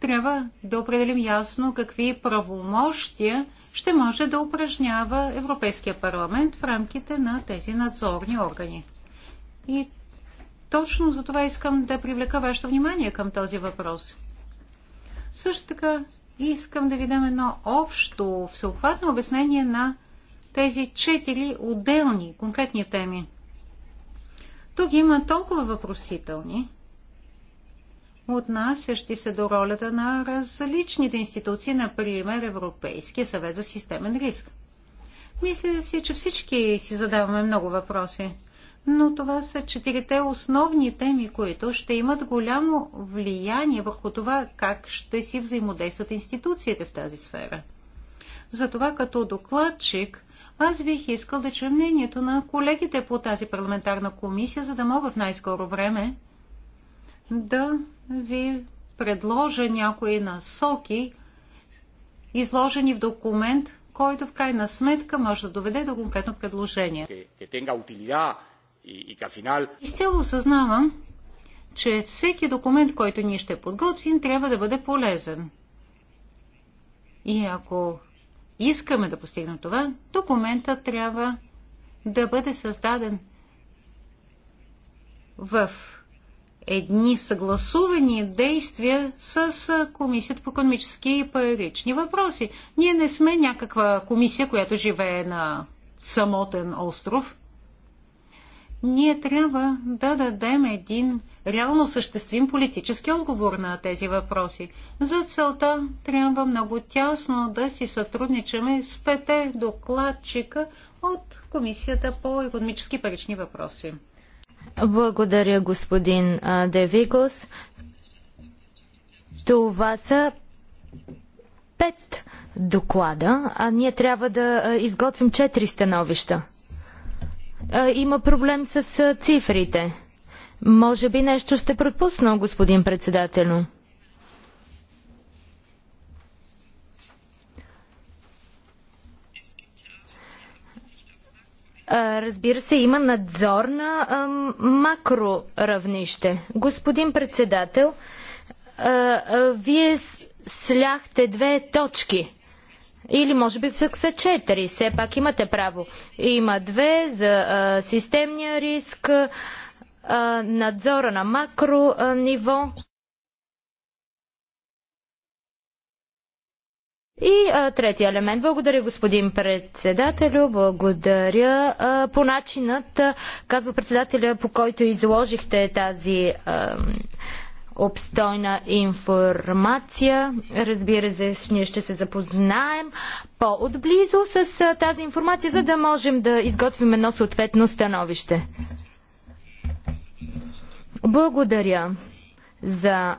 Трябва да определим ясно какви правомощия ще може да упражнява Европейския парламент в рамките на тези надзорни органи. И точно за това искам да привлека вашето внимание към този въпрос. Също така искам да ви дам едно общо, всеобхватно обяснение на тези четири отделни конкретни теми. Тук има толкова въпросителни, отнасящи се до ролята на различните институции, например Европейския съвет за системен риск. Мисля си, че всички си задаваме много въпроси, но това са четирите основни теми, които ще имат голямо влияние върху това как ще си взаимодействат институциите в тази сфера. Затова като докладчик аз бих искал да чуя мнението на колегите по тази парламентарна комисия, за да мога в най-скоро време да ви предложа някои насоки, изложени в документ, който в крайна сметка може да доведе до конкретно предложение. Изцяло осъзнавам, че всеки документ, който ние ще подготвим, трябва да бъде полезен. И ако искаме да постигнем това, документът трябва да бъде създаден в едни съгласувани действия с Комисията по економически и парични въпроси. Ние не сме някаква комисия, която живее на самотен остров. Ние трябва да дадем един реално съществим политически отговор на тези въпроси. За целта трябва много тясно да си сътрудничаме с пете докладчика от Комисията по економически парични въпроси. Благодаря, господин Девигос. Това са пет доклада, а ние трябва да изготвим четири становища. Има проблем с цифрите. Може би нещо ще пропусна, господин председател. Разбира се, има надзор на макро равнище. Господин председател, вие сляхте две точки. Или може би пък са четири. Все пак имате право. Има две за а, системния риск, а, надзора на макро а, ниво. И а, третия елемент. Благодаря, господин председателю. Благодаря а, по начинът, а, казва председателя, по който изложихте тази а, обстойна информация. Разбира се, ние ще се запознаем по-отблизо с а, тази информация, за да можем да изготвим едно съответно становище. Благодаря за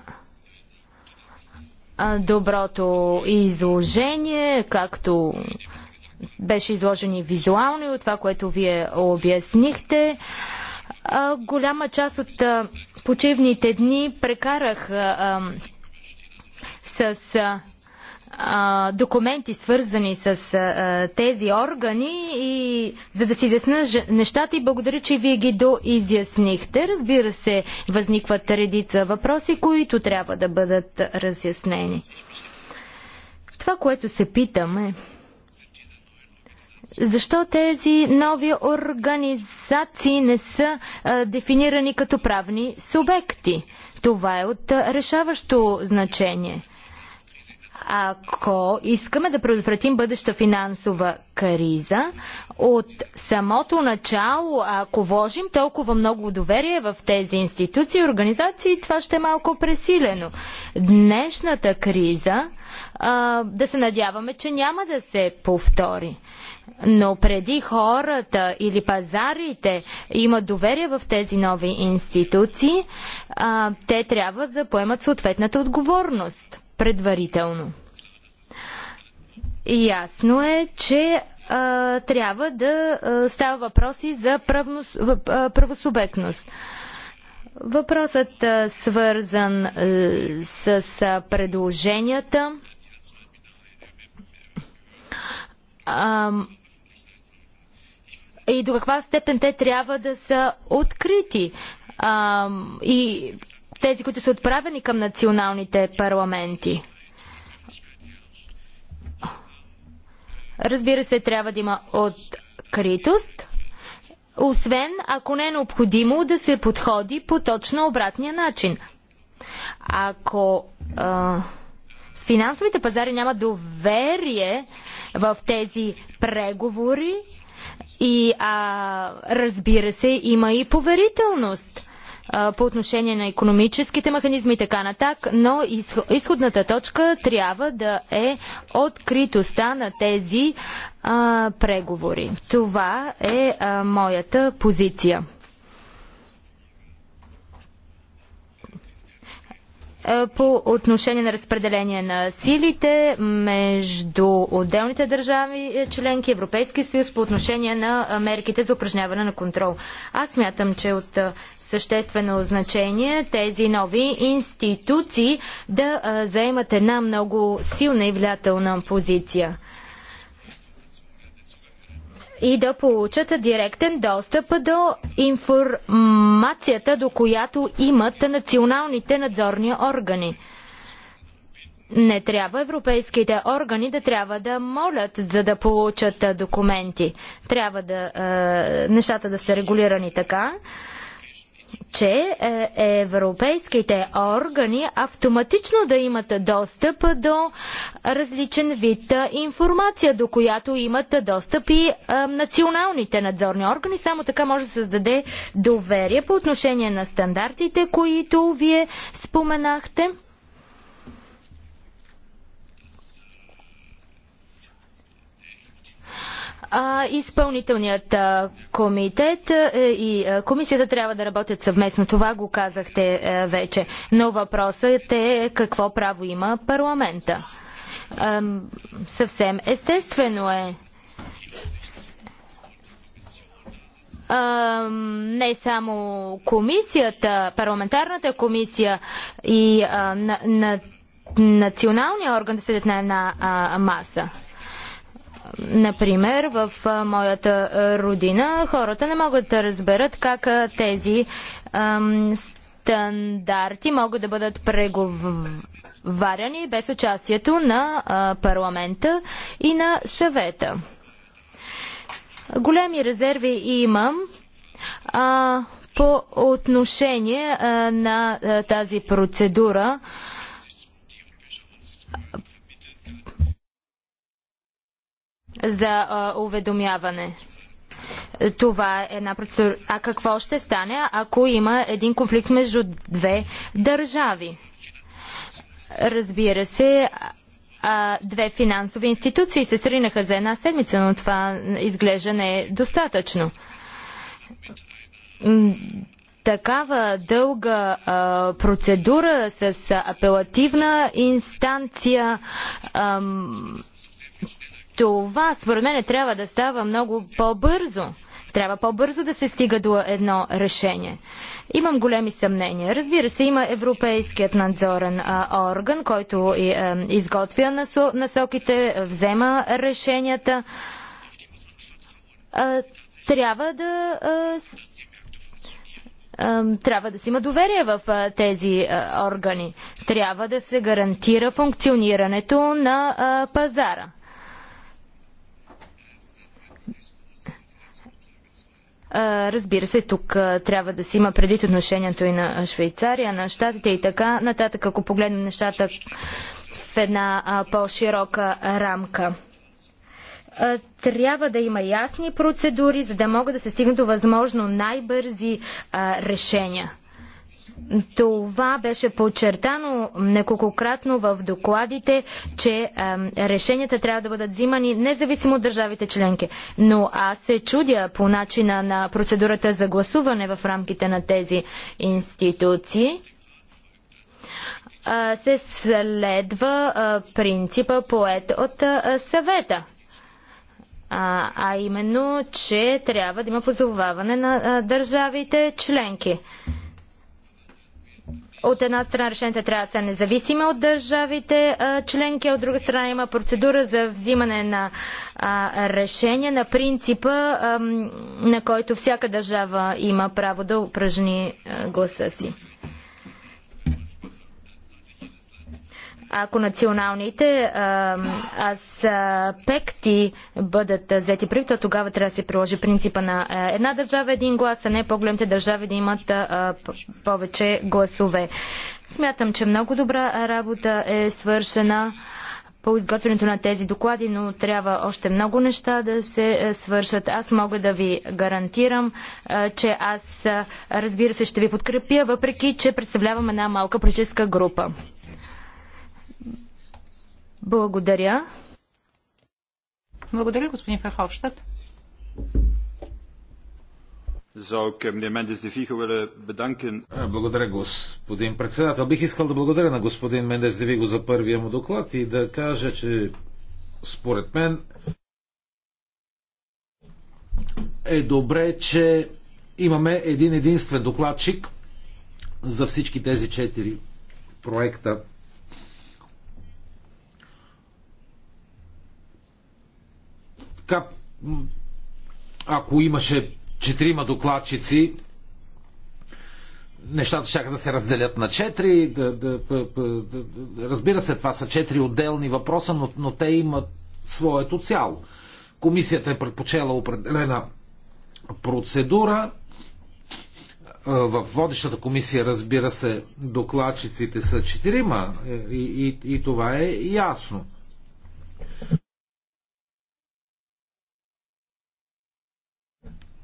доброто изложение, както беше изложено и визуално и от това, което вие обяснихте. Голяма част от почивните дни прекарах с документи, свързани с а, тези органи и за да си изясна нещата и благодаря, че вие ги доизяснихте. Разбира се, възникват редица въпроси, които трябва да бъдат разяснени. Това, което се питаме, защо тези нови организации не са а, дефинирани като правни субекти? Това е от решаващо значение. Ако искаме да предотвратим бъдеща финансова криза, от самото начало, ако вложим толкова много доверие в тези институции и организации, това ще е малко пресилено. Днешната криза, а, да се надяваме, че няма да се повтори. Но преди хората или пазарите имат доверие в тези нови институции, а, те трябва да поемат съответната отговорност предварително. Ясно е, че а, трябва да а, става въпроси за правнос, а, правосубектност. Въпросът а, свързан а, с а, предложенията. А, и до каква степен те трябва да са открити. А, и тези, които са отправени към националните парламенти. Разбира се, трябва да има откритост, освен ако не е необходимо да се подходи по точно обратния начин. Ако а, финансовите пазари нямат доверие в тези преговори, и а, разбира се, има и поверителност по отношение на економическите механизми и така натак, но изходната точка трябва да е откритостта на тези а, преговори. Това е а, моята позиция. по отношение на разпределение на силите между отделните държави е, членки Европейския съюз по отношение на мерките за упражняване на контрол. Аз смятам, че от съществено значение тези нови институции да а, заемат една много силна и влиятелна позиция и да получат директен достъп до информацията, до която имат националните надзорни органи. Не трябва европейските органи да трябва да молят, за да получат документи. Трябва да е, нещата да са регулирани така, че е, европейските органи автоматично да имат достъп до различен вид информация, до която имат достъп и е, националните надзорни органи. Само така може да създаде доверие по отношение на стандартите, които вие споменахте. А, изпълнителният комитет е, и комисията трябва да работят съвместно. Това го казахте е, вече. Но въпросът е какво право има парламента. А, съвсем естествено е не само комисията, парламентарната комисия и на, на, националния орган да седят на една а, маса. Например, в моята родина хората не могат да разберат как тези стандарти могат да бъдат преговаряни без участието на парламента и на съвета. Големи резерви имам а, по отношение а, на а, тази процедура за а, уведомяване. Това е една процедура. А какво ще стане, ако има един конфликт между две държави? Разбира се, а, две финансови институции се сринаха за една седмица, но това изглежда не е достатъчно. Такава дълга а, процедура с апелативна инстанция А, това, според мен, трябва да става много по-бързо. Трябва по-бързо да се стига до едно решение. Имам големи съмнения. Разбира се, има Европейският надзорен а, орган, който и, а, е, изготвя насоките, взема решенията. А, трябва да. А, трябва да се има доверие в тези органи. Трябва да се гарантира функционирането на пазара. Разбира се, тук трябва да си има предвид отношението и на Швейцария, на щатите и така нататък, ако погледнем нещата в една по-широка рамка. Трябва да има ясни процедури, за да могат да се стигнат до възможно най-бързи решения. Това беше подчертано неколкократно в докладите, че решенията трябва да бъдат взимани независимо от държавите членки. Но аз се чудя по начина на процедурата за гласуване в рамките на тези институции се следва принципа поет от съвета. А, а именно, че трябва да има позоваване на държавите членки. От една страна решенията трябва да са независими от държавите членки, а от друга страна има процедура за взимане на решения на принципа, на който всяка държава има право да упражни гласа си. Ако националните а, аспекти бъдат взети прив, то тогава трябва да се приложи принципа на е, една държава един глас, а не по-големите държави да имат а, повече гласове. Смятам, че много добра работа е свършена по изготвянето на тези доклади, но трябва още много неща да се е, свършат. Аз мога да ви гарантирам, е, че аз, разбира се, ще ви подкрепя, въпреки, че представлявам една малка политическа група. Благодаря. Благодаря, господин Ферховщад. Е, благодаря, господин председател. Бих искал да благодаря на господин Мендес Девиго за първия му доклад и да кажа, че според мен е добре, че имаме един единствен докладчик за всички тези четири проекта Така, ако имаше четирима докладчици, нещата ще да се разделят на четири. Да, да, да, да, разбира се, това са четири отделни въпроса, но, но те имат своето цяло. Комисията е предпочела определена процедура. В водещата комисия, разбира се, докладчиците са четирима е, и, и, и това е ясно.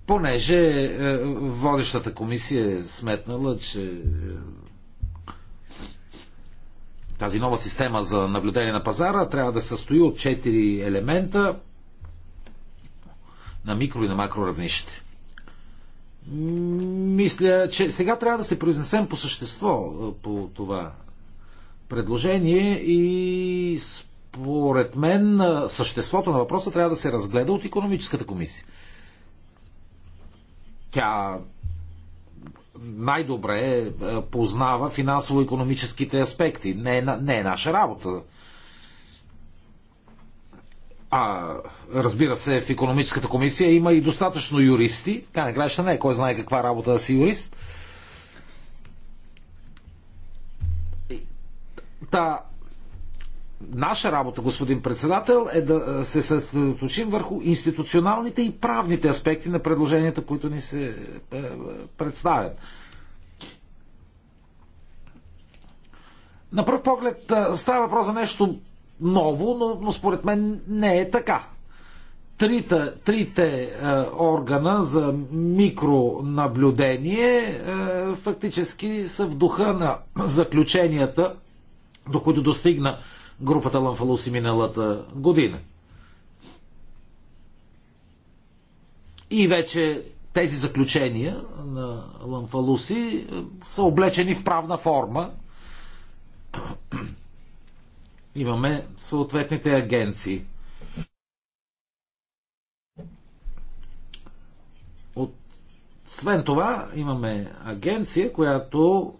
понеже е, водещата комисия е сметнала, че е, тази нова система за наблюдение на пазара трябва да състои от 4 елемента на микро и на макро равнище. Мисля, че сега трябва да се произнесем по същество е, по това предложение и според мен съществото на въпроса трябва да се разгледа от економическата комисия. Тя най-добре е, е, познава финансово-економическите аспекти. Не е, не е наша работа. А, разбира се, в економическата комисия има и достатъчно юристи. Тя на краща не е кой знае каква работа да си юрист. Та, наша работа, господин председател, е да е, се съсредоточим върху институционалните и правните аспекти на предложенията, които ни се е, е, представят. На пръв поглед става въпрос за нещо ново, но, но според мен не е така. Трите, трите е, органа за микронаблюдение е, фактически са в духа на заключенията, до които достигна групата Ланфалуси миналата година. И вече тези заключения на Ланфалуси е, са облечени в правна форма. Имаме съответните агенции. Освен това, имаме агенция, която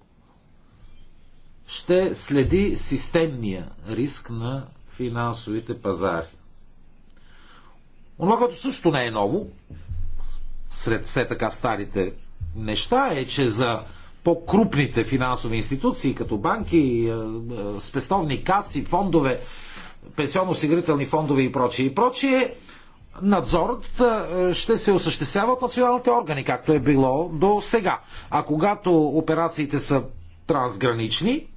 ще следи системния риск на финансовите пазари. Онова, което също не е ново, сред все така старите неща, е, че за по-крупните финансови институции, като банки, е, е, спестовни каси, фондове, пенсионно-осигурителни фондове и прочие и прочие, надзорът е, ще се осъществява от националните органи, както е било до сега. А когато операциите са трансгранични,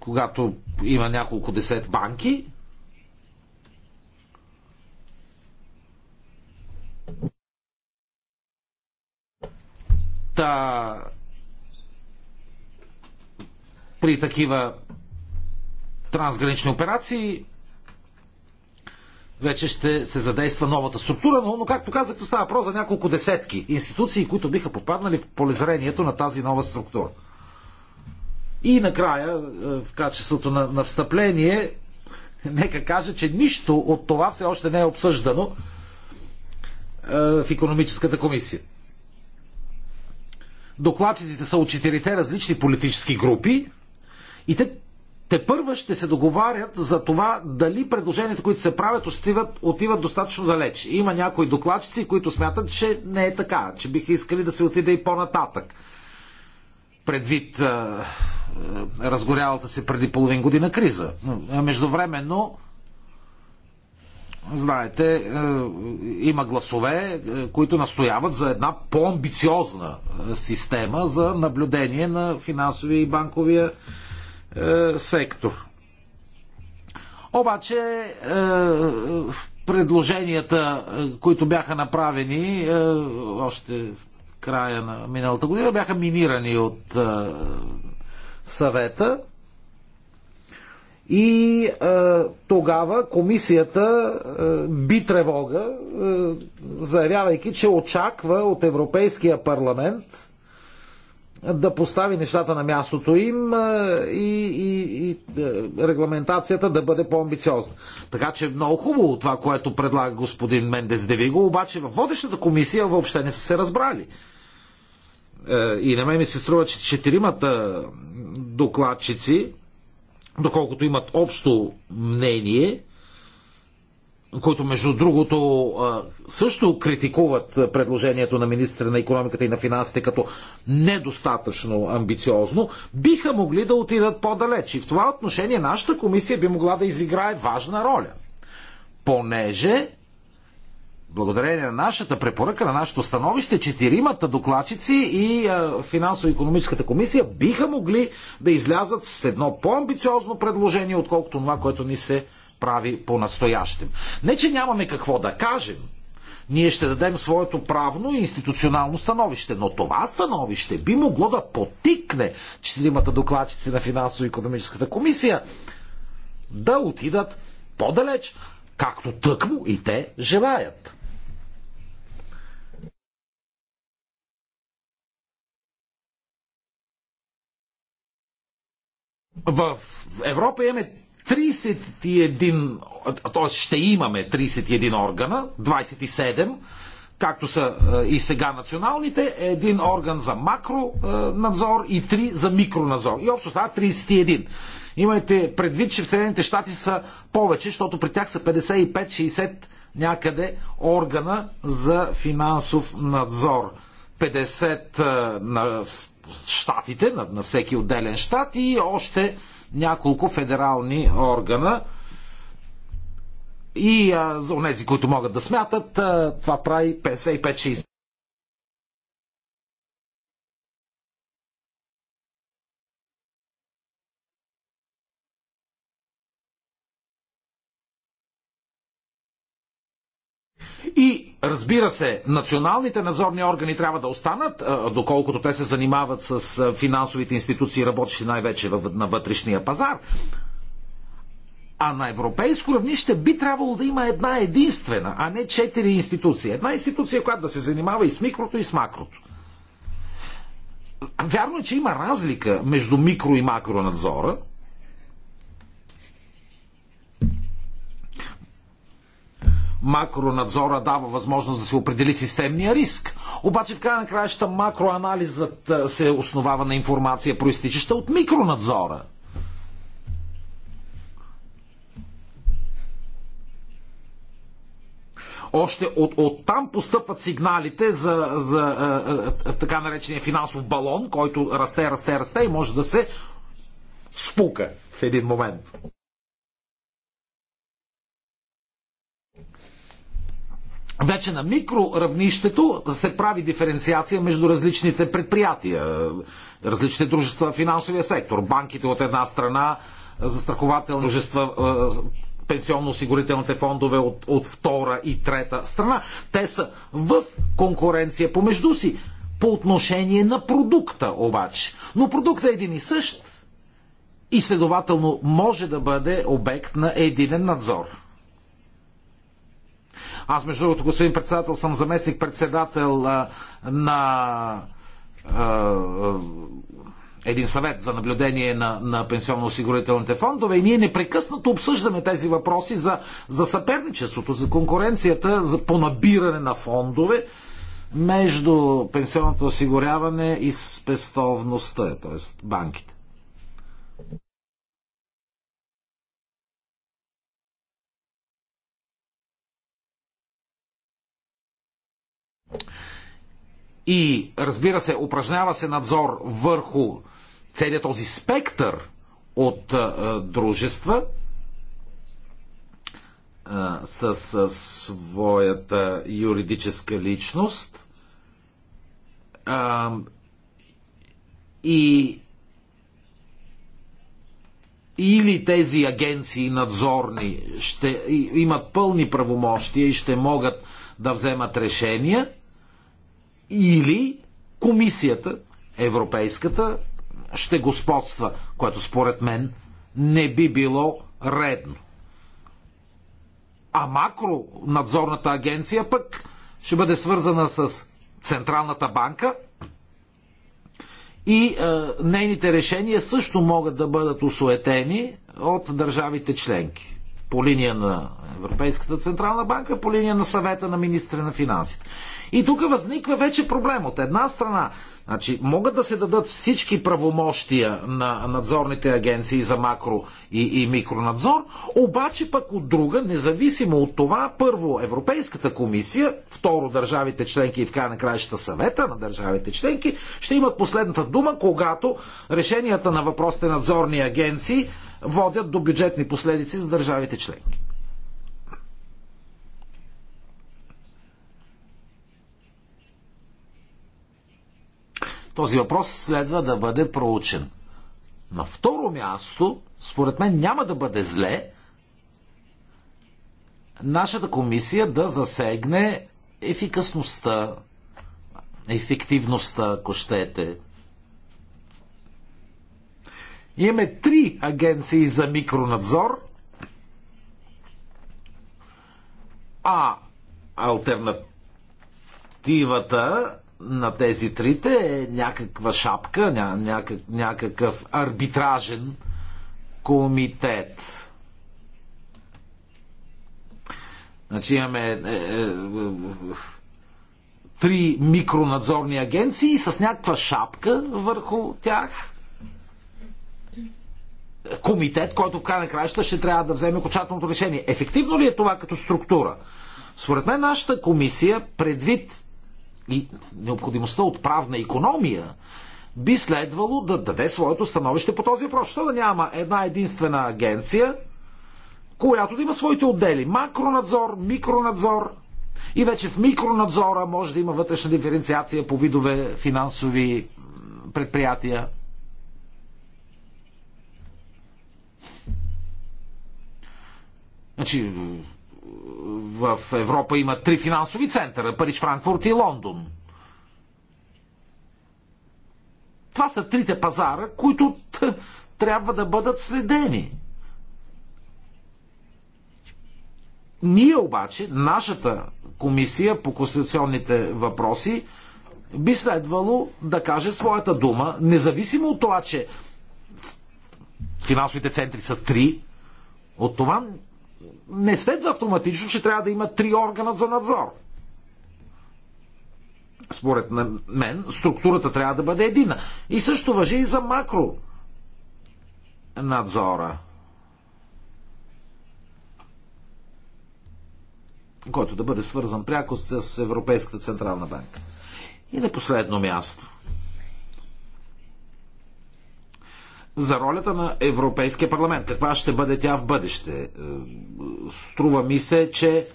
когато има няколко десет банки, Та, при такива трансгранични операции вече ще се задейства новата структура, но, но както казах, става въпрос за няколко десетки институции, които биха попаднали в полезрението на тази нова структура. И накрая, е, в качеството на, на встъпление, нека кажа, че нищо от това все още не е обсъждано е, в економическата комисия. Докладчиците са от четирите различни политически групи и те те първа ще се договарят за това дали предложенията, които се правят, отиват, отиват достатъчно далеч. Има някои докладчици, които смятат, че не е така, че биха искали да се отиде и по-нататък предвид разгорялата се преди половин година криза. Междувременно, знаете, има гласове, които настояват за една по-амбициозна система за наблюдение на финансовия и банковия сектор. Обаче, предложенията, които бяха направени още в края на миналата година бяха минирани от а, съвета. И а, тогава комисията а, би тревога, а, заявявайки, че очаква от Европейския парламент да постави нещата на мястото им и, и, и регламентацията да бъде по-амбициозна. Така че много хубаво това, което предлага господин Мендес Девиго, обаче в водещата комисия въобще не са се разбрали. Е, и на мен ми се струва, че четиримата докладчици, доколкото имат общо мнение, които между другото е, също критикуват предложението на министра на економиката и на финансите като недостатъчно амбициозно, биха могли да отидат по-далеч. И в това отношение нашата комисия би могла да изиграе важна роля. Понеже благодарение на нашата препоръка, на нашето становище, четиримата докладчици и финансово-економическата комисия биха могли да излязат с едно по-амбициозно предложение, отколкото това, което ни се прави по-настоящем. Не, че нямаме какво да кажем, ние ще дадем своето правно и институционално становище. Но това становище би могло да потикне четиримата докладчици на финансово-економическата комисия да отидат по-далеч, както тъкмо и те желаят. В Европа имаме 31, т.е. ще имаме 31 органа, 27, както са е, и сега националните, един орган за макронадзор е, и три за микронадзор. И общо става 31. Имайте предвид, че в Съединените щати са повече, защото при тях са 55-60 някъде органа за финансов надзор. 50 на щатите, на, на всеки отделен щат и още няколко федерални органа. И а, за онези, които могат да смятат, а, това прави 55-60. И разбира се, националните надзорни органи трябва да останат, доколкото те се занимават с финансовите институции, работещи най-вече на вътрешния пазар. А на европейско равнище би трябвало да има една единствена, а не четири институции. Една институция, която да се занимава и с микрото, и с макрото. Вярно е, че има разлика между микро и макро надзора, макронадзора дава възможност да се определи системния риск. Обаче в края на краища макроанализът се основава на информация, проистичаща от микронадзора. Още от, от там постъпват сигналите за, за а, а, така наречения финансов балон, който расте, расте, расте и може да се спука в един момент. вече на микроравнището се прави диференциация между различните предприятия, различните дружества в финансовия сектор. Банките от една страна, застрахователни дружества, е, пенсионно-осигурителните фондове от, от втора и трета страна. Те са в конкуренция помежду си по отношение на продукта обаче. Но продукта е един и същ и следователно може да бъде обект на единен надзор. Аз, между другото, господин председател, съм заместник-председател на един съвет за наблюдение на, на пенсионно-осигурителните фондове и ние непрекъснато обсъждаме тези въпроси за, за съперничеството, за конкуренцията, за понабиране на фондове между пенсионното осигуряване и спестовността, т.е. банките. И разбира се, упражнява се надзор върху целият този спектър от а, дружества а, с, с своята юридическа личност. А, и или тези агенции надзорни ще имат пълни правомощия и ще могат да вземат решения, или комисията, европейската, ще господства, което според мен не би било редно. А макронадзорната агенция пък ще бъде свързана с Централната банка и е, нейните решения също могат да бъдат осуетени от държавите членки по линия на Европейската Централна банка, по линия на съвета на министри на финансите. И тук възниква вече проблем. От една страна, значи, могат да се дадат всички правомощия на надзорните агенции за макро и, и микронадзор, обаче пък от друга, независимо от това, първо Европейската комисия, второ държавите членки и в края на краищата съвета на държавите членки, ще имат последната дума, когато решенията на въпросите надзорни агенции водят до бюджетни последици за държавите членки. Този въпрос следва да бъде проучен. На второ място, според мен няма да бъде зле нашата комисия да засегне ефикасността, ефективността, ако щете, Имаме три агенции за микронадзор, а альтернативата на тези трите е някаква шапка, ня, някак, някакъв арбитражен комитет. Значи имаме е, е, е, три микронадзорни агенции с някаква шапка върху тях комитет, който в на краища ще трябва да вземе окончателното решение. Ефективно ли е това като структура? Според мен нашата комисия, предвид и необходимостта от правна економия, би следвало да даде своето становище по този въпрос. Що да няма една единствена агенция, която да има своите отдели. Макронадзор, микронадзор. И вече в микронадзора може да има вътрешна диференциация по видове финансови предприятия. Значи, в Европа има три финансови центъра Париж, Франкфурт и Лондон. Това са трите пазара, които трябва да бъдат следени. Ние обаче, нашата комисия по конституционните въпроси, би следвало да каже своята дума, независимо от това, че финансовите центри са три, от това не следва автоматично, че трябва да има три органа за надзор. Според мен, структурата трябва да бъде едина. И също въжи и за макро надзора. който да бъде свързан пряко с Европейската Централна банка. И на последно място. за ролята на Европейския парламент. Каква ще бъде тя в бъдеще? Е, струва ми се, че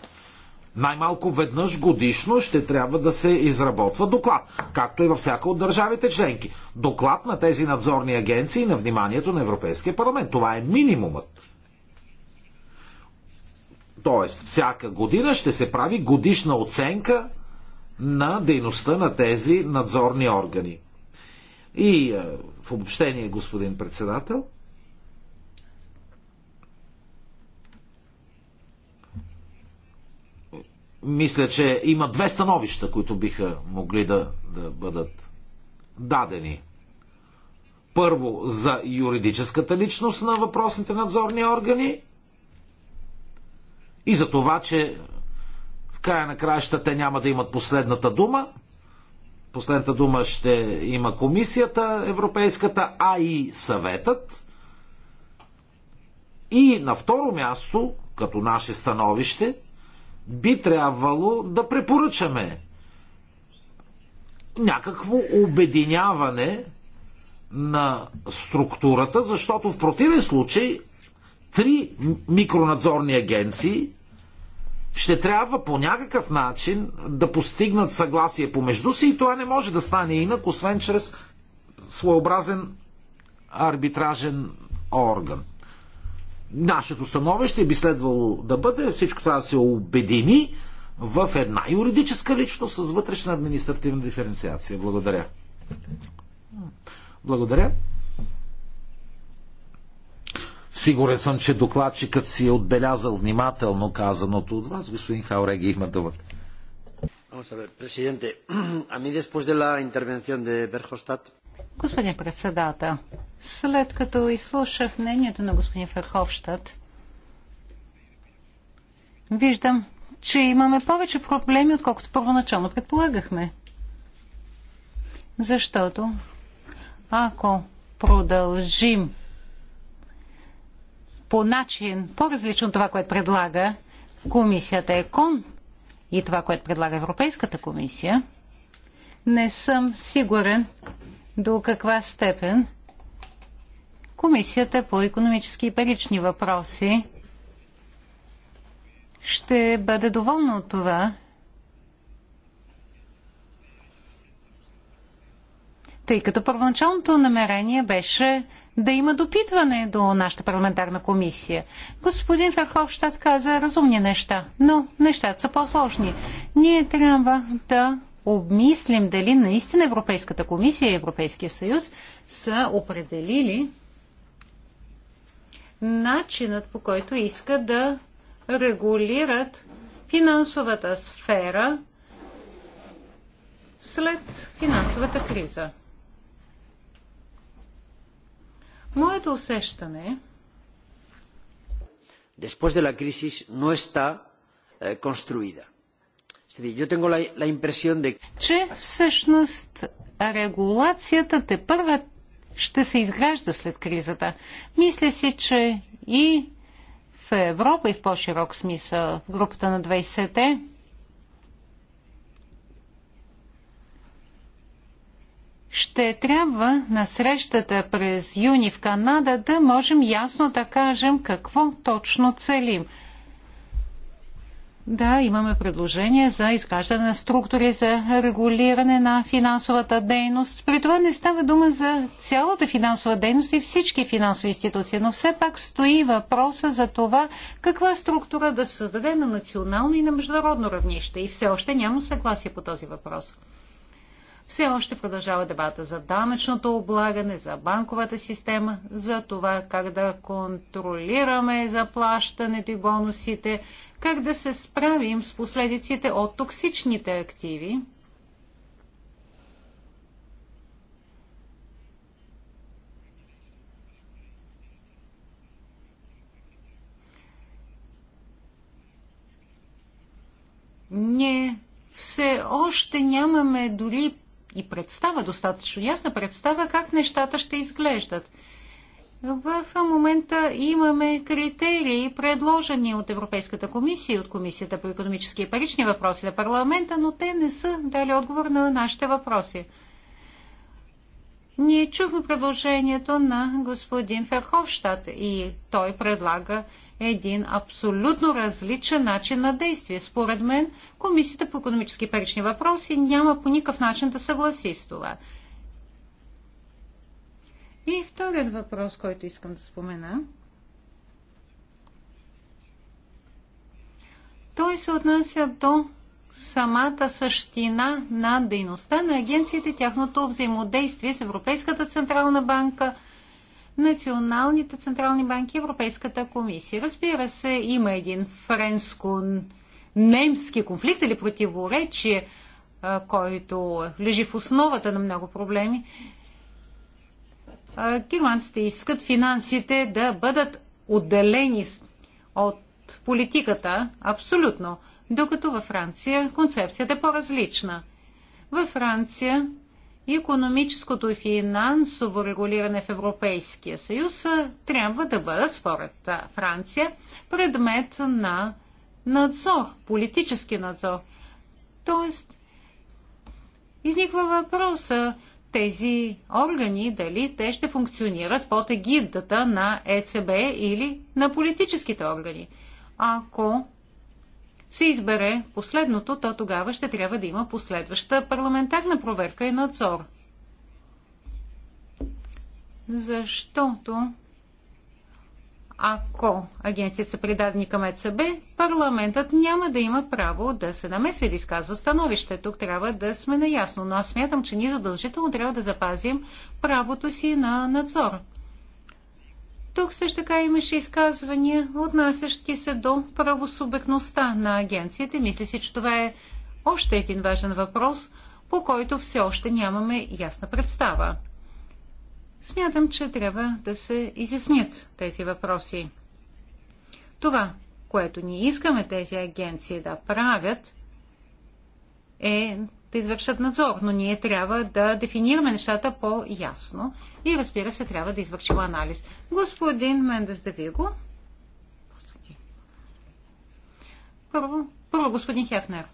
най-малко веднъж годишно ще трябва да се изработва доклад, както и във всяка от държавите членки. Доклад на тези надзорни агенции на вниманието на Европейския парламент. Това е минимумът. Тоест, всяка година ще се прави годишна оценка на дейността на тези надзорни органи. И в обобщение, господин председател, мисля, че има две становища, които биха могли да, да бъдат дадени. Първо за юридическата личност на въпросните надзорни органи и за това, че в края на краищата те няма да имат последната дума, Последната дума ще има комисията европейската, а и съветът. И на второ място, като наше становище, би трябвало да препоръчаме някакво обединяване на структурата, защото в противен случай три микронадзорни агенции ще трябва по някакъв начин да постигнат съгласие помежду си и това не може да стане инак, освен чрез своеобразен арбитражен орган. Нашето становище би следвало да бъде всичко това да се обедини в една юридическа личност с вътрешна административна диференциация. Благодаря. Благодаря. Сигурен съм, че докладчикът си е отбелязал внимателно казаното от вас. Господин Хауреги има думата. Господин председател, след като изслушах мнението на господин Ферховщад, виждам, че имаме повече проблеми, отколкото първоначално предполагахме. Защото ако продължим по начин по-различен от това, което предлага комисията ЕКОН и това, което предлага Европейската комисия, не съм сигурен до каква степен Комисията по економически и парични въпроси ще бъде доволна от това, тъй като първоначалното намерение беше да има допитване до нашата парламентарна комисия. Господин Ферховщад каза разумни неща, но нещата са по-сложни. Ние трябва да обмислим дали наистина Европейската комисия и Европейския съюз са определили начинът по който искат да регулират финансовата сфера след финансовата криза. Моето усещане е, después de la crisis no está eh, construida. Es decir, yo tengo la, la impresión de que всъщност регулацията те първа ще се изгражда след кризата. Мисля си, че и в Европа и в по-широк смисъл в групата на 20-те ще трябва на срещата през юни в Канада да можем ясно да кажем какво точно целим. Да, имаме предложение за изграждане на структури за регулиране на финансовата дейност. При това не става дума за цялата финансова дейност и всички финансови институции, но все пак стои въпроса за това каква структура да създаде на национално и на международно равнище. И все още няма съгласие по този въпрос. Все още продължава дебата за данъчното облагане, за банковата система, за това как да контролираме заплащането и бонусите, как да се справим с последиците от токсичните активи. Ние все още нямаме дори и представа, достатъчно ясна представа как нещата ще изглеждат. В момента имаме критерии, предложени от Европейската комисия и от Комисията по економически и парични въпроси на парламента, но те не са дали отговор на нашите въпроси. Ние чухме предложението на господин Ферховщад и той предлага един абсолютно различен начин на действие. Според мен, Комисията по економически парични въпроси няма по никакъв начин да съгласи с това. И вторият въпрос, който искам да спомена, той се отнася до самата същина на дейността на агенциите, тяхното взаимодействие с Европейската Централна банка – националните централни банки, Европейската комисия. Разбира се, има един френско-немски конфликт или противоречие, който лежи в основата на много проблеми. Германците искат финансите да бъдат отделени от политиката, абсолютно, докато във Франция концепцията е по-различна. Във Франция економическото и финансово регулиране в Европейския съюз трябва да бъдат, според Франция, предмет на надзор, политически надзор. Тоест, изниква въпроса тези органи, дали те ще функционират под егидата на ЕЦБ или на политическите органи. Ако се избере последното, то тогава ще трябва да има последваща парламентарна проверка и надзор. Защото ако агенцията са придадени към ЕЦБ, парламентът няма да има право да се намесва и да изказва становище. Тук трябва да сме наясно, но аз смятам, че ние задължително трябва да запазим правото си на надзор. Тук също така имаше изказвания, отнасящи се до правосубектността на агенцията. Мисля си, че това е още един важен въпрос, по който все още нямаме ясна представа. Смятам, че трябва да се изяснят тези въпроси. Това, което ние искаме тези агенции да правят, е да извършат надзор, но ние трябва да дефинираме нещата по-ясно и разбира се, трябва да извършим анализ. Господин Мендес Давиго. Първо, първо господин Хефнер.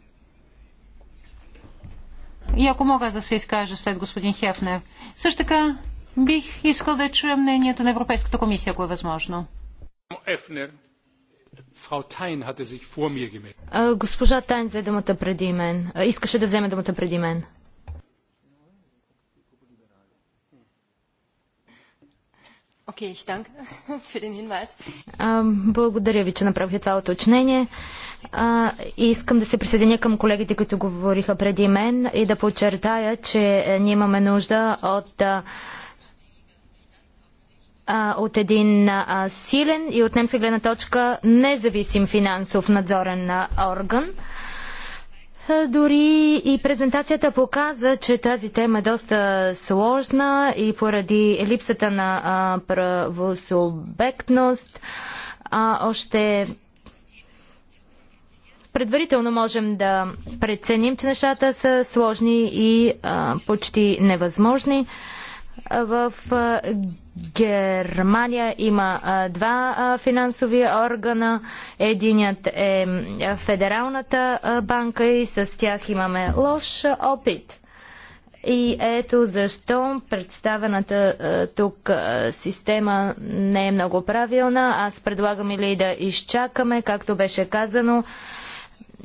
И ако мога да се изкажа след господин Хефнер. Също така бих искал да чуя мнението на Европейската комисия, ако е възможно. Госпожа Тайн взе думата преди мен. Искаше да вземе думата преди мен. благодаря ви, че направихте това уточнение. А, искам да се присъединя към колегите, които говориха преди мен и да подчертая, че е, ние имаме нужда от от един а, силен и от немска гледна точка независим финансов надзорен орган. А, дори и презентацията показа, че тази тема е доста сложна и поради липсата на правосубектност още предварително можем да преценим, че нещата са сложни и почти невъзможни. В Германия има а, два а, финансови органа. Единият е Федералната а, банка и с тях имаме лош опит. И ето защо представената тук система не е много правилна. Аз предлагам или да изчакаме, както беше казано,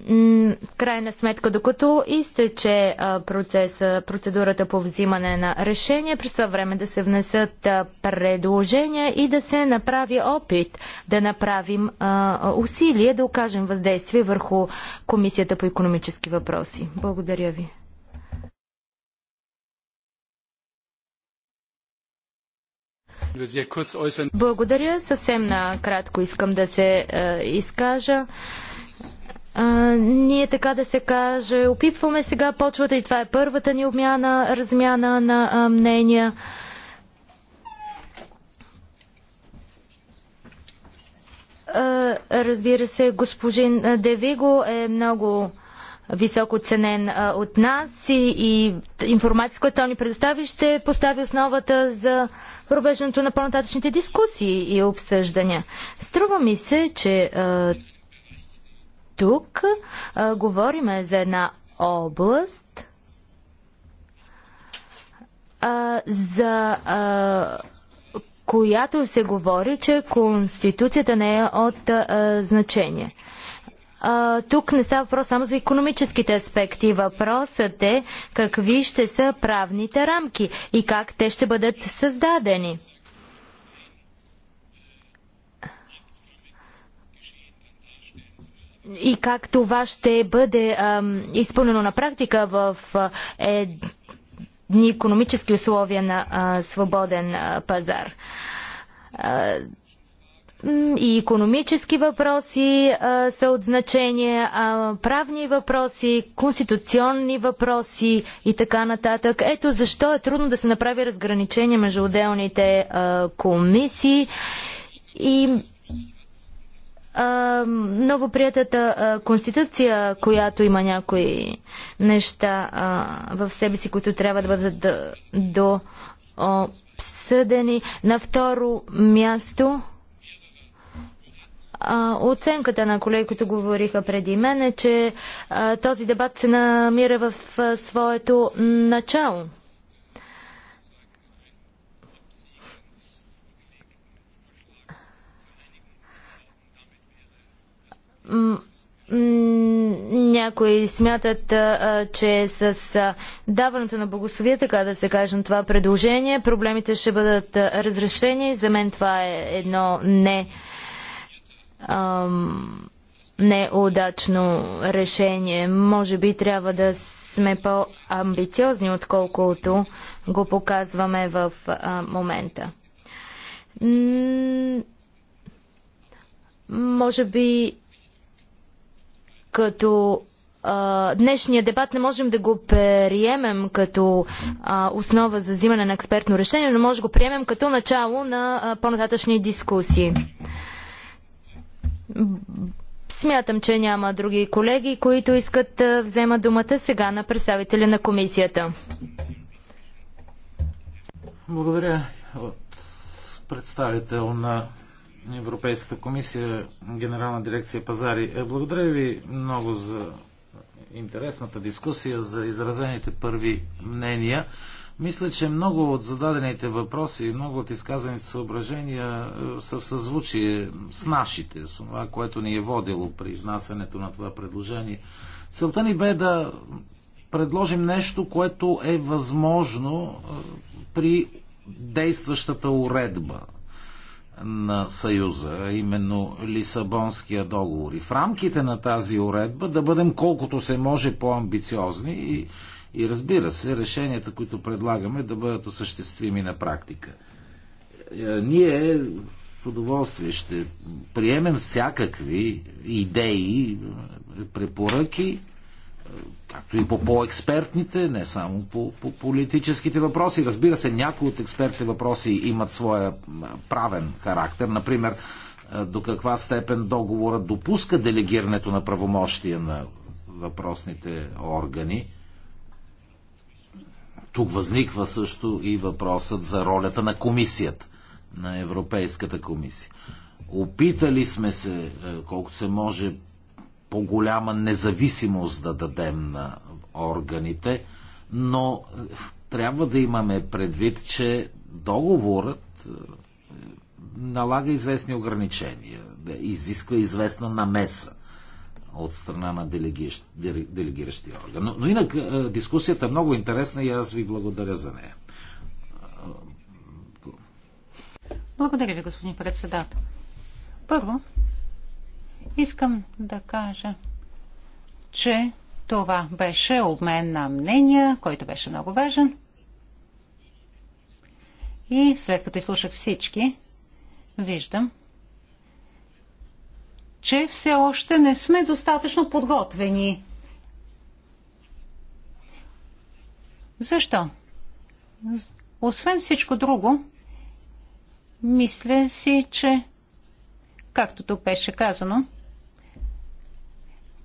в крайна сметка, докато изтече процеса, процедурата по взимане на решение, през това време да се внесат предложения и да се направи опит да направим усилие да окажем въздействие върху Комисията по економически въпроси. Благодаря ви. Благодаря. Съвсем накратко искам да се изкажа. А, ние така да се каже, опипваме сега почвата и това е първата ни обмяна, размяна на а, мнения. разбира се, госпожин Девиго е много високо ценен от нас и, и информацията, която той ни предостави, ще постави основата за провеждането на по-нататъчните дискусии и обсъждания. Струва ми се, че а, тук а, говорим за една област, а, за а, която се говори, че Конституцията не е от а, значение. А, тук не става въпрос само за економическите аспекти. Въпросът е какви ще са правните рамки и как те ще бъдат създадени. и как това ще бъде ам, изпълнено на практика в едни економически условия на а, свободен а, пазар. и економически въпроси а, са от значение, а, правни въпроси, конституционни въпроси и така нататък. Ето защо е трудно да се направи разграничение между отделните а, комисии и новоприятата конституция, която има някои неща а, в себе си, които трябва да бъдат обсъдени. На второ място а, оценката на колеги, които говориха преди мен е, че а, този дебат се намира в своето начало. Някои смятат, че с даването на благословие, така да се кажем това предложение, проблемите ще бъдат разрешени. За мен това е едно не неудачно решение. Може би трябва да сме по-амбициозни, отколкото го показваме в момента. може би като а, днешния дебат не можем да го приемем като а, основа за взимане на експертно решение, но може да го приемем като начало на по-нататъчни дискусии. Смятам, че няма други колеги, които искат да вземат думата сега на представителя на комисията. Благодаря от представител на Европейската комисия, Генерална дирекция пазари. Е, благодаря ви много за интересната дискусия, за изразените първи мнения. Мисля, че много от зададените въпроси, много от изказаните съображения е, са в съзвучие с нашите, с това, което ни е водило при внасянето на това предложение. Целта ни бе да предложим нещо, което е възможно е, при действащата уредба на Съюза, а именно Лисабонския договор. И в рамките на тази уредба да бъдем колкото се може по-амбициозни и, и разбира се, решенията, които предлагаме, да бъдат осъществими на практика. Е, ние в удоволствие ще приемем всякакви идеи, препоръки, както и по по-експертните, не само по, по политическите въпроси. Разбира се, някои от експертните въпроси имат своя правен характер. Например, до каква степен договора допуска делегирането на правомощия на въпросните органи. Тук възниква също и въпросът за ролята на комисията, на Европейската комисия. Опитали сме се, колкото се може по-голяма независимост да дадем на органите, но е, трябва да имаме предвид, че договорът е, налага известни ограничения, изисква известна намеса от страна на делегиращ, делегиращия орган. Но, но инак е, дискусията е много интересна и аз ви благодаря за нея. Благодаря ви, господин председател. Първо, Искам да кажа, че това беше обмен на мнения, който беше много важен. И след като изслушах всички, виждам, че все още не сме достатъчно подготвени. Защо? Освен всичко друго, мисля си, че, както тук беше казано,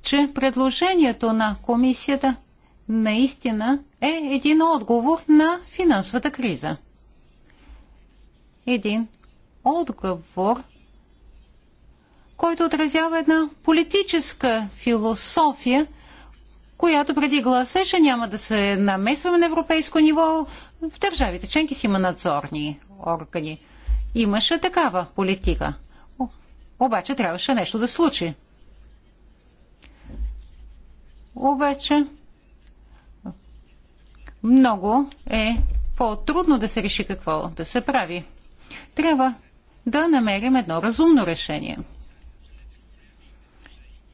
че предложението на комисията наистина е един отговор на финансовата криза. Един отговор, който отразява една политическа философия, която преди гласеше няма да се намесваме на европейско ниво. В държавите членки си има надзорни органи. Имаше такава политика. Обаче трябваше нещо да случи. Обаче много е по-трудно да се реши какво да се прави. Трябва да намерим едно разумно решение.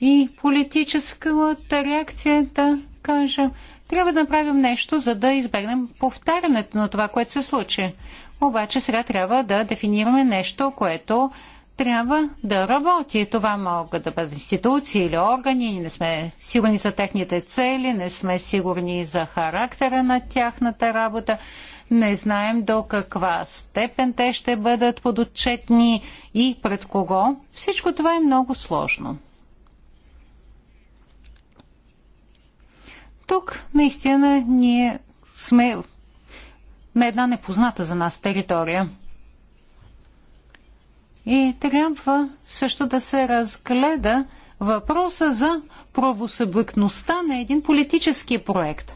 И политическата реакция е да кажем, трябва да направим нещо, за да избегнем повтарянето на това, което се случи. Обаче сега трябва да дефинираме нещо, което трябва да работи. Това могат да бъдат институции или органи, не сме сигурни за техните цели, не сме сигурни за характера на тяхната работа, не знаем до каква степен те ще бъдат подотчетни и пред кого. Всичко това е много сложно. Тук наистина ние сме на една непозната за нас територия. И трябва също да се разгледа въпроса за правосъбъкността на един политически проект.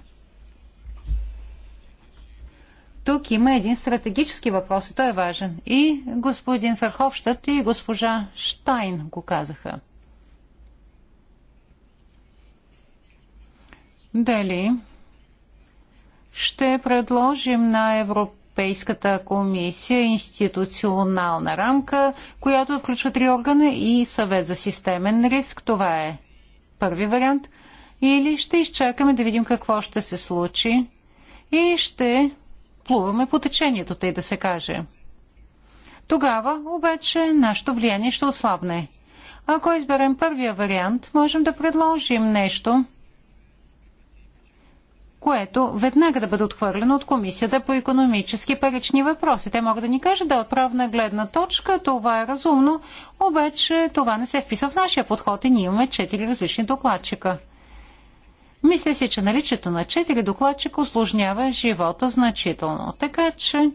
Тук има един стратегически въпрос и той е важен. И господин Ферховщат и госпожа Штайн го казаха. Дали ще предложим на Европа Европейската комисия е институционална рамка, която включва три органа и съвет за системен риск. Това е първи вариант. Или ще изчакаме да видим какво ще се случи и ще плуваме по течението, тъй да се каже. Тогава обаче нашето влияние ще ослабне. Ако изберем първия вариант, можем да предложим нещо – което веднага да бъде отхвърлено от Комисията по економически парични въпроси. Те могат да ни кажат да отправна гледна точка това е разумно, обаче това не се вписва в нашия подход и ние имаме четири различни докладчика. Мисля си, че наличието на четири докладчика осложнява живота значително. Така че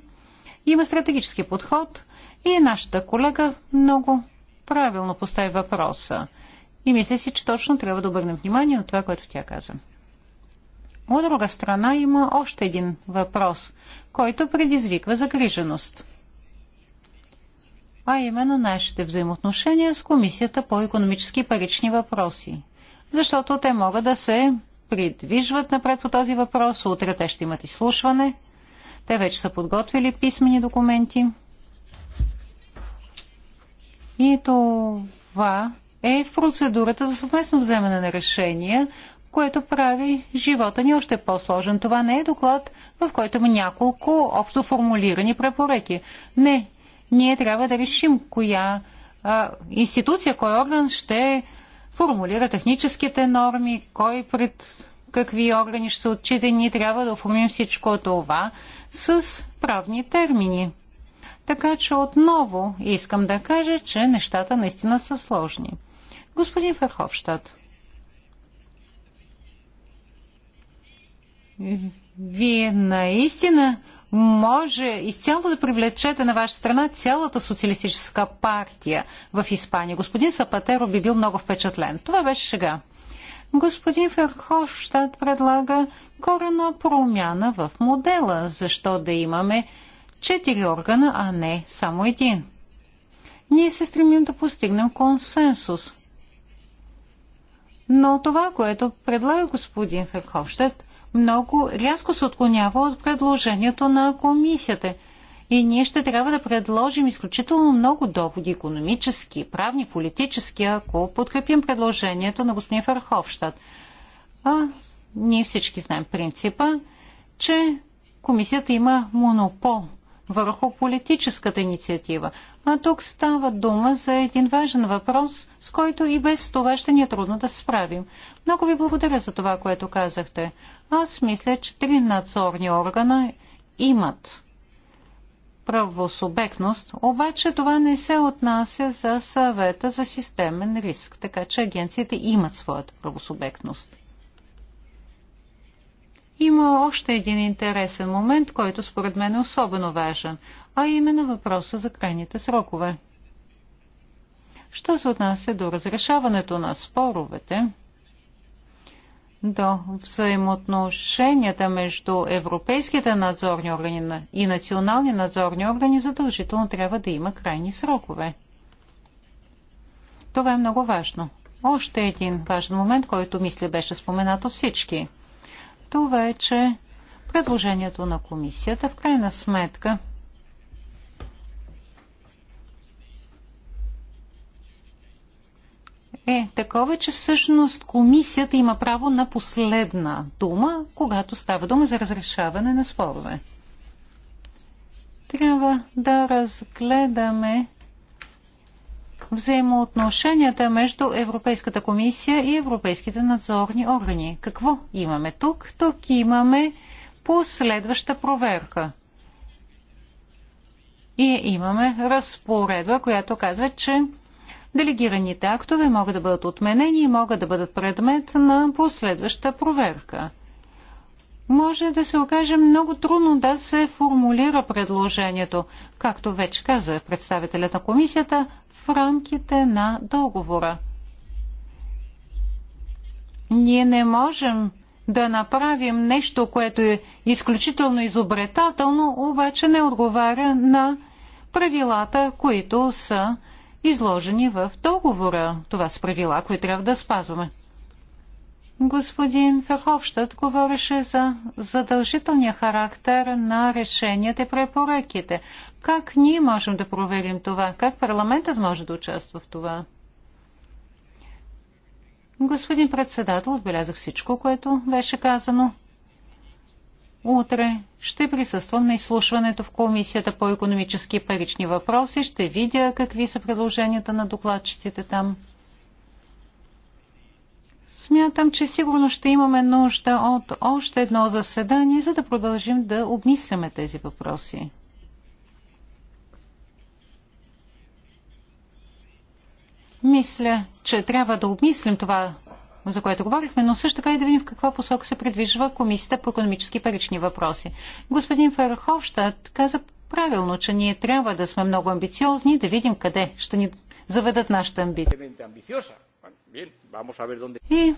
има стратегически подход и нашата колега много правилно постави въпроса. И мисля си, че точно трябва да обърнем внимание на това, което тя каза. От друга страна има още един въпрос, който предизвиква загриженост. А именно нашите взаимоотношения с Комисията по економически парични въпроси. Защото те могат да се придвижват напред по този въпрос. Утре те ще имат изслушване. Те вече са подготвили писмени документи. И това е в процедурата за съвместно вземане на решения което прави живота ни още по-сложен. Това не е доклад, в който има няколко общо формулирани препоръки. Не, ние трябва да решим коя а, институция, кой орган ще формулира техническите норми, кой пред какви органи ще са отчитани. Ние трябва да оформим всичко това с правни термини. Така че отново искам да кажа, че нещата наистина са сложни. Господин Ферховщад. вие наистина може изцяло да привлечете на ваша страна цялата социалистическа партия в Испания. Господин Сапатеро би бил много впечатлен. Това беше шега. Господин Ферховщад предлага корена промяна в модела, защо да имаме четири органа, а не само един. Ние се стремим да постигнем консенсус. Но това, което предлага господин Ферховщад, много рязко се отклонява от предложението на комисията. И ние ще трябва да предложим изключително много доводи, економически, правни, политически, ако подкрепим предложението на господин Фарховщад. А ние всички знаем принципа, че комисията има монопол върху политическата инициатива. А тук става дума за един важен въпрос, с който и без това ще ни е трудно да се справим. Много ви благодаря за това, което казахте. Аз мисля, че три надзорни органа имат правосубектност, обаче това не се отнася за съвета за системен риск, така че агенциите имат своята правосубектност. Има още един интересен момент, който според мен е особено важен а именно въпроса за крайните срокове. Що се отнася до разрешаването на споровете, до взаимоотношенията между европейските надзорни органи и национални надзорни органи задължително трябва да има крайни срокове. Това е много важно. Още един важен момент, който мисля беше споменато всички. Това е, че предложението на комисията в крайна сметка – е такова, че всъщност комисията има право на последна дума, когато става дума за разрешаване на спорове. Трябва да разгледаме взаимоотношенията между Европейската комисия и европейските надзорни органи. Какво имаме тук? Тук имаме последваща проверка. И имаме разпоредба, която казва, че делегираните актове могат да бъдат отменени и могат да бъдат предмет на последваща проверка. Може да се окаже много трудно да се формулира предложението, както вече каза представителят на комисията, в рамките на договора. Ние не можем да направим нещо, което е изключително изобретателно, обаче не отговаря на правилата, които са изложени в договора. Това са правила, които трябва да спазваме. Господин Ферховщад говореше за задължителния характер на решенията и препоръките. Как ние можем да проверим това? Как парламентът може да участва в това? Господин председател, отбелязах всичко, което беше казано. Утре ще присъствам на изслушването в Комисията по економически и парични въпроси. Ще видя какви са предложенията на докладчиците там. Смятам, че сигурно ще имаме нужда от още едно заседание, за да продължим да обмисляме тези въпроси. Мисля, че трябва да обмислим това за което говорихме, но също така и да видим в каква посока се предвижва Комисията по економически парични въпроси. Господин Ферховщад каза правилно, че ние трябва да сме много амбициозни, да видим къде ще ни заведат нашите амбиции. И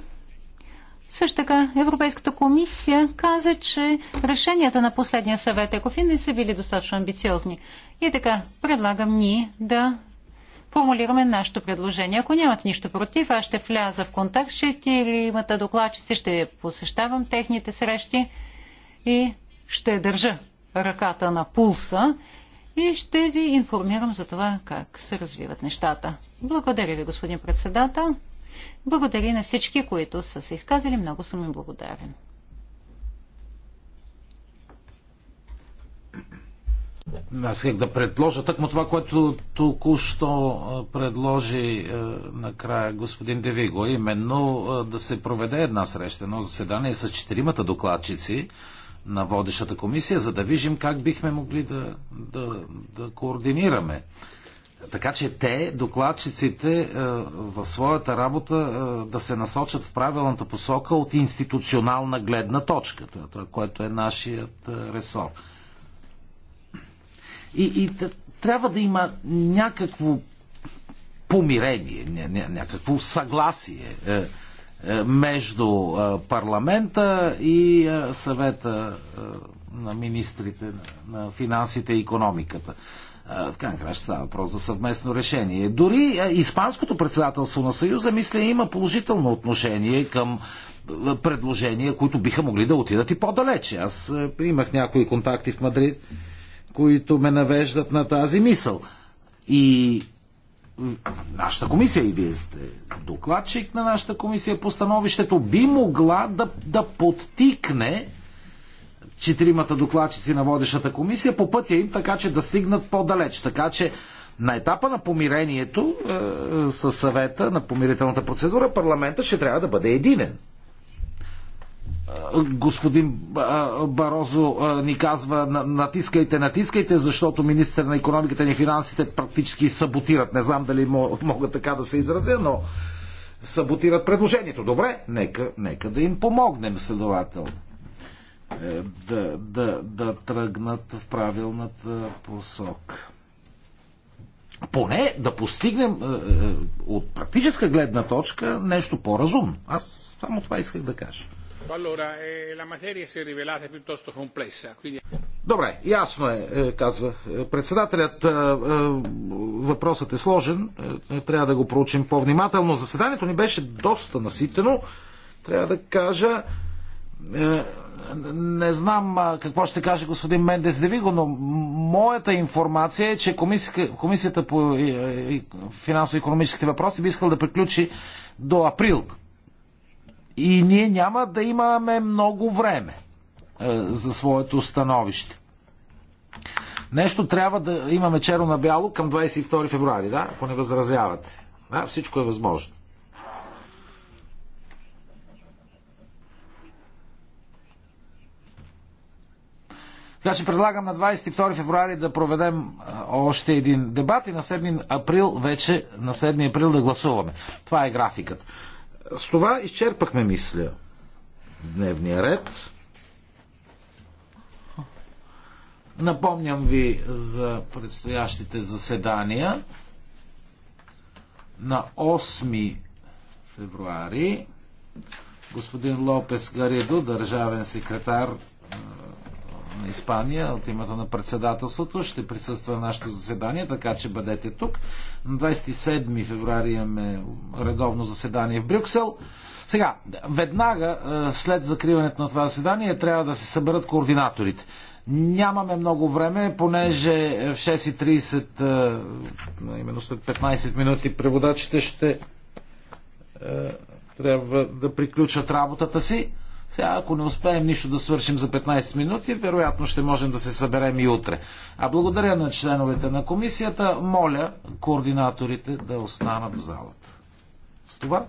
също така Европейската комисия каза, че решенията на последния съвет Екофин не са били достатъчно амбициозни. И така, предлагам ние да формулираме нашето предложение. Ако нямат нищо против, аз ще вляза в контакт с имате докладчици, ще посещавам техните срещи и ще държа ръката на пулса и ще ви информирам за това как се развиват нещата. Благодаря ви, господин председател. Благодаря на всички, които са се изказали. Много съм им благодарен. Аз как да предложа тъкмо това, което току-що предложи накрая господин Девиго, именно да се проведе една среща, едно заседание с четиримата докладчици на водещата комисия, за да виждам как бихме могли да, да, да координираме. Така че те, докладчиците, в своята работа да се насочат в правилната посока от институционална гледна точка, това, което е нашият ресор. И, и трябва да има някакво помирение, някакво съгласие е, е, между е, парламента и съвета на министрите на финансите и економиката. В крайна ще става въпрос за съвместно решение. Дори Испанското председателство на Съюза, мисля, има положително отношение към предложения, които биха могли да отидат и по-далече. Аз имах някои контакти в Мадрид които ме навеждат на тази мисъл. И нашата комисия, и вие сте докладчик на нашата комисия по становището, би могла да, да подтикне четиримата докладчици на водещата комисия по пътя им, така че да стигнат по-далеч. Така че на етапа на помирението е, е със съвета на помирителната процедура парламента ще трябва да бъде единен господин Барозо ни казва натискайте, натискайте, защото министър на економиката и финансите практически саботират. Не знам дали мога така да се изразя, но саботират предложението. Добре, нека, нека да им помогнем, следователно. Е, да, да, да тръгнат в правилната посока. Поне да постигнем е, е, от практическа гледна точка нещо по-разумно. Аз само това исках да кажа. Eh, Добре, ясно е, е казва е, председателят. Е, въпросът е сложен. Трябва да го проучим по-внимателно. Заседанието ни беше доста наситено. Трябва да кажа. Не знам какво ще каже господин Мендес Девиго, но моята информация е, че Комисията по финансово-економическите въпроси би искала да приключи до април и ние няма да имаме много време е, за своето становище. Нещо трябва да имаме черно на бяло към 22 февруари, да? Ако не възразявате. Да, всичко е възможно. Така че предлагам на 22 февруари да проведем е, още един дебат и на 7 април вече на 7 април да гласуваме. Това е графикът. С това изчерпахме, мисля, дневния ред. Напомням ви за предстоящите заседания на 8 февруари господин Лопес Гаридо, държавен секретар Испания от името на председателството. Ще присъства на нашето заседание, така че бъдете тук. На 27 феврари имаме редовно заседание в Брюксел. Сега, веднага е, след закриването на това заседание трябва да се съберат координаторите. Нямаме много време, понеже в 6.30, е, именно след 15 минути, преводачите ще е, трябва да приключат работата си. Сега, ако не успеем нищо да свършим за 15 минути, вероятно ще можем да се съберем и утре. А благодаря на членовете на комисията. Моля координаторите да останат в залата. С това